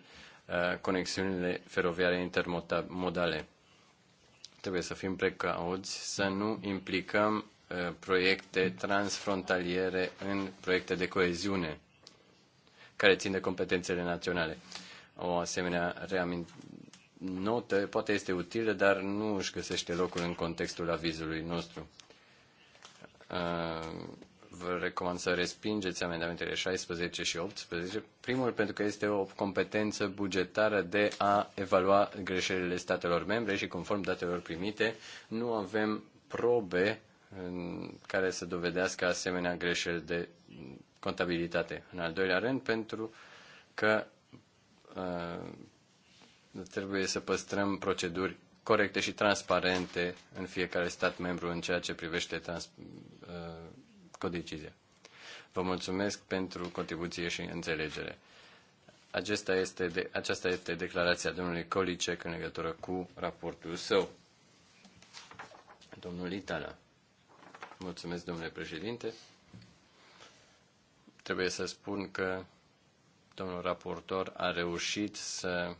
Uh, conexiunile feroviare intermodale. Trebuie să fim precauți să nu implicăm uh, proiecte transfrontaliere în proiecte de coeziune care țin de competențele naționale. O asemenea reamint notă poate este utilă, dar nu își găsește locul în contextul avizului nostru. Uh, vă recomand să respingeți amendamentele 16 și 18. Primul, pentru că este o competență bugetară de a evalua greșelile statelor membre și conform datelor primite, nu avem probe în care să dovedească asemenea greșeli de contabilitate. În al doilea rând, pentru că uh, trebuie să păstrăm proceduri corecte și transparente în fiecare stat membru în ceea ce privește trans, uh, codecizia. Vă mulțumesc pentru contribuție și înțelegere. Acesta este de, aceasta este declarația domnului Colicec în legătură cu raportul său. Domnul Itala. Mulțumesc, domnule președinte. Trebuie să spun că domnul raportor a reușit să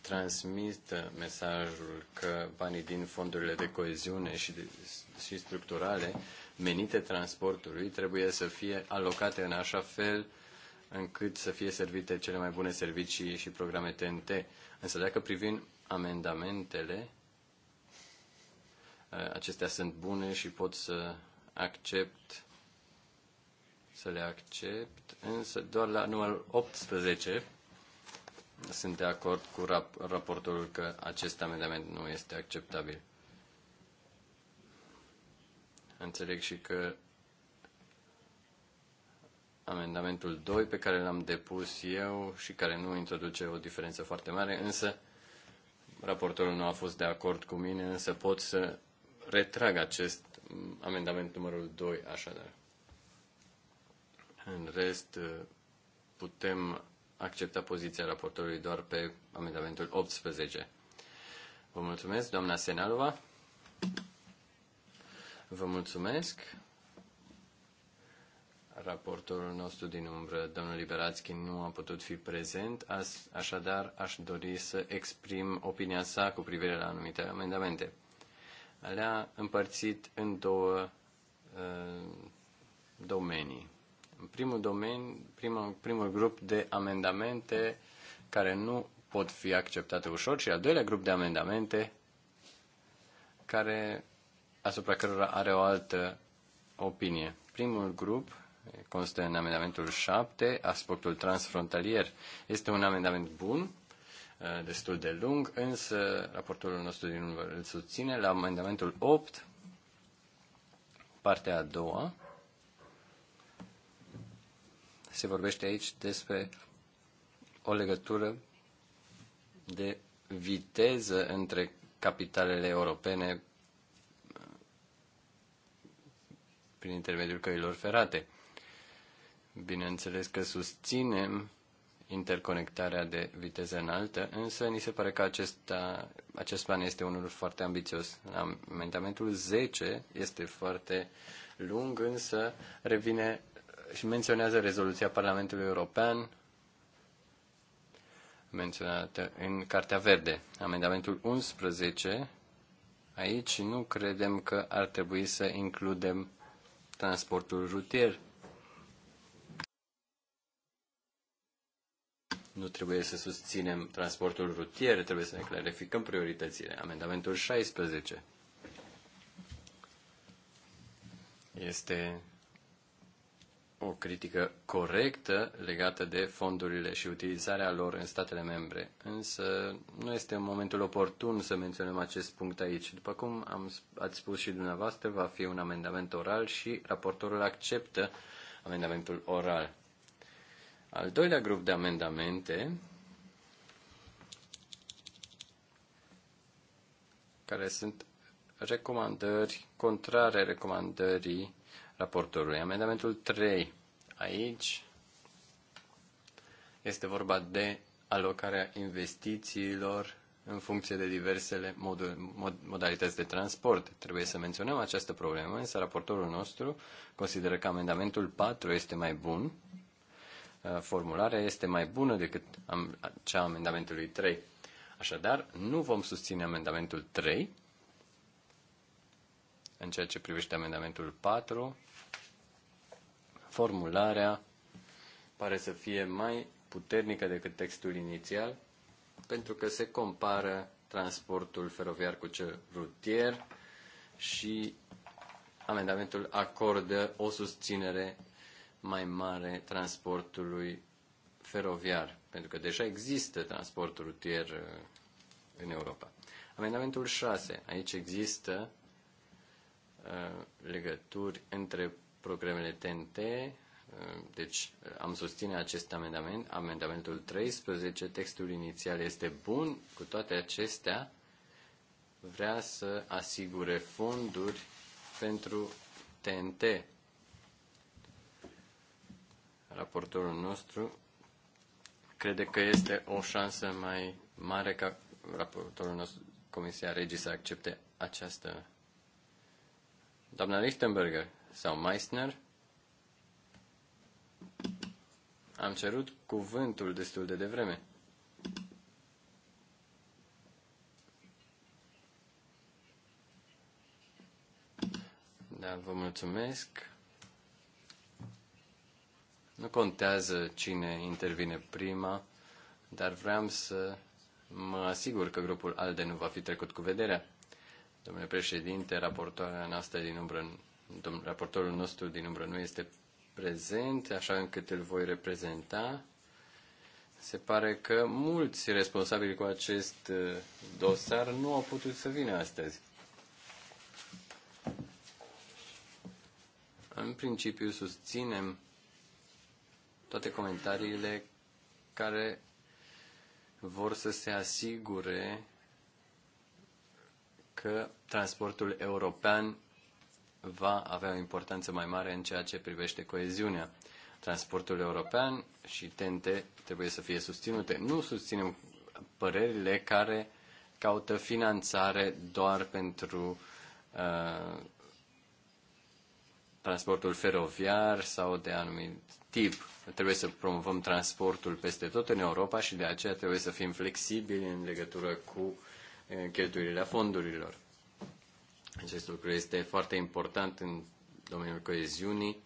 transmită mesajul că banii din fondurile de coeziune și, de, și structurale menite transportului trebuie să fie alocate în așa fel încât să fie servite cele mai bune servicii și programe TNT. Însă dacă privim amendamentele, uh, acestea sunt bune și pot să accept să le accept, însă doar la numărul 18 sunt de acord cu rap- raportorul că acest amendament nu este acceptabil. Înțeleg și că amendamentul 2 pe care l-am depus eu și care nu introduce o diferență foarte mare, însă raportorul nu a fost de acord cu mine, însă pot să retrag acest amendament numărul 2 așadar. În rest, putem accepta poziția raportorului doar pe amendamentul 18. Vă mulțumesc, doamna Senalova. Vă mulțumesc. Raportorul nostru din umbră, domnul Liberațchi, nu a putut fi prezent, așadar aș dori să exprim opinia sa cu privire la anumite amendamente. Le-a împărțit în două uh, domenii. În primul, domeniu, primul, primul grup de amendamente care nu pot fi acceptate ușor și al doilea grup de amendamente care asupra cărora are o altă opinie. Primul grup constă în amendamentul 7, aspectul transfrontalier. Este un amendament bun, eh, destul de lung, însă raportul nostru din urmă îl susține. La amendamentul 8, partea a doua, se vorbește aici despre o legătură de viteză între capitalele europene prin intermediul căilor ferate. Bineînțeles că susținem interconectarea de viteză înaltă, însă ni se pare că acesta, acest plan este unul foarte ambițios. Amendamentul 10 este foarte lung, însă revine și menționează rezoluția Parlamentului European menționată în Cartea Verde. Amendamentul 11, aici nu credem că ar trebui să includem transportul rutier. Nu trebuie să susținem transportul rutier, trebuie să ne clarificăm prioritățile. Amendamentul 16 este o critică corectă legată de fondurile și utilizarea lor în statele membre. Însă nu este momentul oportun să menționăm acest punct aici. După cum am, ați spus și dumneavoastră, va fi un amendament oral și raportorul acceptă amendamentul oral. Al doilea grup de amendamente care sunt recomandări contrare recomandării raportorului. Amendamentul 3. Aici este vorba de alocarea investițiilor în funcție de diversele mod- mod- modalități de transport. Trebuie să menționăm această problemă, însă raportorul nostru consideră că amendamentul 4 este mai bun. Uh, formularea este mai bună decât cea a amendamentului 3. Așadar, nu vom susține amendamentul 3. În ceea ce privește amendamentul 4, formularea pare să fie mai puternică decât textul inițial, pentru că se compară transportul feroviar cu cel rutier și amendamentul acordă o susținere mai mare transportului feroviar, pentru că deja există transportul rutier uh, în Europa. Amendamentul 6. Aici există uh, legături între programele TNT, uh, deci uh, am susține acest amendament, amendamentul 13, textul inițial este bun, cu toate acestea vrea să asigure fonduri pentru TNT. Raportorul nostru crede că este o șansă mai mare ca raportorul nostru, Comisia Regii, să accepte această. Doamna Lichtenberger, sau Meissner. Am cerut cuvântul destul de devreme. Da, vă mulțumesc. Nu contează cine intervine prima, dar vreau să mă asigur că grupul ALDE nu va fi trecut cu vederea. Domnule președinte, raportoarea noastră din umbră domnul raportorul nostru din umbră nu este prezent, așa încât îl voi reprezenta. Se pare că mulți responsabili cu acest uh, dosar nu au putut să vină astăzi. În principiu susținem toate comentariile care vor să se asigure că transportul european va avea o importanță mai mare în ceea ce privește coeziunea. Transportul european și TNT trebuie să fie susținute. Nu susținem părerile care caută finanțare doar pentru uh, transportul feroviar sau de anumit tip. Trebuie să promovăm transportul peste tot în Europa și de aceea trebuie să fim flexibili în legătură cu uh, cheltuielile fondurilor. Acest lucru este foarte important în domeniul coeziunii.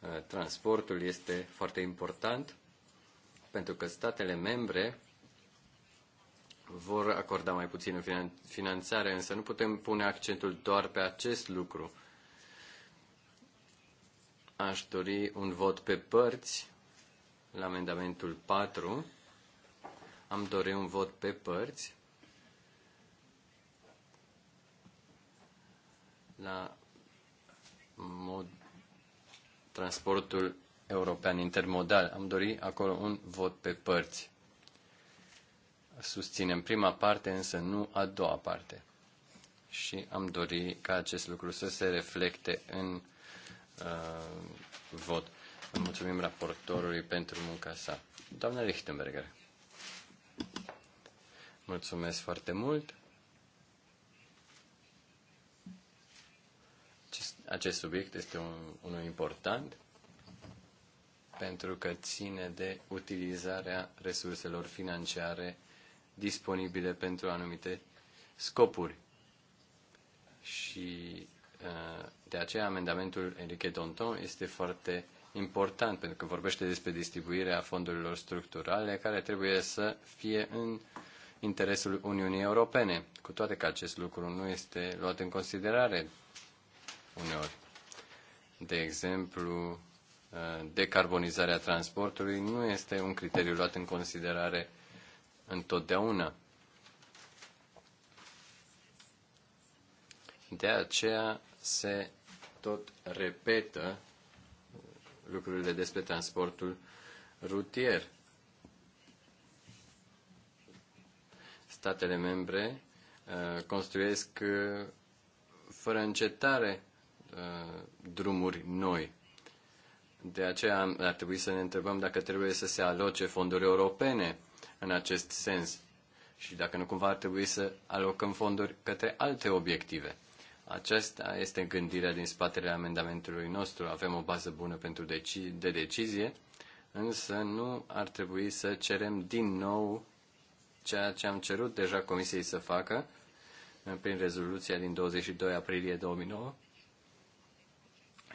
Uh, transportul este foarte important pentru că statele membre vor acorda mai puțină finanțare, însă nu putem pune accentul doar pe acest lucru. Aș dori un vot pe părți la amendamentul 4. Am dori un vot pe părți la mod, transportul european intermodal. Am dorit acolo un vot pe părți. Susținem prima parte, însă nu a doua parte. Și am dorit ca acest lucru să se reflecte în uh, vot. Îmi mulțumim raportorului pentru munca sa. Doamna Lichtenberger. Mulțumesc foarte mult. acest subiect este un, unul important pentru că ține de utilizarea resurselor financiare disponibile pentru anumite scopuri. Și uh, de aceea amendamentul Enrique Danton este foarte important pentru că vorbește despre distribuirea fondurilor structurale care trebuie să fie în interesul Uniunii Europene, cu toate că acest lucru nu este luat în considerare uneori. De exemplu, uh, decarbonizarea transportului nu este un criteriu luat în considerare întotdeauna. De aceea se tot repetă lucrurile despre transportul rutier. Statele membre uh, construiesc uh, fără încetare Uh, drumuri noi. De aceea ar trebui să ne întrebăm dacă trebuie să se aloce fonduri europene în acest sens și dacă nu cumva ar trebui să alocăm fonduri către alte obiective. Aceasta este gândirea din spatele amendamentului nostru. Avem o bază bună pentru deci- de decizie, însă nu ar trebui să cerem din nou ceea ce am cerut deja Comisiei să facă uh, prin rezoluția din 22 aprilie 2009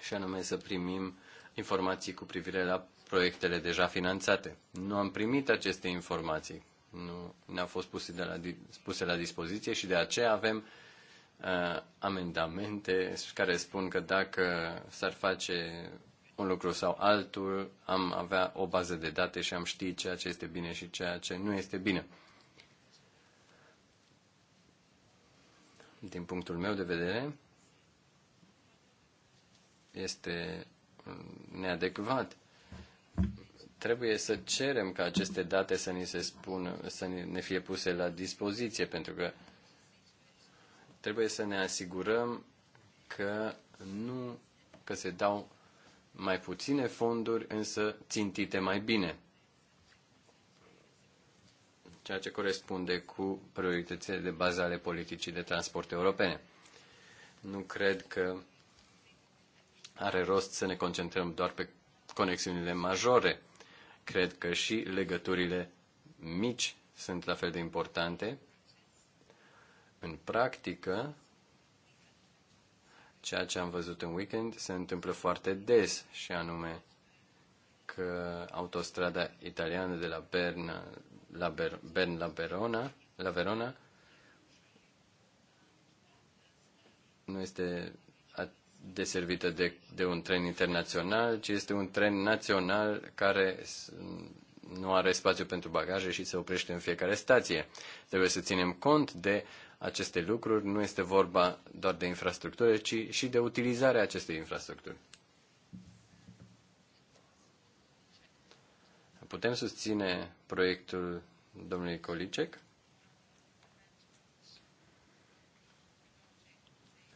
și anume să primim informații cu privire la proiectele deja finanțate. Nu am primit aceste informații, nu ne-au fost puse, de la, puse la dispoziție și de aceea avem uh, amendamente care spun că dacă s-ar face un lucru sau altul, am avea o bază de date și am ști ceea ce este bine și ceea ce nu este bine. Din punctul meu de vedere, este neadecvat. Trebuie să cerem ca aceste date să ni se spună, să ne fie puse la dispoziție, pentru că trebuie să ne asigurăm că nu că se dau mai puține fonduri, însă țintite mai bine. Ceea ce corespunde cu prioritățile de bază ale politicii de transport europene. Nu cred că are rost să ne concentrăm doar pe conexiunile majore. Cred că și legăturile mici sunt la fel de importante. În practică, ceea ce am văzut în weekend se întâmplă foarte des, și anume că autostrada italiană de la Berna la, Ber, Bern la Verona, la Verona nu este deservită de, de un tren internațional, ci este un tren național care nu are spațiu pentru bagaje și se oprește în fiecare stație. Trebuie să ținem cont de aceste lucruri. Nu este vorba doar de infrastructură, ci și de utilizarea acestei infrastructuri. Putem susține proiectul domnului Colicec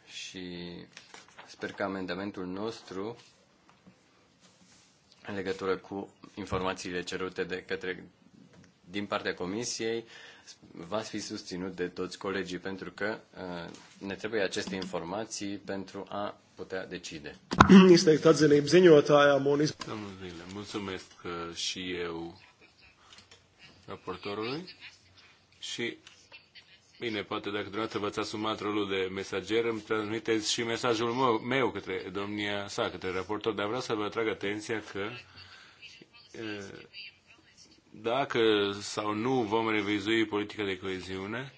și Sper că amendamentul nostru în legătură cu informațiile cerute de către, din partea Comisiei va fi susținut de toți colegii pentru că uh, ne trebuie aceste informații pentru a putea decide. mulțumesc uh, și eu raportorului și Bine, poate dacă dumneavoastră v-ați asumat rolul de mesager, îmi transmiteți și mesajul meu, meu către domnia sa, către raportor, dar vreau să vă atrag atenția că dacă sau nu vom revizui politica de coeziune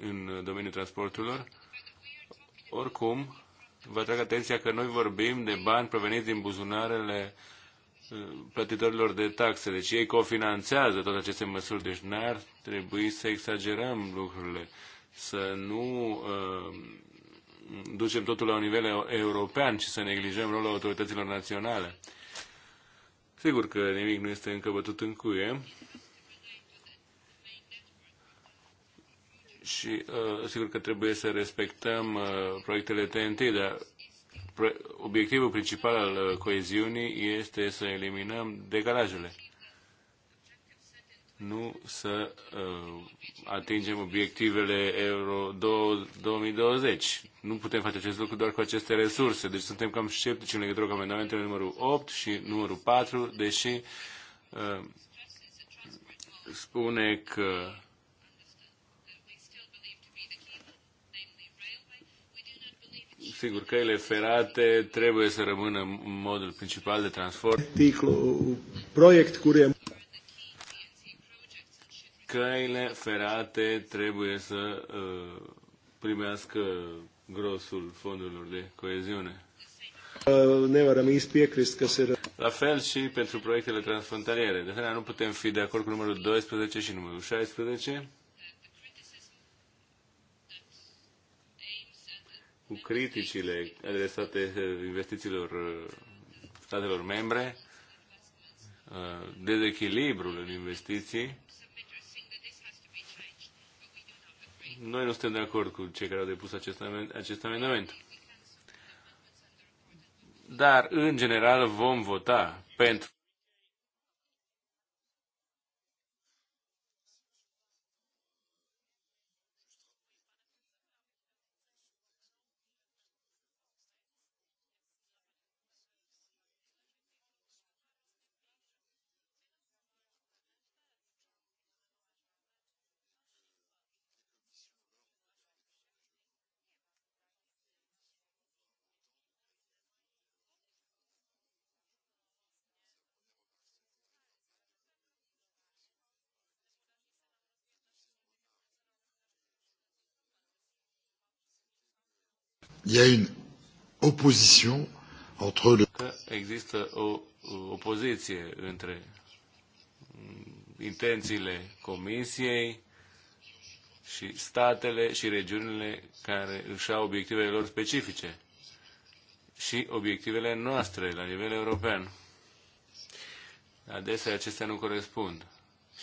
în domeniul transporturilor, oricum, vă atrag atenția că noi vorbim de bani proveniți din buzunarele plătitorilor de taxe. Deci ei cofinanțează toate aceste măsuri, deci n-ar trebui să exagerăm lucrurile, să nu uh, ducem totul la un nivel european și să neglijăm rolul autorităților naționale. Sigur că nimic nu este încă bătut în cuie. Și uh, sigur că trebuie să respectăm uh, proiectele TNT, dar obiectivul principal al uh, coeziunii este să eliminăm decalajele. Nu să uh, atingem obiectivele Euro 2020. Nu putem face acest lucru doar cu aceste resurse. Deci suntem cam sceptici în legătură cu amendamentele numărul 8 și numărul 4, deși uh, spune că Sigur, căile ferate trebuie să rămână modul principal de transport. Proiect curem. Căile ferate trebuie să uh, primească grosul fondurilor de coeziune. Uh, Nevaram piekrist că se La fel și pentru proiectele transfrontaliere. De asemenea, nu putem fi de acord cu numărul 12 și numărul 16 cu criticile ale state uh, investițiilor uh, statelor membre, uh, dezechilibrul în investiții. Noi nu suntem de acord cu cei care au depus acest, acest amendament. Dar, în general, vom vota pentru il y a une opposition entre le... Că există o opoziție între intențiile Comisiei și statele și regiunile care își au obiectivele lor specifice și obiectivele noastre la nivel european. Adesea acestea nu corespund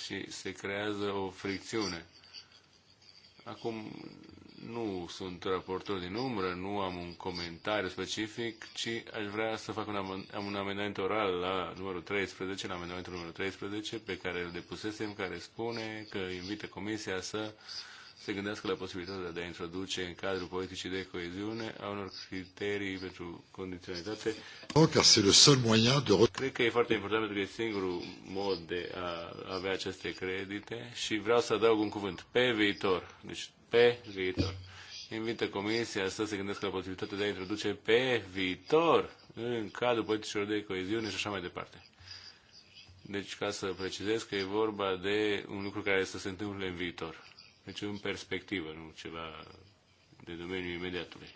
și se creează o fricțiune. Acum, nu sunt raportor din umbră, nu am un comentariu specific, ci aș vrea să fac un, am, un amendament oral la numărul 13, la amendamentul numărul 13, pe care îl depusesem, care spune că invită Comisia să se gândească la posibilitatea de a introduce în cadrul politicii de coeziune a unor criterii pentru condiționalitate. Oh, Cred că e foarte important pentru că e singurul mod de a avea aceste credite și vreau să adaug un cuvânt. Pe viitor. Deci pe viitor. Invită Comisia să se gândească la posibilitatea de a introduce pe viitor în cadrul politicilor de coeziune și așa mai departe. Deci, ca să precizez că e vorba de un lucru care să se întâmple în viitor. Deci, în perspectivă, nu ceva de domeniul imediatului.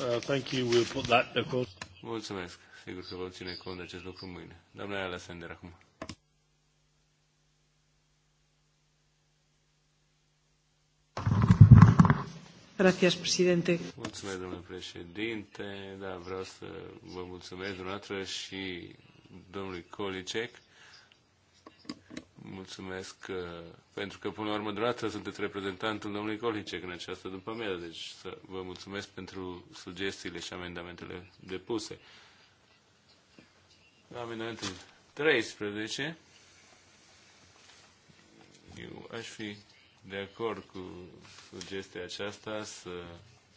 Uh, thank you. We'll put that, of course. Mulțumesc. Sigur că vom ține cont de acest lucru mâine. Doamna Alessandra, acum. Gracias, presidente. Mulțumesc, domnule președinte. Da, vreau să vă mulțumesc dumneavoastră și domnului Kolicek. Mulțumesc că, uh, pentru că, până la urmă, dumneavoastră sunteți reprezentantul domnului Kolicek în această după deci să vă mulțumesc pentru sugestiile și amendamentele depuse. Amendamentul 13. Eu aș fi de acord cu sugestia aceasta să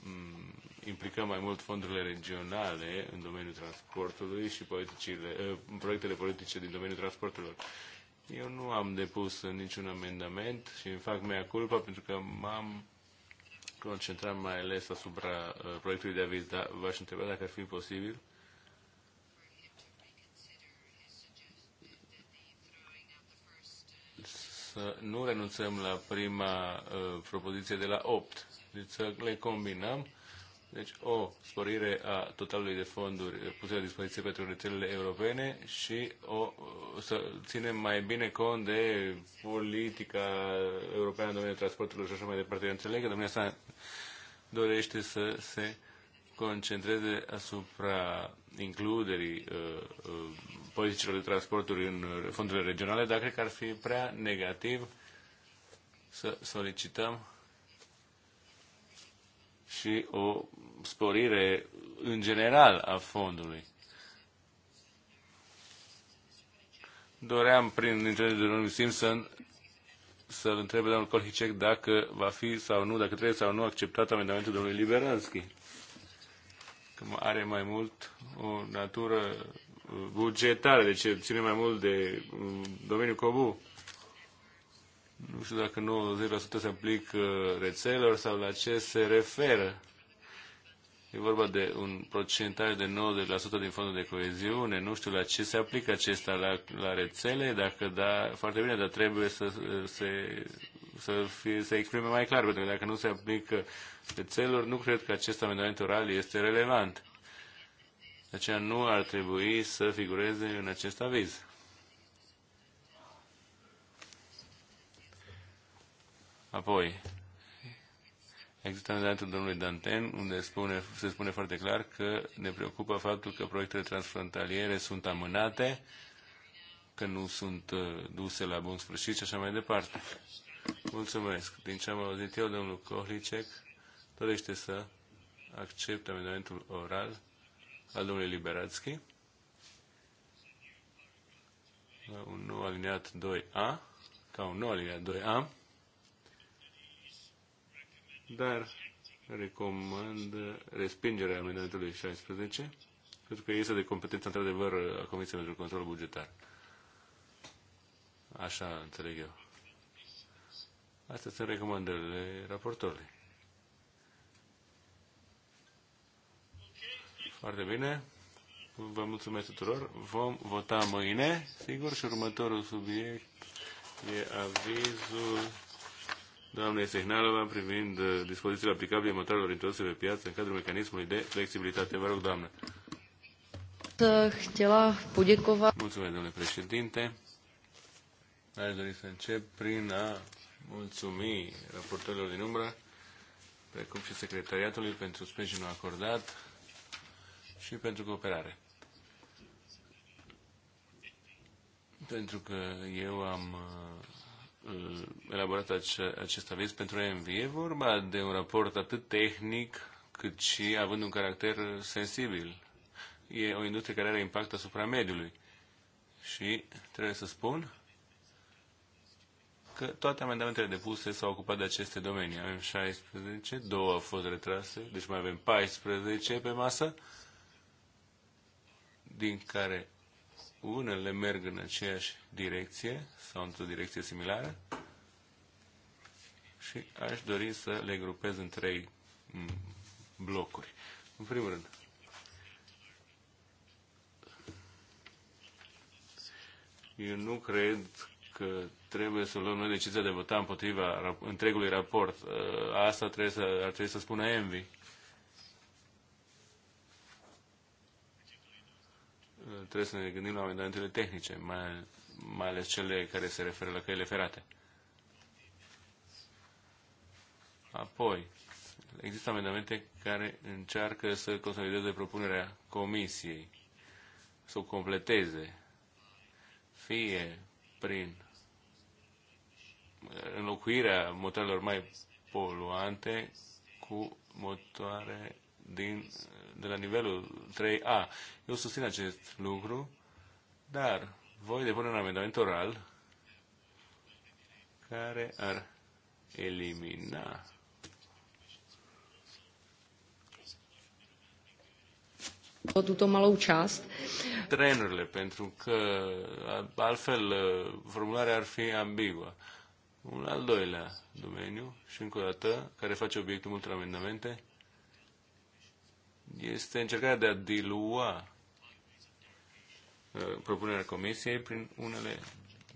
mm, implicăm mai mult fondurile regionale în domeniul transportului și politicile, ă, proiectele politice din domeniul transporturilor. Eu nu am depus niciun amendament și îmi fac mea culpa pentru că m-am concentrat mai ales asupra ă, proiectului de aviz, dar v-aș întreba dacă ar fi posibil să nu renunțăm la prima uh, propoziție de la 8, deci să le combinăm. Deci o sporire a totalului de fonduri puse la dispoziție pentru rețelele europene și o, uh, să ținem mai bine cont de politica europeană în domeniul transporturilor și așa mai departe. Eu înțeleg că dumneavoastră dorește să se concentreze asupra includerii uh, uh, politicilor de transporturi în fondurile regionale, dar cred că ar fi prea negativ să solicităm și o sporire în general a fondului. Doream prin intermediul domnului Simpson să întrebe domnul Kolhicek dacă va fi sau nu, dacă trebuie sau nu acceptat amendamentul domnului Liberanski. Că are mai mult o natură bugetare, deci ține mai mult de mm, domeniul COBU. Nu știu dacă 90% se aplică uh, rețelor sau la ce se referă. E vorba de un procentaj de 90% din fondul de coeziune. Nu știu la ce se aplică acesta la, la rețele, dacă da, foarte bine, dar trebuie să se să, fie, să exprime mai clar, pentru că dacă nu se aplică rețelor, nu cred că acest amendament oral este relevant. De aceea nu ar trebui să figureze în acest aviz. Apoi, există mandatul domnului Danten, unde spune, se spune foarte clar că ne preocupă faptul că proiectele transfrontaliere sunt amânate, că nu sunt uh, duse la bun sfârșit și așa mai departe. Mulțumesc. Din ce am auzit eu, domnul Kohlicek dorește să accepte amendamentul oral al domnului Liberațchi, da, un nou alineat 2A, ca un nou alineat 2A, dar recomand respingerea amendamentului 16, pentru că este de competență într-adevăr a Comisiei pentru Control Bugetar. Așa înțeleg eu. Astea sunt recomandările raportorului. Foarte bine. Vă mulțumesc tuturor. Vom vota mâine, sigur, și următorul subiect e avizul doamnei Sehnalova privind uh, dispozițiile aplicabile motorilor introduse pe piață în cadrul mecanismului de flexibilitate. Vă rog, doamnă. Mulțumesc, domnule președinte. Aș dori să încep prin a mulțumi raportorilor din umbră, precum și secretariatului pentru sprijinul acordat și pentru cooperare. Pentru că eu am uh, uh, elaborat acest aviz pentru EMV. E vorba de un raport atât tehnic cât și având un caracter sensibil. E o industrie care are impact asupra mediului. Și trebuie să spun că toate amendamentele depuse s-au ocupat de aceste domenii. Avem 16, două au fost retrase, deci mai avem 14 pe masă din care unele merg în aceeași direcție sau într-o direcție similară și aș dori să le grupez în trei mm, blocuri. În primul rând, eu nu cred că trebuie să luăm noi decizia de vota împotriva întregului raport. Uh, asta trebuie să, ar trebui să spună Envy. trebuie să ne gândim la amendamentele tehnice, mai, mai ales cele care se referă la căile ferate. Apoi, există amendamente care încearcă să consolideze propunerea comisiei, să o completeze, fie prin înlocuirea motoarelor mai poluante cu motoare din, de la nivelul 3A. Eu susțin acest lucru, dar voi depune un amendament oral care ar elimina tuto malou část. Trenurile, pentru că altfel formularea ar fi ambiguă. Un al doilea domeniu și încă o dată, care face obiectul multor amendamente, este încercarea de a dilua uh, propunerea Comisiei prin unele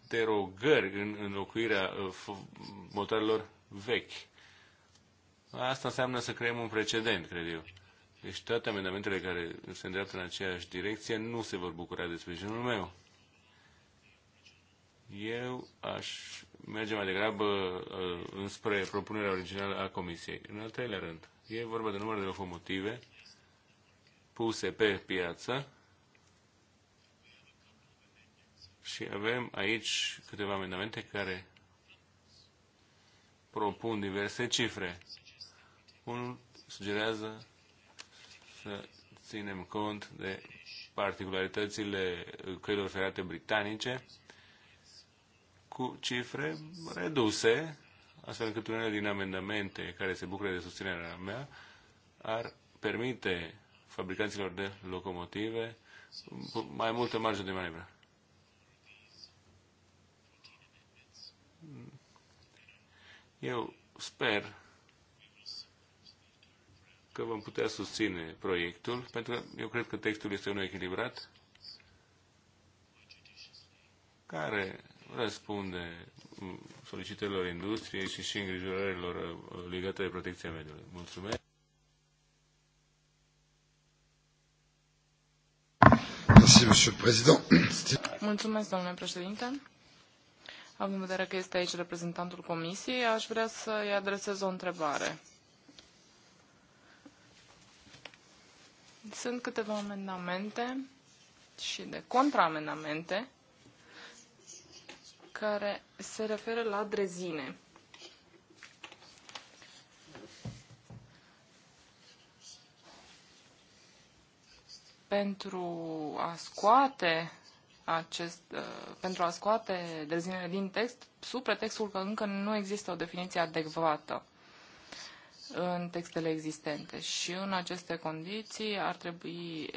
derogări în înlocuirea uh, motoarelor vechi. Asta înseamnă să creăm un precedent, cred eu. Deci toate amendamentele care se îndreaptă în aceeași direcție nu se vor bucura de sprijinul meu. Eu aș merge mai degrabă uh, înspre propunerea originală a Comisiei. În al treilea rând, e vorba de număr de locomotive puse pe piață și avem aici câteva amendamente care propun diverse cifre. Unul sugerează să ținem cont de particularitățile căilor ferate britanice cu cifre reduse, astfel încât unele din amendamente care se bucură de susținerea mea ar permite fabricanților de locomotive mai multe marge de manevră. Eu sper că vom putea susține proiectul, pentru că eu cred că textul este unul echilibrat, care răspunde solicitărilor industriei și și îngrijorărilor legate de protecția mediului. Mulțumesc! domnule președinte. Având în vedere că este aici reprezentantul Comisiei, aș vrea să îi adresez o întrebare. Sunt câteva amendamente și de contraamendamente care se referă la drezine. pentru a scoate acest, uh, pentru a scoate derzinele din text, sub pretextul că încă nu există o definiție adecvată în textele existente. Și în aceste condiții ar trebui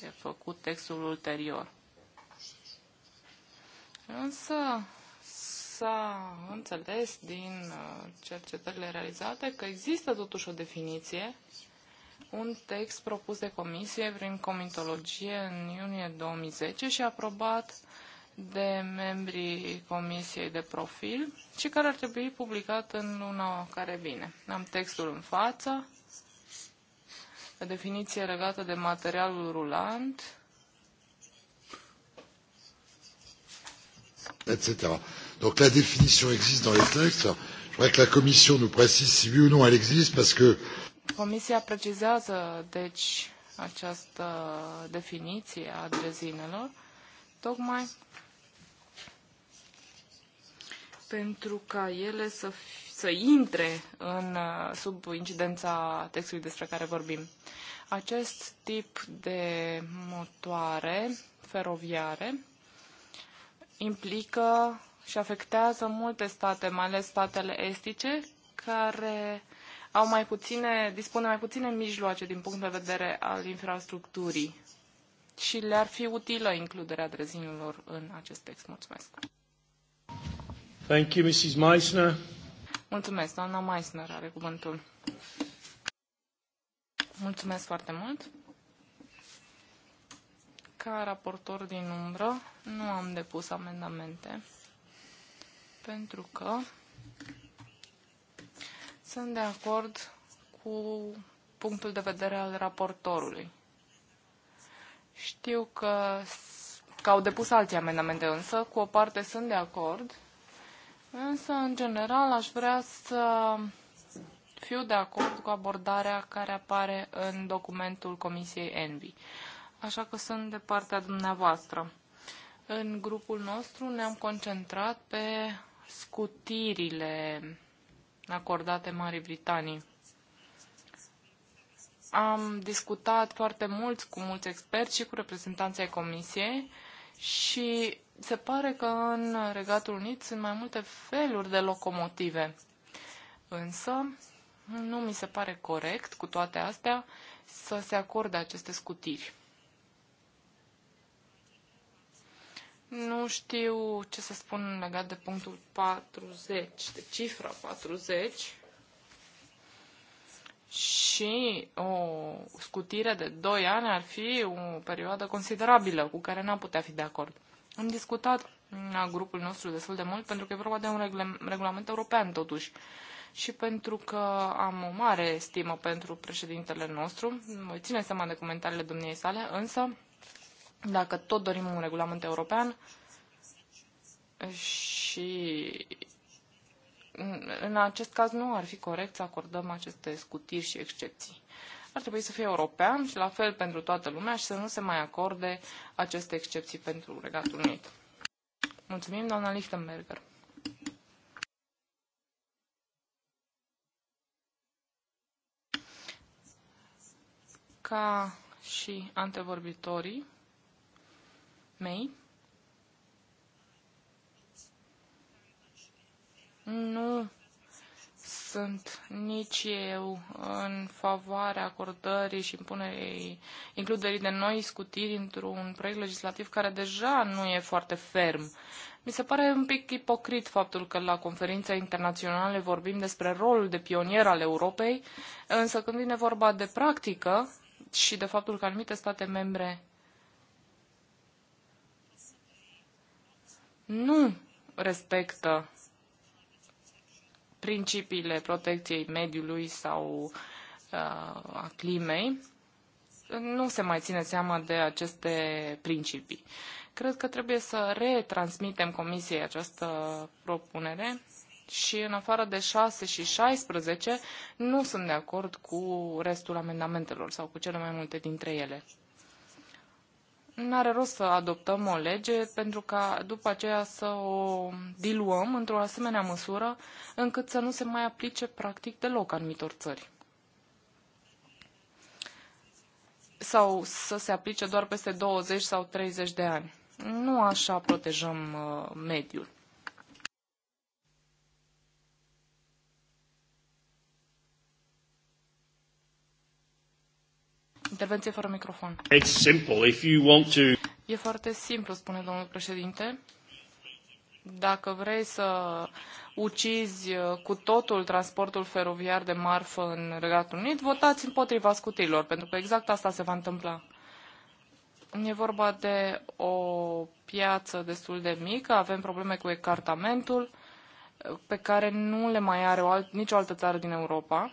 refăcut textul ulterior. Însă s-a înțeles din uh, cercetările realizate că există totuși o definiție un text propus de comisie prin comitologie în iunie 2010 și aprobat de membrii comisiei de profil și care ar trebui publicat în luna care vine. Am textul în față, definiție legată de materialul rulant, etc. Donc la définition existe dans les textes. Je voudrais que la Commission nous précise si oui ou non elle existe, parce que euh, Comisia precizează, deci, această definiție a drezinelor, tocmai pentru ca ele să, să intre în, sub incidența textului despre care vorbim. Acest tip de motoare feroviare implică și afectează multe state, mai ales statele estice, care au mai puține, dispune mai puține mijloace din punct de vedere al infrastructurii și le-ar fi utilă includerea drezinilor în acest text. Mulțumesc. Thank you, Mrs. Meissner. Mulțumesc, doamna Meissner are cuvântul. Mulțumesc foarte mult. Ca raportor din umbră, nu am depus amendamente pentru că sunt de acord cu punctul de vedere al raportorului. Știu că, că au depus alții amendamente, însă cu o parte sunt de acord, însă, în general, aș vrea să fiu de acord cu abordarea care apare în documentul Comisiei Envi. Așa că sunt de partea dumneavoastră. În grupul nostru ne-am concentrat pe scutirile acordate Marii Britanii. Am discutat foarte mult cu mulți experți și cu reprezentanții Comisiei și se pare că în Regatul Unit sunt mai multe feluri de locomotive. Însă, nu mi se pare corect, cu toate astea, să se acorde aceste scutiri. Nu știu ce să spun legat de punctul 40, de cifra 40 și o scutire de 2 ani ar fi o perioadă considerabilă cu care n-am putea fi de acord. Am discutat la grupul nostru destul de mult pentru că e vorba de un regulament european totuși și pentru că am o mare stimă pentru președintele nostru. Voi ține seama de comentariile domniei sale, însă dacă tot dorim un regulament european și în acest caz nu ar fi corect să acordăm aceste scutiri și excepții. Ar trebui să fie european și la fel pentru toată lumea și să nu se mai acorde aceste excepții pentru Regatul Unit. Mulțumim, doamna Lichtenberger. Ca și antevorbitorii, mei, nu sunt nici eu în favoarea acordării și impunerii, includerii de noi scutiri într-un proiect legislativ care deja nu e foarte ferm. Mi se pare un pic ipocrit faptul că la conferințe internaționale vorbim despre rolul de pionier al Europei, însă când vine vorba de practică și de faptul că anumite state membre nu respectă principiile protecției mediului sau uh, a climei, nu se mai ține seama de aceste principii. Cred că trebuie să retransmitem Comisiei această propunere și în afară de 6 și 16 nu sunt de acord cu restul amendamentelor sau cu cele mai multe dintre ele nu are rost să adoptăm o lege pentru ca după aceea să o diluăm într-o asemenea măsură încât să nu se mai aplice practic deloc anumitor țări. Sau să se aplice doar peste 20 sau 30 de ani. Nu așa protejăm uh, mediul. Intervenție fără microfon. It's simple. If you want to... E foarte simplu, spune domnul președinte. Dacă vrei să ucizi uh, cu totul transportul feroviar de marfă în Regatul Unit, votați împotriva scutirilor, pentru că exact asta se va întâmpla. E vorba de o piață destul de mică, avem probleme cu ecartamentul, uh, pe care nu le mai are o alt, nicio altă țară din Europa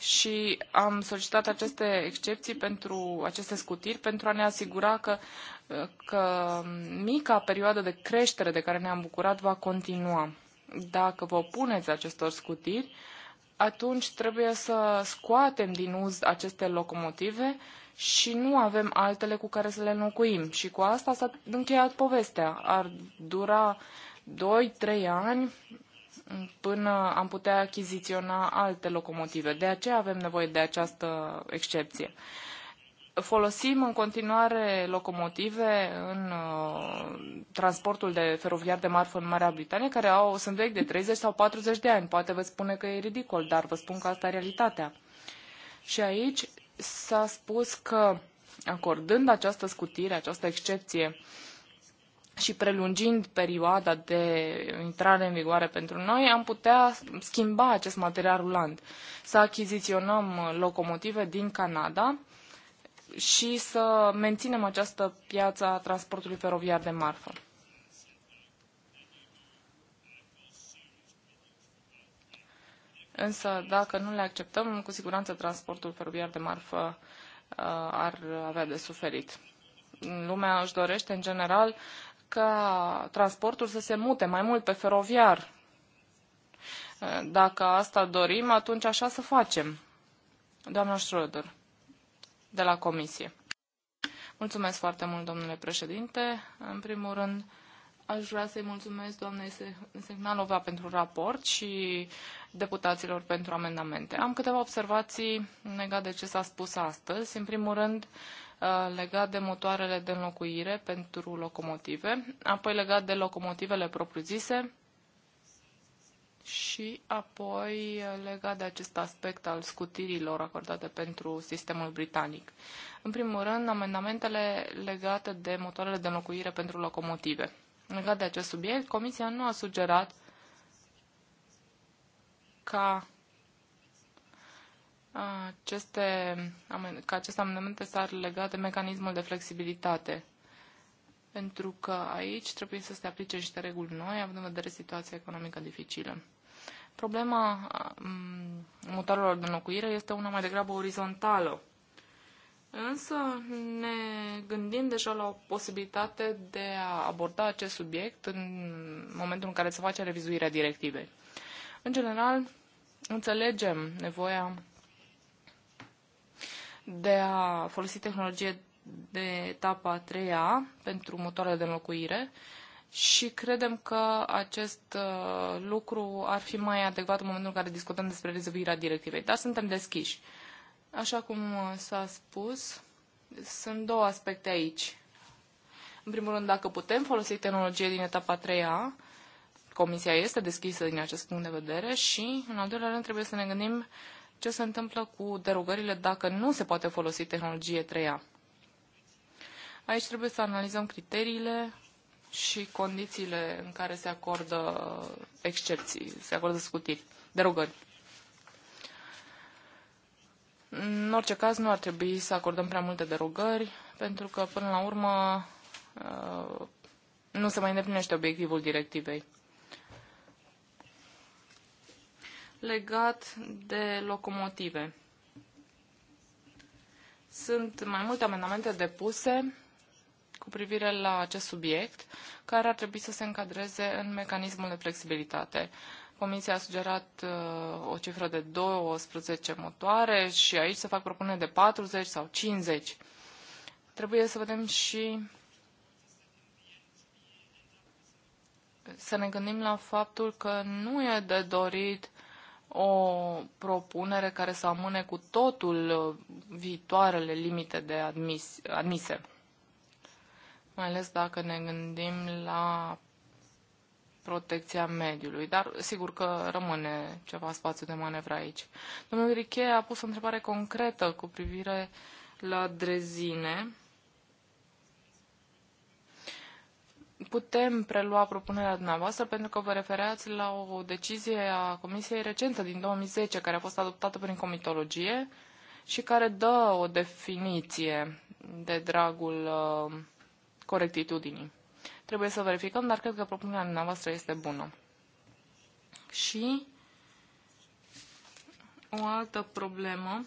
și am solicitat aceste excepții pentru aceste scutiri pentru a ne asigura că, că mica perioadă de creștere de care ne-am bucurat va continua. Dacă vă opuneți acestor scutiri, atunci trebuie să scoatem din uz aceste locomotive și nu avem altele cu care să le înlocuim. Și cu asta s-a încheiat povestea. Ar dura 2-3 ani până am putea achiziționa alte locomotive. De aceea avem nevoie de această excepție. Folosim în continuare locomotive în uh, transportul de feroviar de marfă în Marea Britanie, care au, sunt vechi de 30 sau 40 de ani. Poate vă spune că e ridicol, dar vă spun că asta e realitatea. Și aici s-a spus că acordând această scutire, această excepție, uh, și prelungind perioada de intrare în vigoare pentru noi, am putea schimba acest material rulant, să achiziționăm locomotive din Canada și să menținem această piață a transportului feroviar de marfă. Însă, dacă nu le acceptăm, cu siguranță transportul feroviar de marfă uh, ar avea de suferit lumea își dorește în general ca transportul să se mute mai mult pe feroviar. Dacă asta dorim, atunci așa să facem. Doamna Schröder, de la Comisie. Mulțumesc foarte mult, domnule președinte. În primul rând, aș vrea să-i mulțumesc doamnei Semnalova pentru raport și deputaților pentru amendamente. Am câteva observații legate de ce s-a spus astăzi. În primul rând, Uh, legat de motoarele de înlocuire pentru locomotive, apoi legat de locomotivele propriu-zise și apoi uh, legat de acest aspect al scutirilor acordate pentru sistemul britanic. În primul rând, amendamentele legate de motoarele de înlocuire pentru locomotive. Legat de acest subiect, Comisia nu a sugerat ca aceste, că aceste amendamente s-ar lega de mecanismul de flexibilitate. Pentru că aici trebuie să se aplice niște reguli noi, având în vedere situația economică dificilă. Problema mm, mutărilor de înlocuire este una mai degrabă orizontală. Însă ne gândim deja la o posibilitate de a aborda acest subiect în momentul în care se face revizuirea directivei. În general, înțelegem nevoia de a folosi tehnologie de etapa a treia pentru motoarele de înlocuire și credem că acest uh, lucru ar fi mai adecvat în momentul în care discutăm despre rezolvirea directivei. Dar suntem deschiși. Așa cum uh, s-a spus, sunt două aspecte aici. În primul rând, dacă putem folosi tehnologie din etapa a treia, Comisia este deschisă din acest punct de vedere și, în al doilea rând, trebuie să ne gândim uh, ce se întâmplă cu derogările dacă nu se poate folosi tehnologie 3A. Aici trebuie să analizăm criteriile și condițiile în care se acordă excepții, se acordă scutiri, derogări. În orice caz, nu ar trebui să acordăm prea multe derogări, pentru că, până la urmă, uh, nu se mai îndeplinește obiectivul directivei. legat de locomotive. Sunt mai multe amendamente depuse cu privire la acest subiect, care ar trebui să se încadreze în mecanismul de flexibilitate. Comisia a sugerat uh, o cifră de 12 motoare și aici se fac propuneri de 40 sau 50. Trebuie să vedem și să ne gândim la faptul că nu e de dorit o propunere care să amâne cu totul uh, viitoarele limite de admis, admise. Mai ales dacă ne gândim la protecția mediului, dar sigur că rămâne ceva spațiu de manevră aici. Domnul Riche a pus o întrebare concretă cu privire la drezine putem prelua propunerea dumneavoastră pentru că vă refereați la o decizie a Comisiei recentă din 2010 care a fost adoptată prin comitologie și care dă o definiție de dragul uh, corectitudinii. Trebuie să verificăm, dar cred că propunerea dumneavoastră este bună. Și o altă problemă.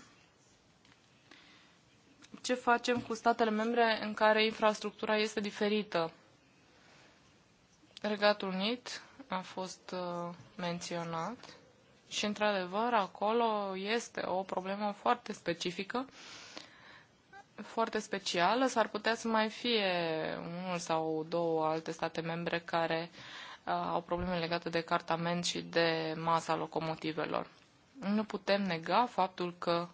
Ce facem cu statele membre în care infrastructura este diferită Regatul Unit a fost uh, menționat și, într-adevăr, acolo este o problemă foarte specifică, foarte specială. S-ar putea să mai fie unul sau două alte state membre care uh, au probleme legate de cartament și de masa locomotivelor. Nu putem nega faptul că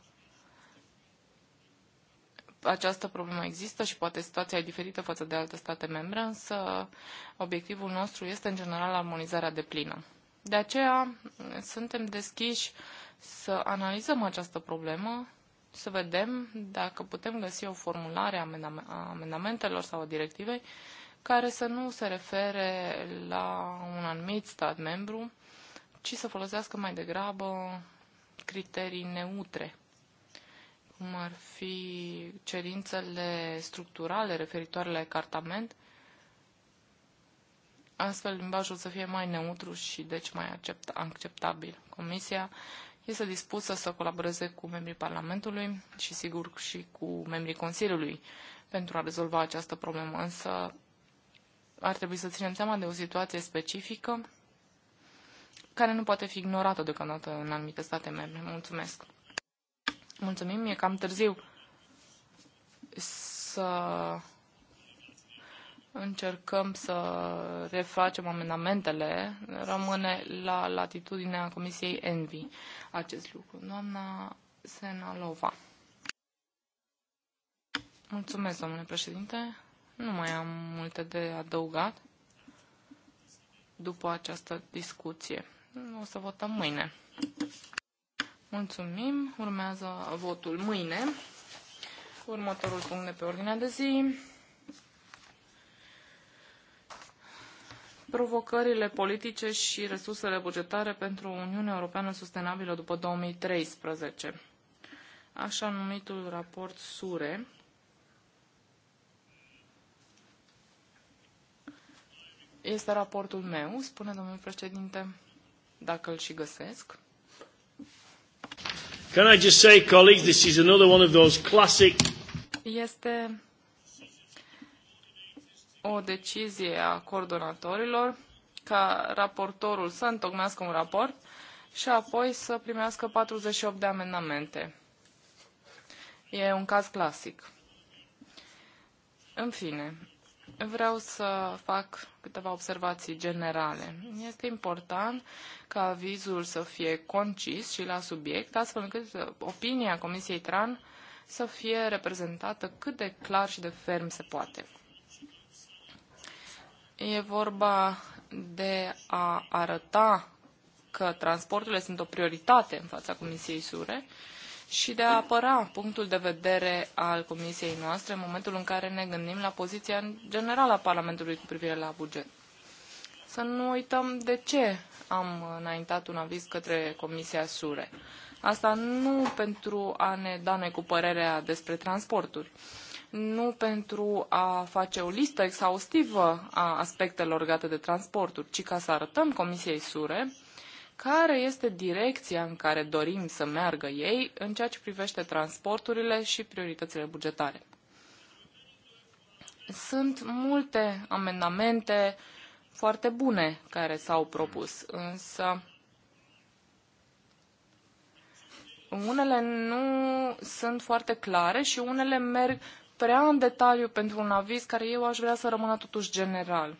această problemă există și poate situația e diferită față de alte state membre, însă obiectivul nostru este în general armonizarea de plină. De aceea suntem deschiși să analizăm această problemă, să vedem dacă putem găsi o formulare a amendamentelor sau a directivei care să nu se refere la un anumit stat membru, ci să folosească mai degrabă criterii neutre cum ar fi cerințele structurale referitoare la ecartament, astfel limbajul să fie mai neutru și deci mai accept, acceptabil. Comisia este dispusă să colaboreze cu membrii Parlamentului și sigur și cu membrii Consiliului pentru a rezolva această problemă, însă ar trebui să ținem seama de o situație specifică care nu poate fi ignorată deocamdată în anumite state membre. Mulțumesc! Mulțumim, e cam târziu să încercăm să refacem amendamentele. Rămâne la latitudinea Comisiei Envi acest lucru. Doamna Senalova. Mulțumesc, domnule președinte. Nu mai am multe de adăugat după această discuție. O să votăm mâine. Mulțumim. Urmează votul mâine. Următorul punct de pe ordinea de zi. Provocările politice și resursele bugetare pentru Uniunea Europeană Sustenabilă după 2013. Așa numitul raport SURE. Este raportul meu, spune domnul președinte, dacă îl și găsesc. Can I just say, colleagues, this is another one of those classic... Este o decizie a coordonatorilor ca raportorul să întocmească un raport și apoi să primească 48 de amendamente. E un caz clasic. În fine, vreau să fac câteva observații generale. Este important ca avizul să fie concis și la subiect, astfel încât uh, opinia Comisiei TRAN să fie reprezentată cât de clar și de ferm se poate. E vorba de a arăta că transporturile sunt o prioritate în fața Comisiei Sure, uh, și de a apăra punctul de vedere al comisiei noastre în momentul în care ne gândim la poziția generală a Parlamentului cu privire la buget. Să nu uităm de ce am înaintat un aviz către Comisia Sure. Asta nu pentru a ne da noi cu părerea despre transporturi, nu pentru a face o listă exhaustivă a aspectelor legate de transporturi, ci ca să arătăm Comisiei Sure care este direcția în care dorim să meargă ei în ceea ce privește transporturile și prioritățile bugetare. Sunt multe amendamente foarte bune care s-au propus, însă unele nu sunt foarte clare și unele merg prea în detaliu pentru un aviz care eu aș vrea să rămână totuși general.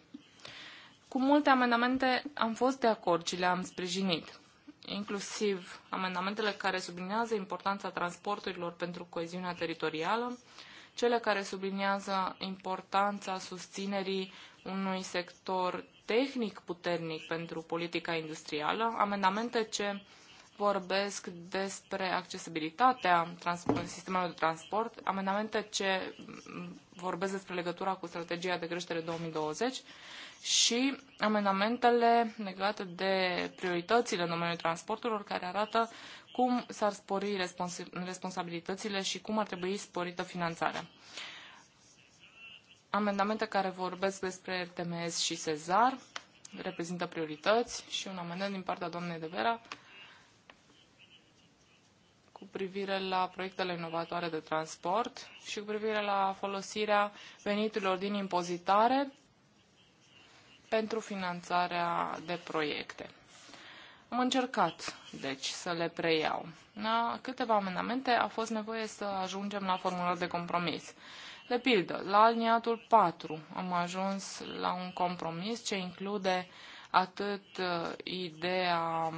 Cu multe amendamente am fost de acord și le-am sprijinit, inclusiv amendamentele care sublinează importanța transporturilor pentru coeziunea teritorială, cele care subliniază importanța susținerii unui sector tehnic puternic pentru politica industrială, amendamente ce vorbesc despre accesibilitatea sistemelor de transport, amendamente ce vorbesc despre legătura cu strategia de creștere 2020 și amendamentele legate de prioritățile în domeniul transporturilor care arată cum s-ar spori respons responsabilitățile și cum ar trebui sporită finanțarea. Amendamente care vorbesc despre RTMS și Sezar reprezintă priorități și un amendament din partea doamnei de Vera cu privire la proiectele inovatoare de transport și cu privire la folosirea veniturilor din impozitare pentru finanțarea de proiecte. Am încercat, deci, să le preiau. La câteva amendamente a fost nevoie să ajungem la formulări de compromis. De pildă, la aliniatul 4 am ajuns la un compromis ce include atât uh, ideea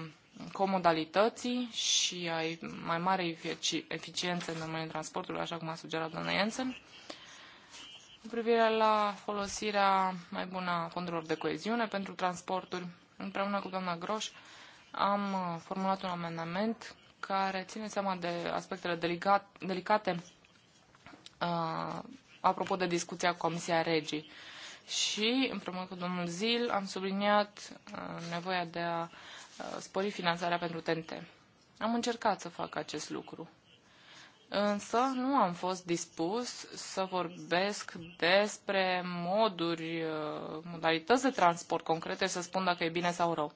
comodalității și ai mai mare eficiență în domeniul transportului, așa cum a sugerat doamna Jensen, În privire la folosirea mai bună a fondurilor de coeziune pentru transporturi. Împreună cu doamna Groș am uh, formulat un amendament care ține seama de aspectele delicat, delicate uh, apropo de discuția cu Comisia Regii. Și, împreună cu domnul Zil, am subliniat uh, nevoia de a Uh, spori finanțarea pentru TNT. Am încercat să fac acest lucru. Însă nu am fost dispus să vorbesc despre moduri, uh, modalități de transport concrete, să spun dacă e bine sau rău.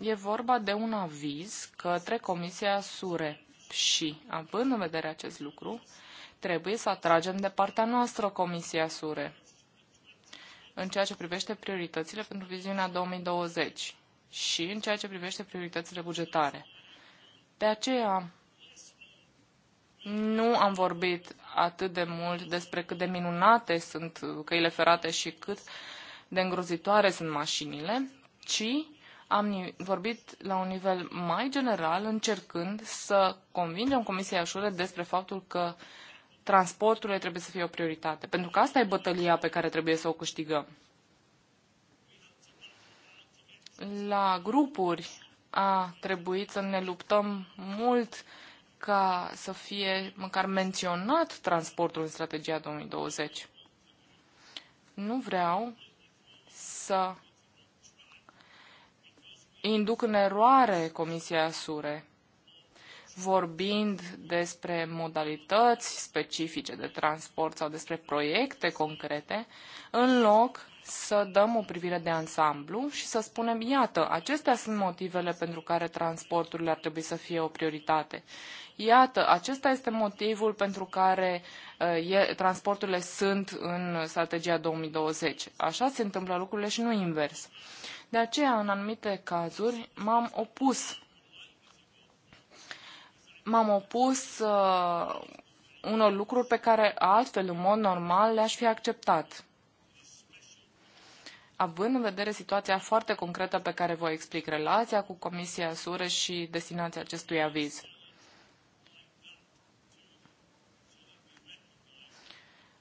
E vorba de un aviz către Comisia SURE și, având în vedere acest lucru, trebuie să atragem de partea noastră Comisia SURE în ceea ce privește prioritățile pentru viziunea 2020 și în ceea ce privește prioritățile bugetare. De aceea, nu am vorbit atât de mult despre cât de minunate sunt căile ferate și cât de îngrozitoare sunt mașinile, ci am vorbit la un nivel mai general, încercând să convingem Comisia Iașure despre faptul că transporturile trebuie să fie o prioritate, pentru că asta e bătălia pe care trebuie să o câștigăm la grupuri a trebuit să ne luptăm mult ca să fie măcar menționat transportul în strategia 2020. Nu vreau să induc în eroare Comisia Sure, vorbind despre modalități specifice de transport sau despre proiecte concrete, în loc să dăm o privire de ansamblu și să spunem, iată, acestea sunt motivele pentru care transporturile ar trebui să fie o prioritate. Iată, acesta este motivul pentru care uh, e, transporturile sunt în strategia 2020. Așa se întâmplă lucrurile și nu invers. De aceea, în anumite cazuri, m-am opus. M-am opus uh, unor lucruri pe care altfel, în mod normal, le-aș fi acceptat având în vedere situația foarte concretă pe care vă explic relația cu Comisia Sure și destinația acestui aviz.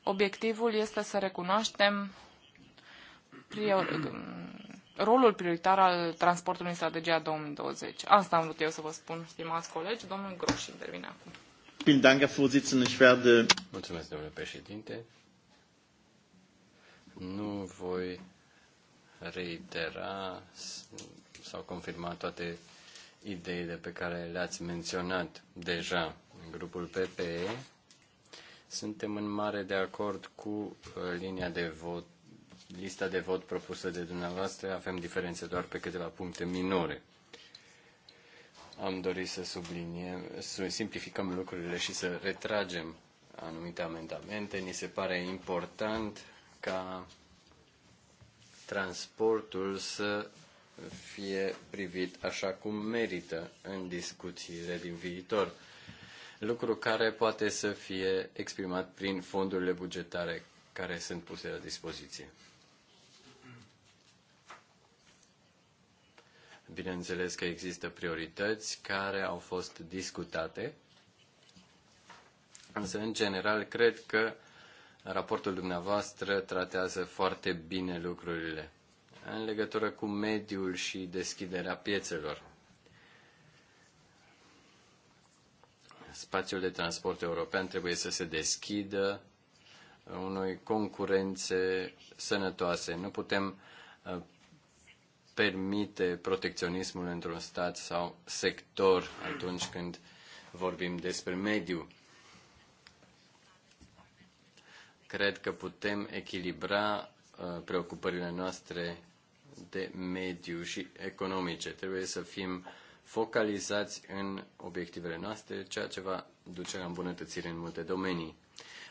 Obiectivul este să recunoaștem prior... rolul prioritar al transportului în strategia 2020. Asta am vrut eu să vă spun, stimați colegi. Domnul Groș intervine acum. Mulțumesc, domnule președinte. Nu voi reitera sau confirma toate ideile pe care le-ați menționat deja în grupul PPE. Suntem în mare de acord cu uh, linia de vot, lista de vot propusă de dumneavoastră. Avem diferențe doar pe câteva puncte minore. Am dorit să subliniem, să simplificăm lucrurile și să retragem anumite amendamente. Ni se pare important ca transportul să fie privit așa cum merită în discuțiile din viitor, lucru care poate să fie exprimat prin fondurile bugetare care sunt puse la dispoziție. Bineînțeles că există priorități care au fost discutate, însă, în general, cred că Raportul dumneavoastră tratează foarte bine lucrurile în legătură cu mediul și deschiderea piețelor. Spațiul de transport european trebuie să se deschidă unui concurențe sănătoase. Nu putem uh, permite protecționismul într-un stat sau sector atunci când vorbim despre mediu. Cred că putem echilibra uh, preocupările noastre de mediu și economice. Trebuie să fim focalizați în obiectivele noastre, ceea ce va duce la îmbunătățire în multe domenii.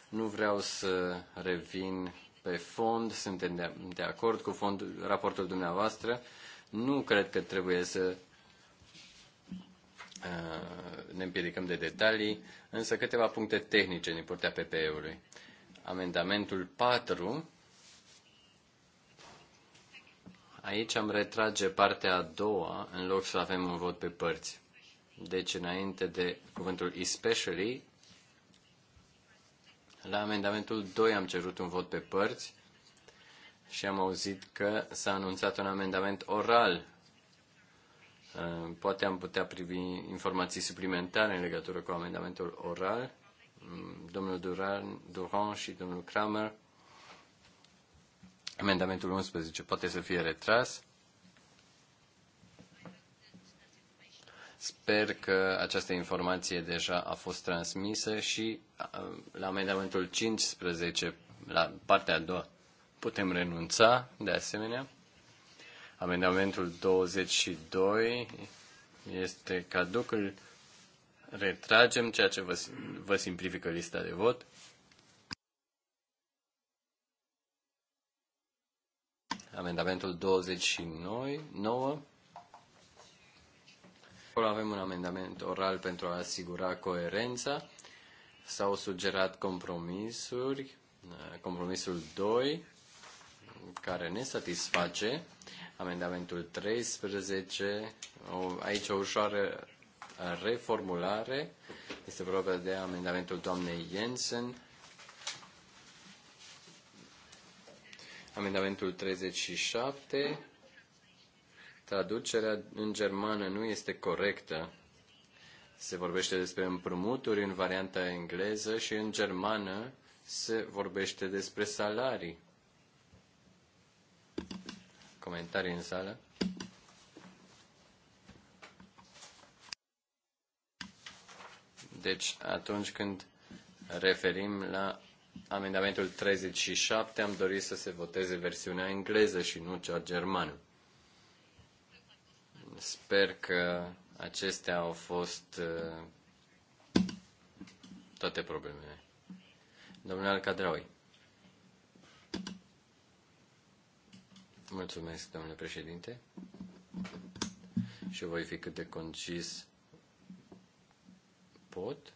Nu vreau să revin pe fond, suntem de, de acord cu fond, raportul dumneavoastră. Nu cred că trebuie să uh, ne împiedicăm de detalii, însă câteva puncte tehnice din partea PPE-ului. Amendamentul 4. Aici am retrage partea a doua în loc să avem un vot pe părți. Deci, înainte de cuvântul especially, la amendamentul 2 am cerut un vot pe părți și am auzit că s-a anunțat un amendament oral. Poate am putea privi informații suplimentare în legătură cu amendamentul oral domnul Duran, Duran și domnul Kramer. Amendamentul 11 poate să fie retras. Sper că această informație deja a fost transmisă și la amendamentul 15, la partea a doua, putem renunța de asemenea. Amendamentul 22 este caduc, retragem, ceea ce vă, vă simplifică lista de vot. Amendamentul 29. Acolo avem un amendament oral pentru a asigura coerența. S-au sugerat compromisuri. Compromisul 2, care ne satisface. Amendamentul 13. Aici o ușoară reformulare. Este vorba de amendamentul doamnei Jensen. Amendamentul 37. Traducerea în germană nu este corectă. Se vorbește despre împrumuturi în varianta engleză și în germană se vorbește despre salarii. Comentarii în sală? Deci, atunci când referim la amendamentul 37, am dorit să se voteze versiunea engleză și nu cea germană. Sper că acestea au fost uh, toate problemele. Domnule Alcadraui. Mulțumesc, domnule președinte. Și voi fi cât de concis pot.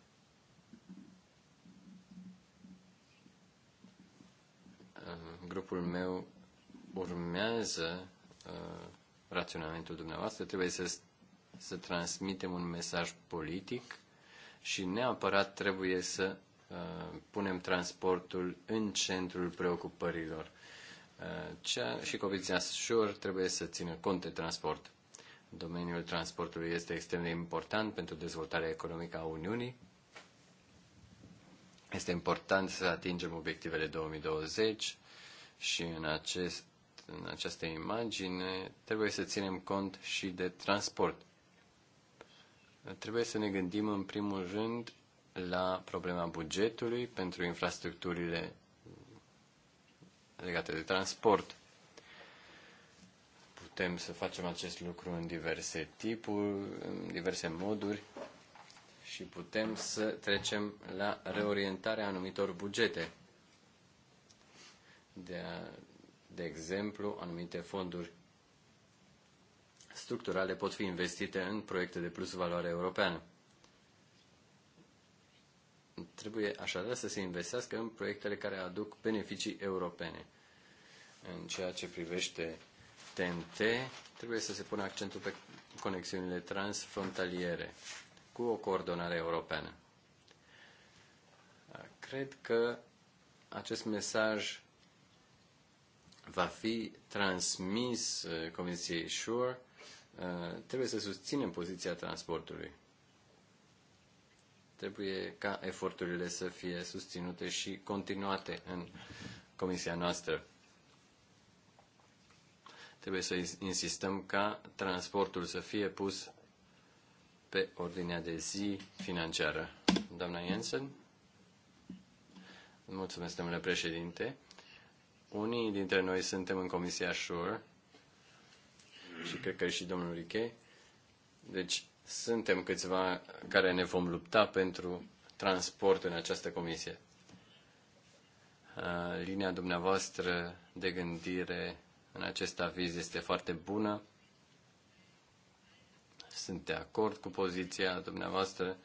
Uh, grupul meu urmează uh, raționamentul dumneavoastră, trebuie să, să transmitem un mesaj politic și neapărat trebuie să uh, punem transportul în centrul preocupărilor. Uh, cea, și Covid-19 trebuie să țină cont de transport. Domeniul transportului este extrem de important pentru dezvoltarea economică a Uniunii. Este important să atingem obiectivele 2020 și în, acest, în această imagine trebuie să ținem cont și de transport. Trebuie să ne gândim în primul rând la problema bugetului pentru infrastructurile legate de transport putem să facem acest lucru în diverse tipuri, în diverse moduri și putem să trecem la reorientarea anumitor bugete. De, a, de exemplu, anumite fonduri structurale pot fi investite în proiecte de plus valoare europeană. Trebuie așadar să se investească în proiectele care aduc beneficii europene. În ceea ce privește TNT, trebuie să se pună accentul pe conexiunile transfrontaliere cu o coordonare europeană. Cred că acest mesaj va fi transmis uh, Comisiei SURE. Uh, trebuie să susținem poziția transportului. Trebuie ca eforturile să fie susținute și continuate în Comisia noastră. Trebuie să insistăm ca transportul să fie pus pe ordinea de zi financiară. Doamna Jensen? Mulțumesc, domnule președinte. Unii dintre noi suntem în Comisia Sure și cred că și domnul Riche. Deci suntem câțiva care ne vom lupta pentru transport în această comisie. Uh, linia dumneavoastră de gândire în acest aviz este foarte bună. Sunt de acord cu poziția dumneavoastră.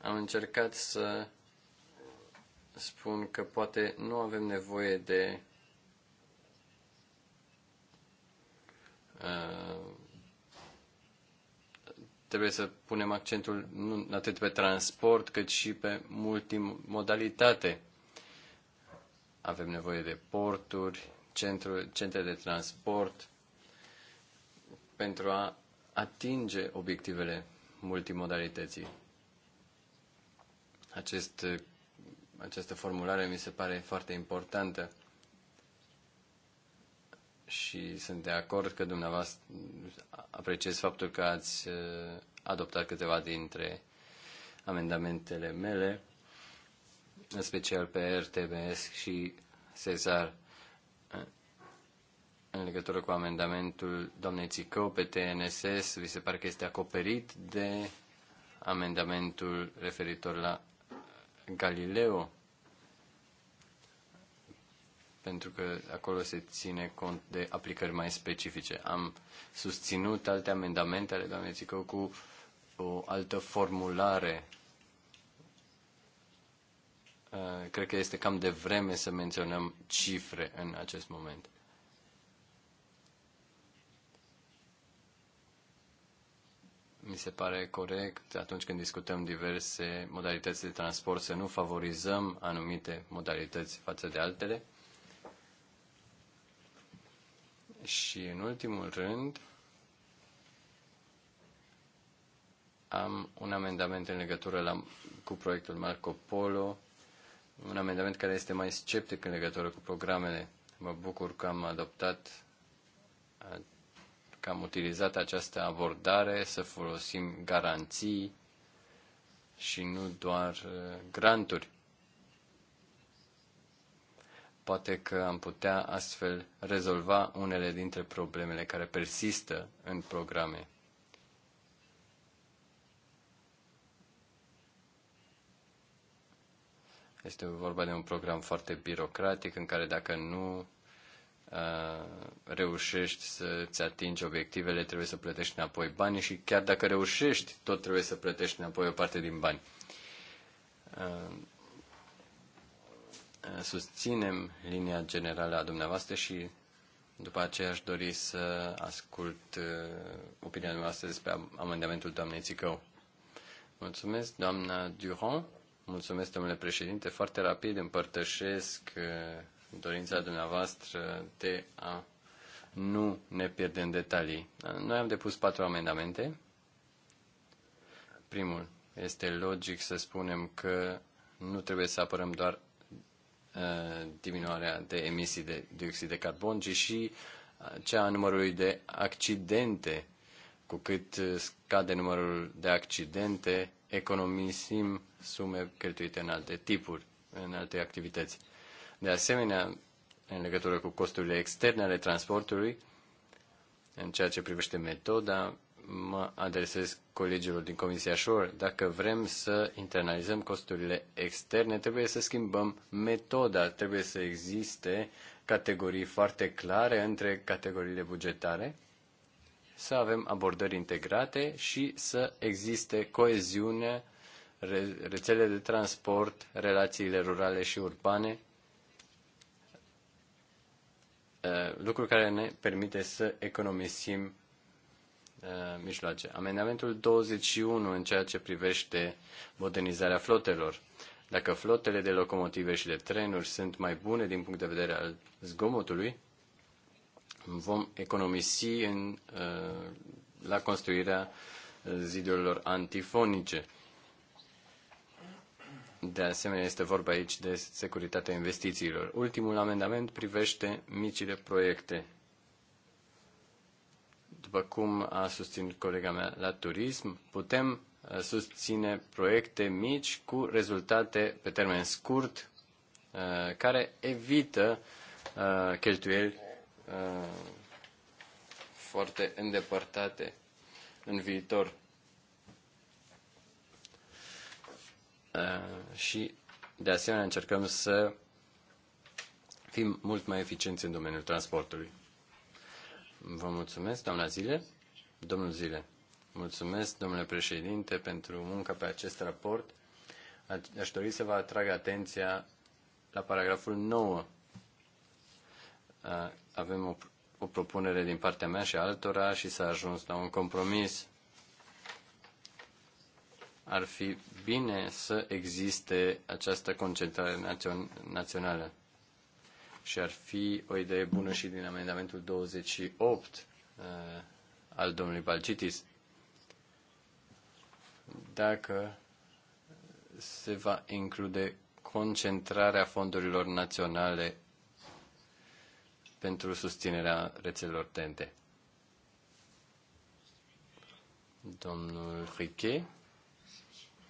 Am încercat să spun că poate nu avem nevoie de uh, trebuie să punem accentul nu atât pe transport, cât și pe multimodalitate. Avem nevoie de porturi, centru, centre de transport pentru a atinge obiectivele multimodalității. Acest, această formulare mi se pare foarte importantă și sunt de acord că dumneavoastră apreciez faptul că ați uh, adoptat câteva dintre amendamentele mele, în special pe RTBS și Cezar în legătură cu amendamentul doamnei Țicău pe TNSS, vi se pare că este acoperit de amendamentul referitor la Galileo? Pentru că acolo se ține cont de aplicări mai specifice. Am susținut alte amendamente ale doamnei Țicău cu o altă formulare. Uh, cred că este cam de vreme să menționăm cifre în acest moment. mi se pare corect atunci când discutăm diverse modalități de transport să nu favorizăm anumite modalități față de altele. Și în ultimul rând, am un amendament în legătură la, cu proiectul Marco Polo, un amendament care este mai sceptic în legătură cu programele. Mă bucur că am adoptat că am utilizat această abordare să folosim garanții și nu doar uh, granturi. Poate că am putea astfel rezolva unele dintre problemele care persistă în programe. Este vorba de un program foarte birocratic în care dacă nu Uh, reușești să-ți atingi obiectivele, trebuie să plătești înapoi banii și chiar dacă reușești, tot trebuie să plătești înapoi o parte din bani. Uh, uh, susținem linia generală a dumneavoastră și după aceea aș dori să ascult opinia dumneavoastră despre amendamentul doamnei Țicău. Mulțumesc, doamna Durand. Mulțumesc, domnule președinte. Foarte rapid împărtășesc dorința dumneavoastră de a nu ne pierde în detalii. Noi am depus patru amendamente. Primul, este logic să spunem că nu trebuie să apărăm doar uh, diminuarea de emisii de dioxid de carbon, ci și uh, cea a numărului de accidente. Cu cât uh, scade numărul de accidente, economisim sume cheltuite în alte tipuri, în alte activități. De asemenea, în legătură cu costurile externe ale transportului, în ceea ce privește metoda, mă adresez colegilor din Comisia Shore. Dacă vrem să internalizăm costurile externe, trebuie să schimbăm metoda. Trebuie să existe categorii foarte clare între categoriile bugetare, să avem abordări integrate și să existe coeziune, rețele de transport, relațiile rurale și urbane Uh, lucru care ne permite să economisim uh, mijloace. Amendamentul 21 în ceea ce privește modernizarea flotelor. Dacă flotele de locomotive și de trenuri sunt mai bune din punct de vedere al zgomotului, vom economisi în, uh, la construirea zidurilor antifonice. De asemenea, este vorba aici de securitatea investițiilor. Ultimul amendament privește micile proiecte. După cum a susținut colega mea la turism, putem uh, susține proiecte mici cu rezultate pe termen scurt uh, care evită uh, cheltuieli foarte îndepărtate în viitor. Eh, și, de asemenea, încercăm să fim mult mai eficienți în domeniul transportului. Vă mulțumesc, doamna Zile. Domnul Zile, mulțumesc, domnule președinte, pentru munca pe acest raport. Aș dori să vă atrag atenția la paragraful 9. Eh, avem o, propunere din partea mea și altora și s-a ajuns la un compromis ar fi bine să existe această concentrare națională. Și ar fi o idee bună și din amendamentul 28 uh, al domnului Balcitis. Dacă se va include concentrarea fondurilor naționale pentru susținerea rețelelor TNT. Domnul Riquet.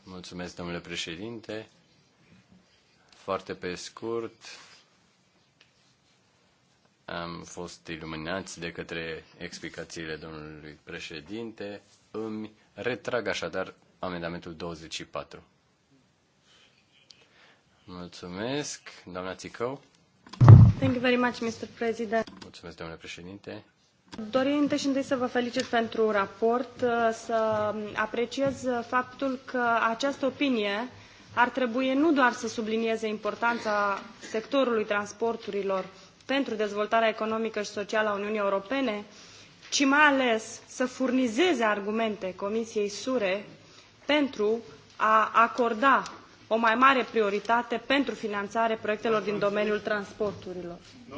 Mulțumesc, domnule președinte. Foarte pe scurt, am fost iluminați de către explicațiile domnului președinte. Îmi retrag așadar amendamentul 24. Mulțumesc, doamna Țicău. Thank you very much, Mr. President. Mulțumesc, domnule președinte. Dorin, întâi întâi să vă felicit pentru raport, uh, să apreciez faptul că această opinie ar trebui nu doar să sublinieze importanța sectorului transporturilor pentru dezvoltarea economică și socială a Uniunii Europene, ci mai ales să furnizeze argumente Comisiei Sure pentru a acorda o mai mare prioritate pentru finanțare proiectelor din domeniul transporturilor. No,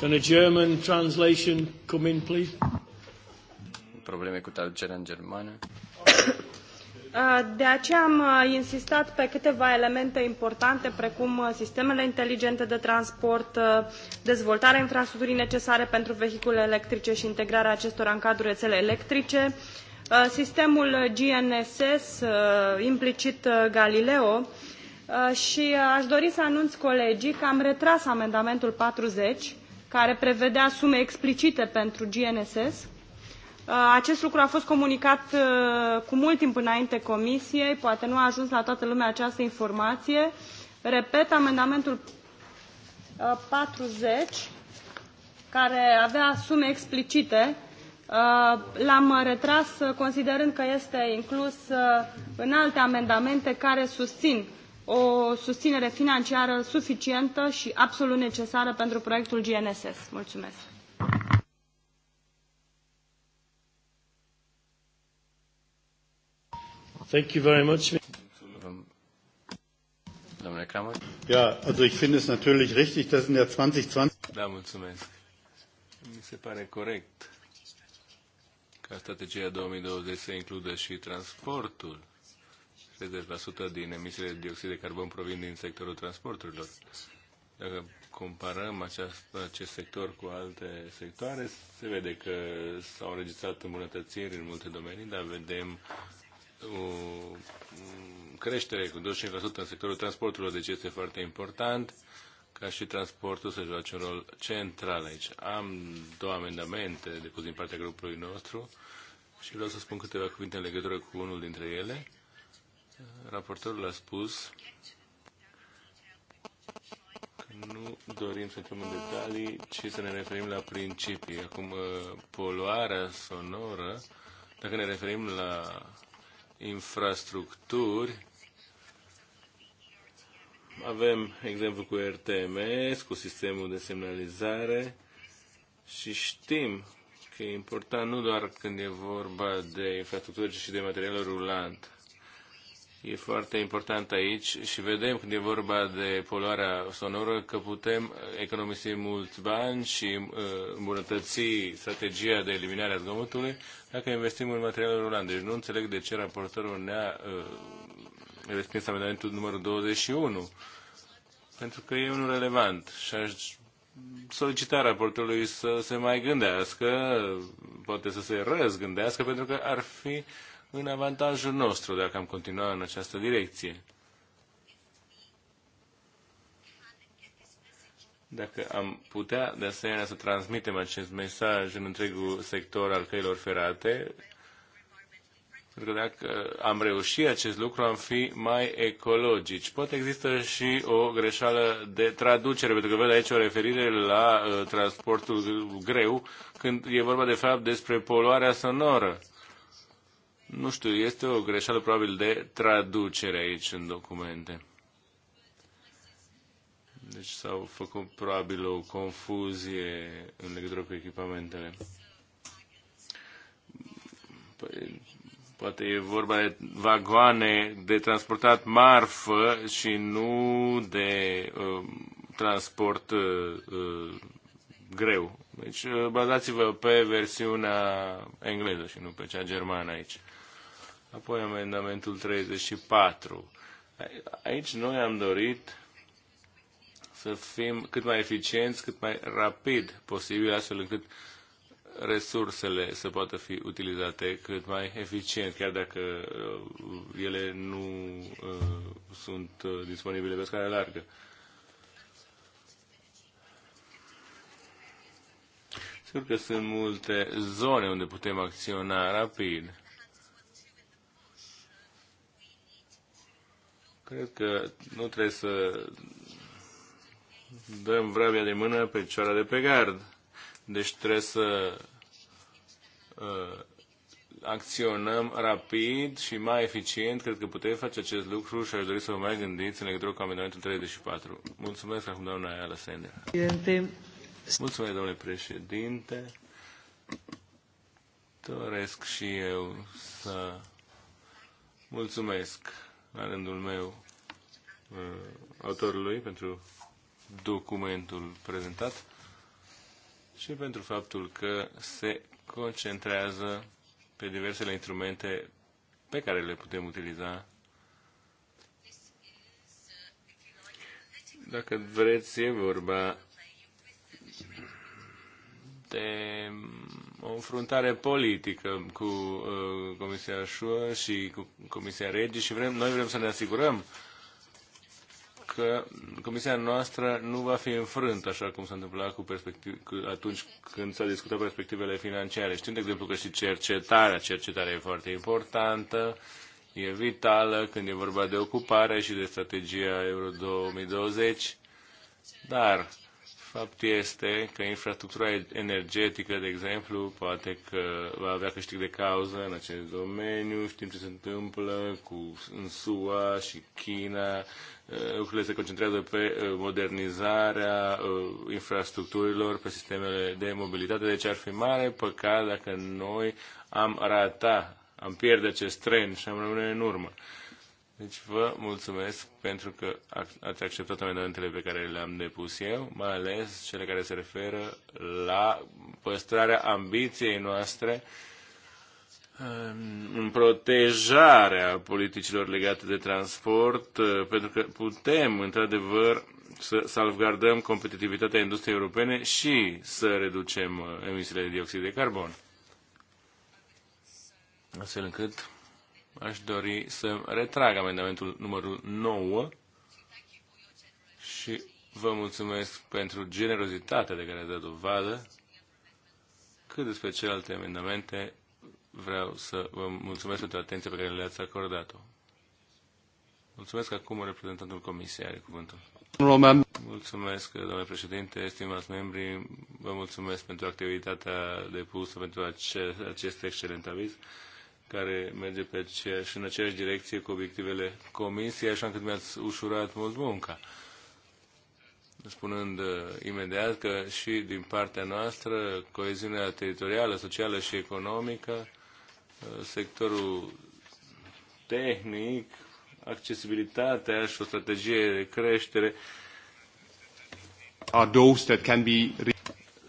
Can a German translation come in, please? Probleme cu traducerea în germană. Uh, de aceea am uh, insistat pe câteva elemente importante, precum uh, sistemele inteligente de transport, dezvoltarea infrastructurii necesare pentru vehicule electrice și integrarea acestora în cadrul rețelei electrice, sistemul GNSS, implicit Galileo, și aș dori să anunț colegii că am retras amendamentul 40, care prevedea sume explicite pentru GNSS. Uh, acest lucru a fost comunicat uh, cu mult timp înainte comisiei, poate nu a ajuns la toată lumea această informație. Repet, amendamentul 40, uh, care avea sume explicite, l-am retras considerând că este inclus în alte amendamente care susțin o susținere financiară suficientă și absolut necesară pentru proiectul GNSS. Mulțumesc! Thank you very much. Domnule Kramer. Ja, also ich finde es natürlich richtig, dass in der 2020... Da, mulțumesc. Mi se pare corect ca strategia 2020 să includă și transportul 30% din emisiile de dioxid de carbon provin din sectorul transporturilor. Dacă comparăm aceast, acest sector cu alte sectoare, se vede că s-au înregistrat îmbunătățiri în multe domenii, dar vedem o creștere cu 25% în sectorul transporturilor, deci este foarte important ca și transportul să joace un rol central aici. Am două amendamente depuse din partea grupului nostru și vreau să spun câteva cuvinte în legătură cu unul dintre ele raportorul a spus că nu dorim să intrăm în detalii, ci să ne referim la principii. Acum, uh, poluarea sonoră, dacă ne referim la infrastructuri, avem exemplu cu RTMS, cu sistemul de semnalizare și știm că e important nu doar când e vorba de infrastructură, ci și de material rulant e foarte important aici și vedem când e vorba de poluarea sonoră că putem economisi mulți bani și uh, îmbunătăți strategia de eliminare a zgomotului dacă investim în material rulant. Deci nu înțeleg de ce raportorul ne-a uh, respins amendamentul numărul 21 pentru că e unul relevant și aș solicita raportului să se mai gândească, poate să se răzgândească, pentru că ar fi uh, în avantajul nostru dacă am continua în această direcție. Dacă am putea, de asemenea, să transmitem acest mesaj în întregul sector al căilor ferate, pentru că dacă am reușit acest lucru, am fi mai ecologici. Poate există și o greșeală de traducere, pentru că văd aici o referire la uh, transportul greu, când e vorba de fapt despre poluarea sonoră. Nu știu, este o greșeală probabil de traducere aici în documente. Deci s-au făcut probabil o confuzie în legătură cu echipamentele. Păi, poate e vorba de vagoane de transportat marfă și nu de uh, transport uh, uh greu. Deci uh, bazați-vă pe versiunea engleză și nu pe cea germană aici. Apoi amendamentul 34. Aici noi am dorit să fim cât mai eficienți, cât mai rapid posibil, astfel încât resursele să poată fi utilizate cât mai eficient, chiar dacă uh, ele nu uh, sunt uh, disponibile pe scară largă. Sigur că sunt multe zone unde putem acționa rapid. Cred că nu trebuie să dăm vrabia de mână pe cioara de pe gard. Deci trebuie să uh, acționăm rapid și mai eficient. Cred că puteți face acest lucru și aș dori să vă mai gândiți în legătură cu amendamentul 34. Mulțumesc acum, doamna Ayala Sender. Mulțumesc, domnule președinte. Doresc și eu să mulțumesc la rândul meu uh, autorului pentru documentul prezentat și pentru faptul că se concentrează pe diversele instrumente pe care le putem utiliza. Dacă vreți, e vorba de o înfruntare politică cu uh, Comisia Șuă și cu Comisia Regii și vrem, noi vrem să ne asigurăm că Comisia noastră nu va fi înfrântă, așa cum s-a întâmplat cu cu, atunci când s-a discutat perspectivele financiare. Știm, de exemplu, că și cercetarea, cercetarea e foarte importantă, e vitală când e vorba de ocupare și de strategia Euro 2020, dar Fapt este că infrastructura energetică, de exemplu, poate că va avea câștig de cauză în acest domeniu. Știm ce se întâmplă cu în SUA și China. Uh, lucrurile se concentrează pe uh, modernizarea uh, infrastructurilor, pe sistemele de mobilitate. Deci ar fi mare păcat dacă noi am rata, am pierde acest tren și am rămâne în urmă. Deci vă mulțumesc pentru că ați acceptat amendamentele pe care le-am depus eu, mai ales cele care se referă la păstrarea ambiției noastre în protejarea politicilor legate de transport, pentru că putem, într-adevăr, să salvgardăm competitivitatea industriei europene și să reducem emisiile de dioxid de carbon. Astfel încât aș dori să retrag amendamentul numărul 9 și vă mulțumesc pentru generozitatea de care ați dat dovadă. Cât despre celelalte amendamente, vreau să vă mulțumesc pentru atenția pe care le-ați acordat-o. Mulțumesc acum reprezentantul Comisiei are cuvântul. Roman. Mulțumesc, domnule președinte, estimați membri, vă mulțumesc pentru activitatea depusă pentru acest, acest excelent aviz care merge pe aceeași, în aceeași direcție cu obiectivele comisiei, așa încât mi-ați ușurat mult munca. Spunând uh, imediat că și din partea noastră, coeziunea teritorială, socială și economică, uh, sectorul tehnic, accesibilitatea și o strategie de creștere, A două can be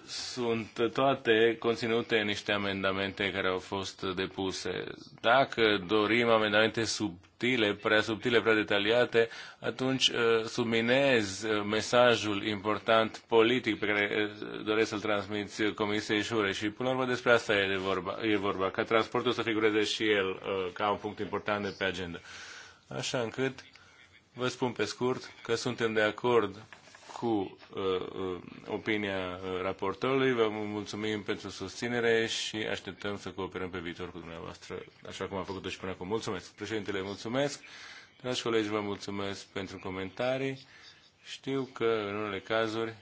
sunt toate conținute în niște amendamente care au fost depuse. Dacă dorim amendamente subtile, prea subtile, prea detaliate, atunci uh, subminez uh, mesajul important politic pe care uh, doresc să-l transmiți Comisiei Jure. Și până la urmă despre asta e, de vorba, e vorba, ca transportul să figureze și el ca un punct important de pe agenda. Așa încât vă spun pe scurt că suntem de acord cu uh, uh opinia uh, raportorului. Vă mulțumim pentru susținere și așteptăm să cooperăm pe viitor cu dumneavoastră, așa cum am făcut-o și până acum. Mulțumesc. Președintele, mulțumesc. Dragi colegi, vă mulțumesc pentru comentarii. Știu că în unele cazuri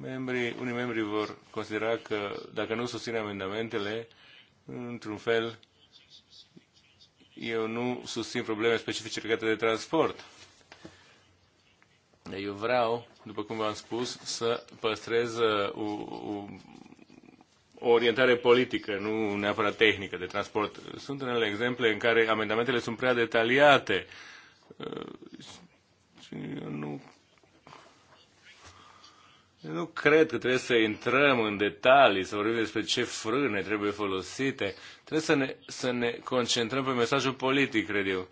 membrii, unii membri vor considera că dacă nu susțin amendamentele, într-un fel, eu nu susțin probleme specifice legate de transport. Eu vreau, după cum v-am spus, să păstrez o, uh, o orientare politică, nu neapărat tehnică de transport. Sunt unele exemple în care amendamentele sunt prea detaliate. Uh, eu nu eu nu cred că trebuie să intrăm în detalii, să vorbim despre ce frâne trebuie folosite. Trebuie să ne, să ne concentrăm pe mesajul politic, cred eu.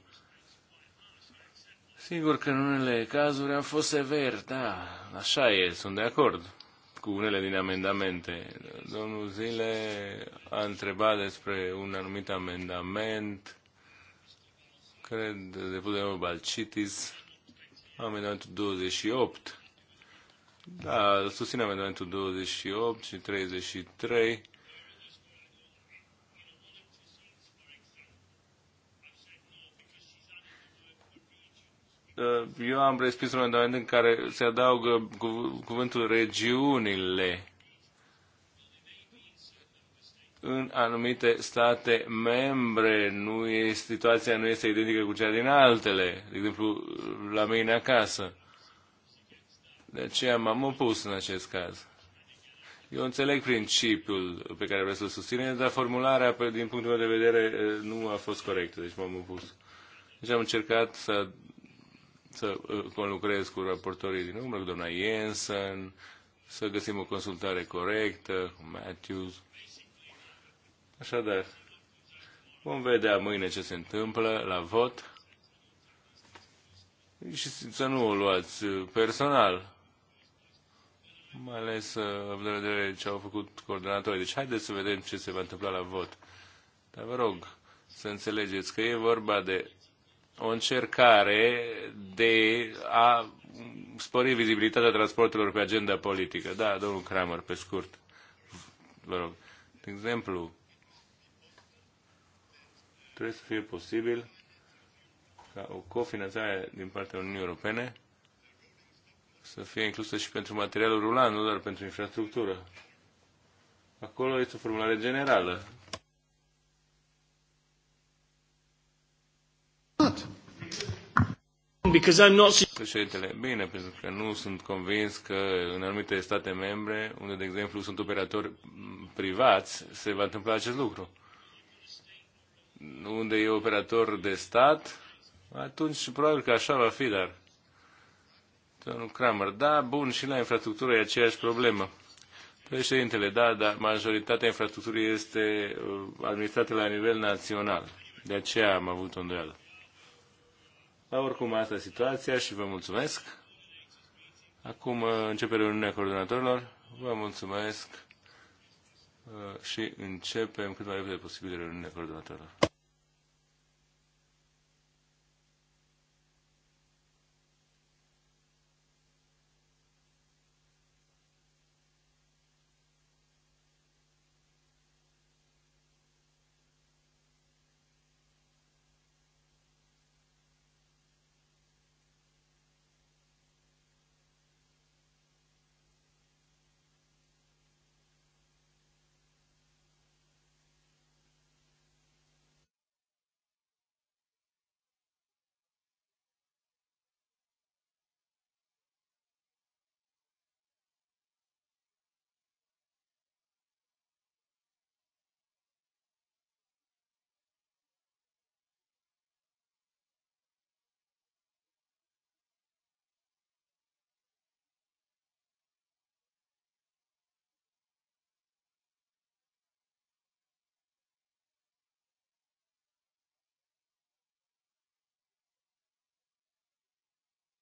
Sigur că în unele cazuri am fost sever, da, așa e, sunt de acord cu unele din amendamente. Domnul Zile a întrebat despre un anumit amendament, cred, pute de Balcitis, amendamentul 28. Da, susțin amendamentul 28 și 33 Uh, eu am respins un amendament în care se adaugă cuvântul regiunile în anumite state membre nu e, situația nu este identică cu cea din altele, de exemplu la mine acasă. De aceea m-am opus în acest caz. Eu înțeleg principiul pe care vreau să-l susțineți, dar formularea, din punctul meu de vedere, uh, nu a fost corectă, deci m-am opus. Deci am încercat să să uh, conlucrez cu raportorii din urmă, cu doamna Jensen, să găsim o consultare corectă cu Matthews. Așadar, vom vedea mâine ce se întâmplă la vot și să nu o luați uh, personal, mai ales uh, având în vedere ce au făcut coordonatorii. Deci haideți să vedem ce se va întâmpla la vot. Dar vă rog să înțelegeți că e vorba de o încercare de a spori vizibilitatea transporturilor pe agenda politică. Da, domnul Kramer, pe scurt, vă rog. De exemplu, trebuie să fie posibil ca o cofinanțare din partea Uniunii Europene să fie inclusă și pentru materialul rulant, nu doar pentru infrastructură. Acolo este o formulare generală Președintele, bine, pentru că nu sunt convins că în anumite state membre, unde, de exemplu, sunt operatori privați, se va întâmpla acest lucru. Unde e operator de stat, atunci probabil că așa va fi, dar... Domnul Kramer, da, bun, și la infrastructură e aceeași problemă. Președintele, da, dar majoritatea infrastructurii este uh, administrată la nivel național. De aceea am avut o îndoială. Dar oricum, asta e situația și vă mulțumesc. Acum uh, începe reuniunea coordonatorilor. Vă mulțumesc uh, și începem cât mai repede posibil reuniunea coordonatorilor.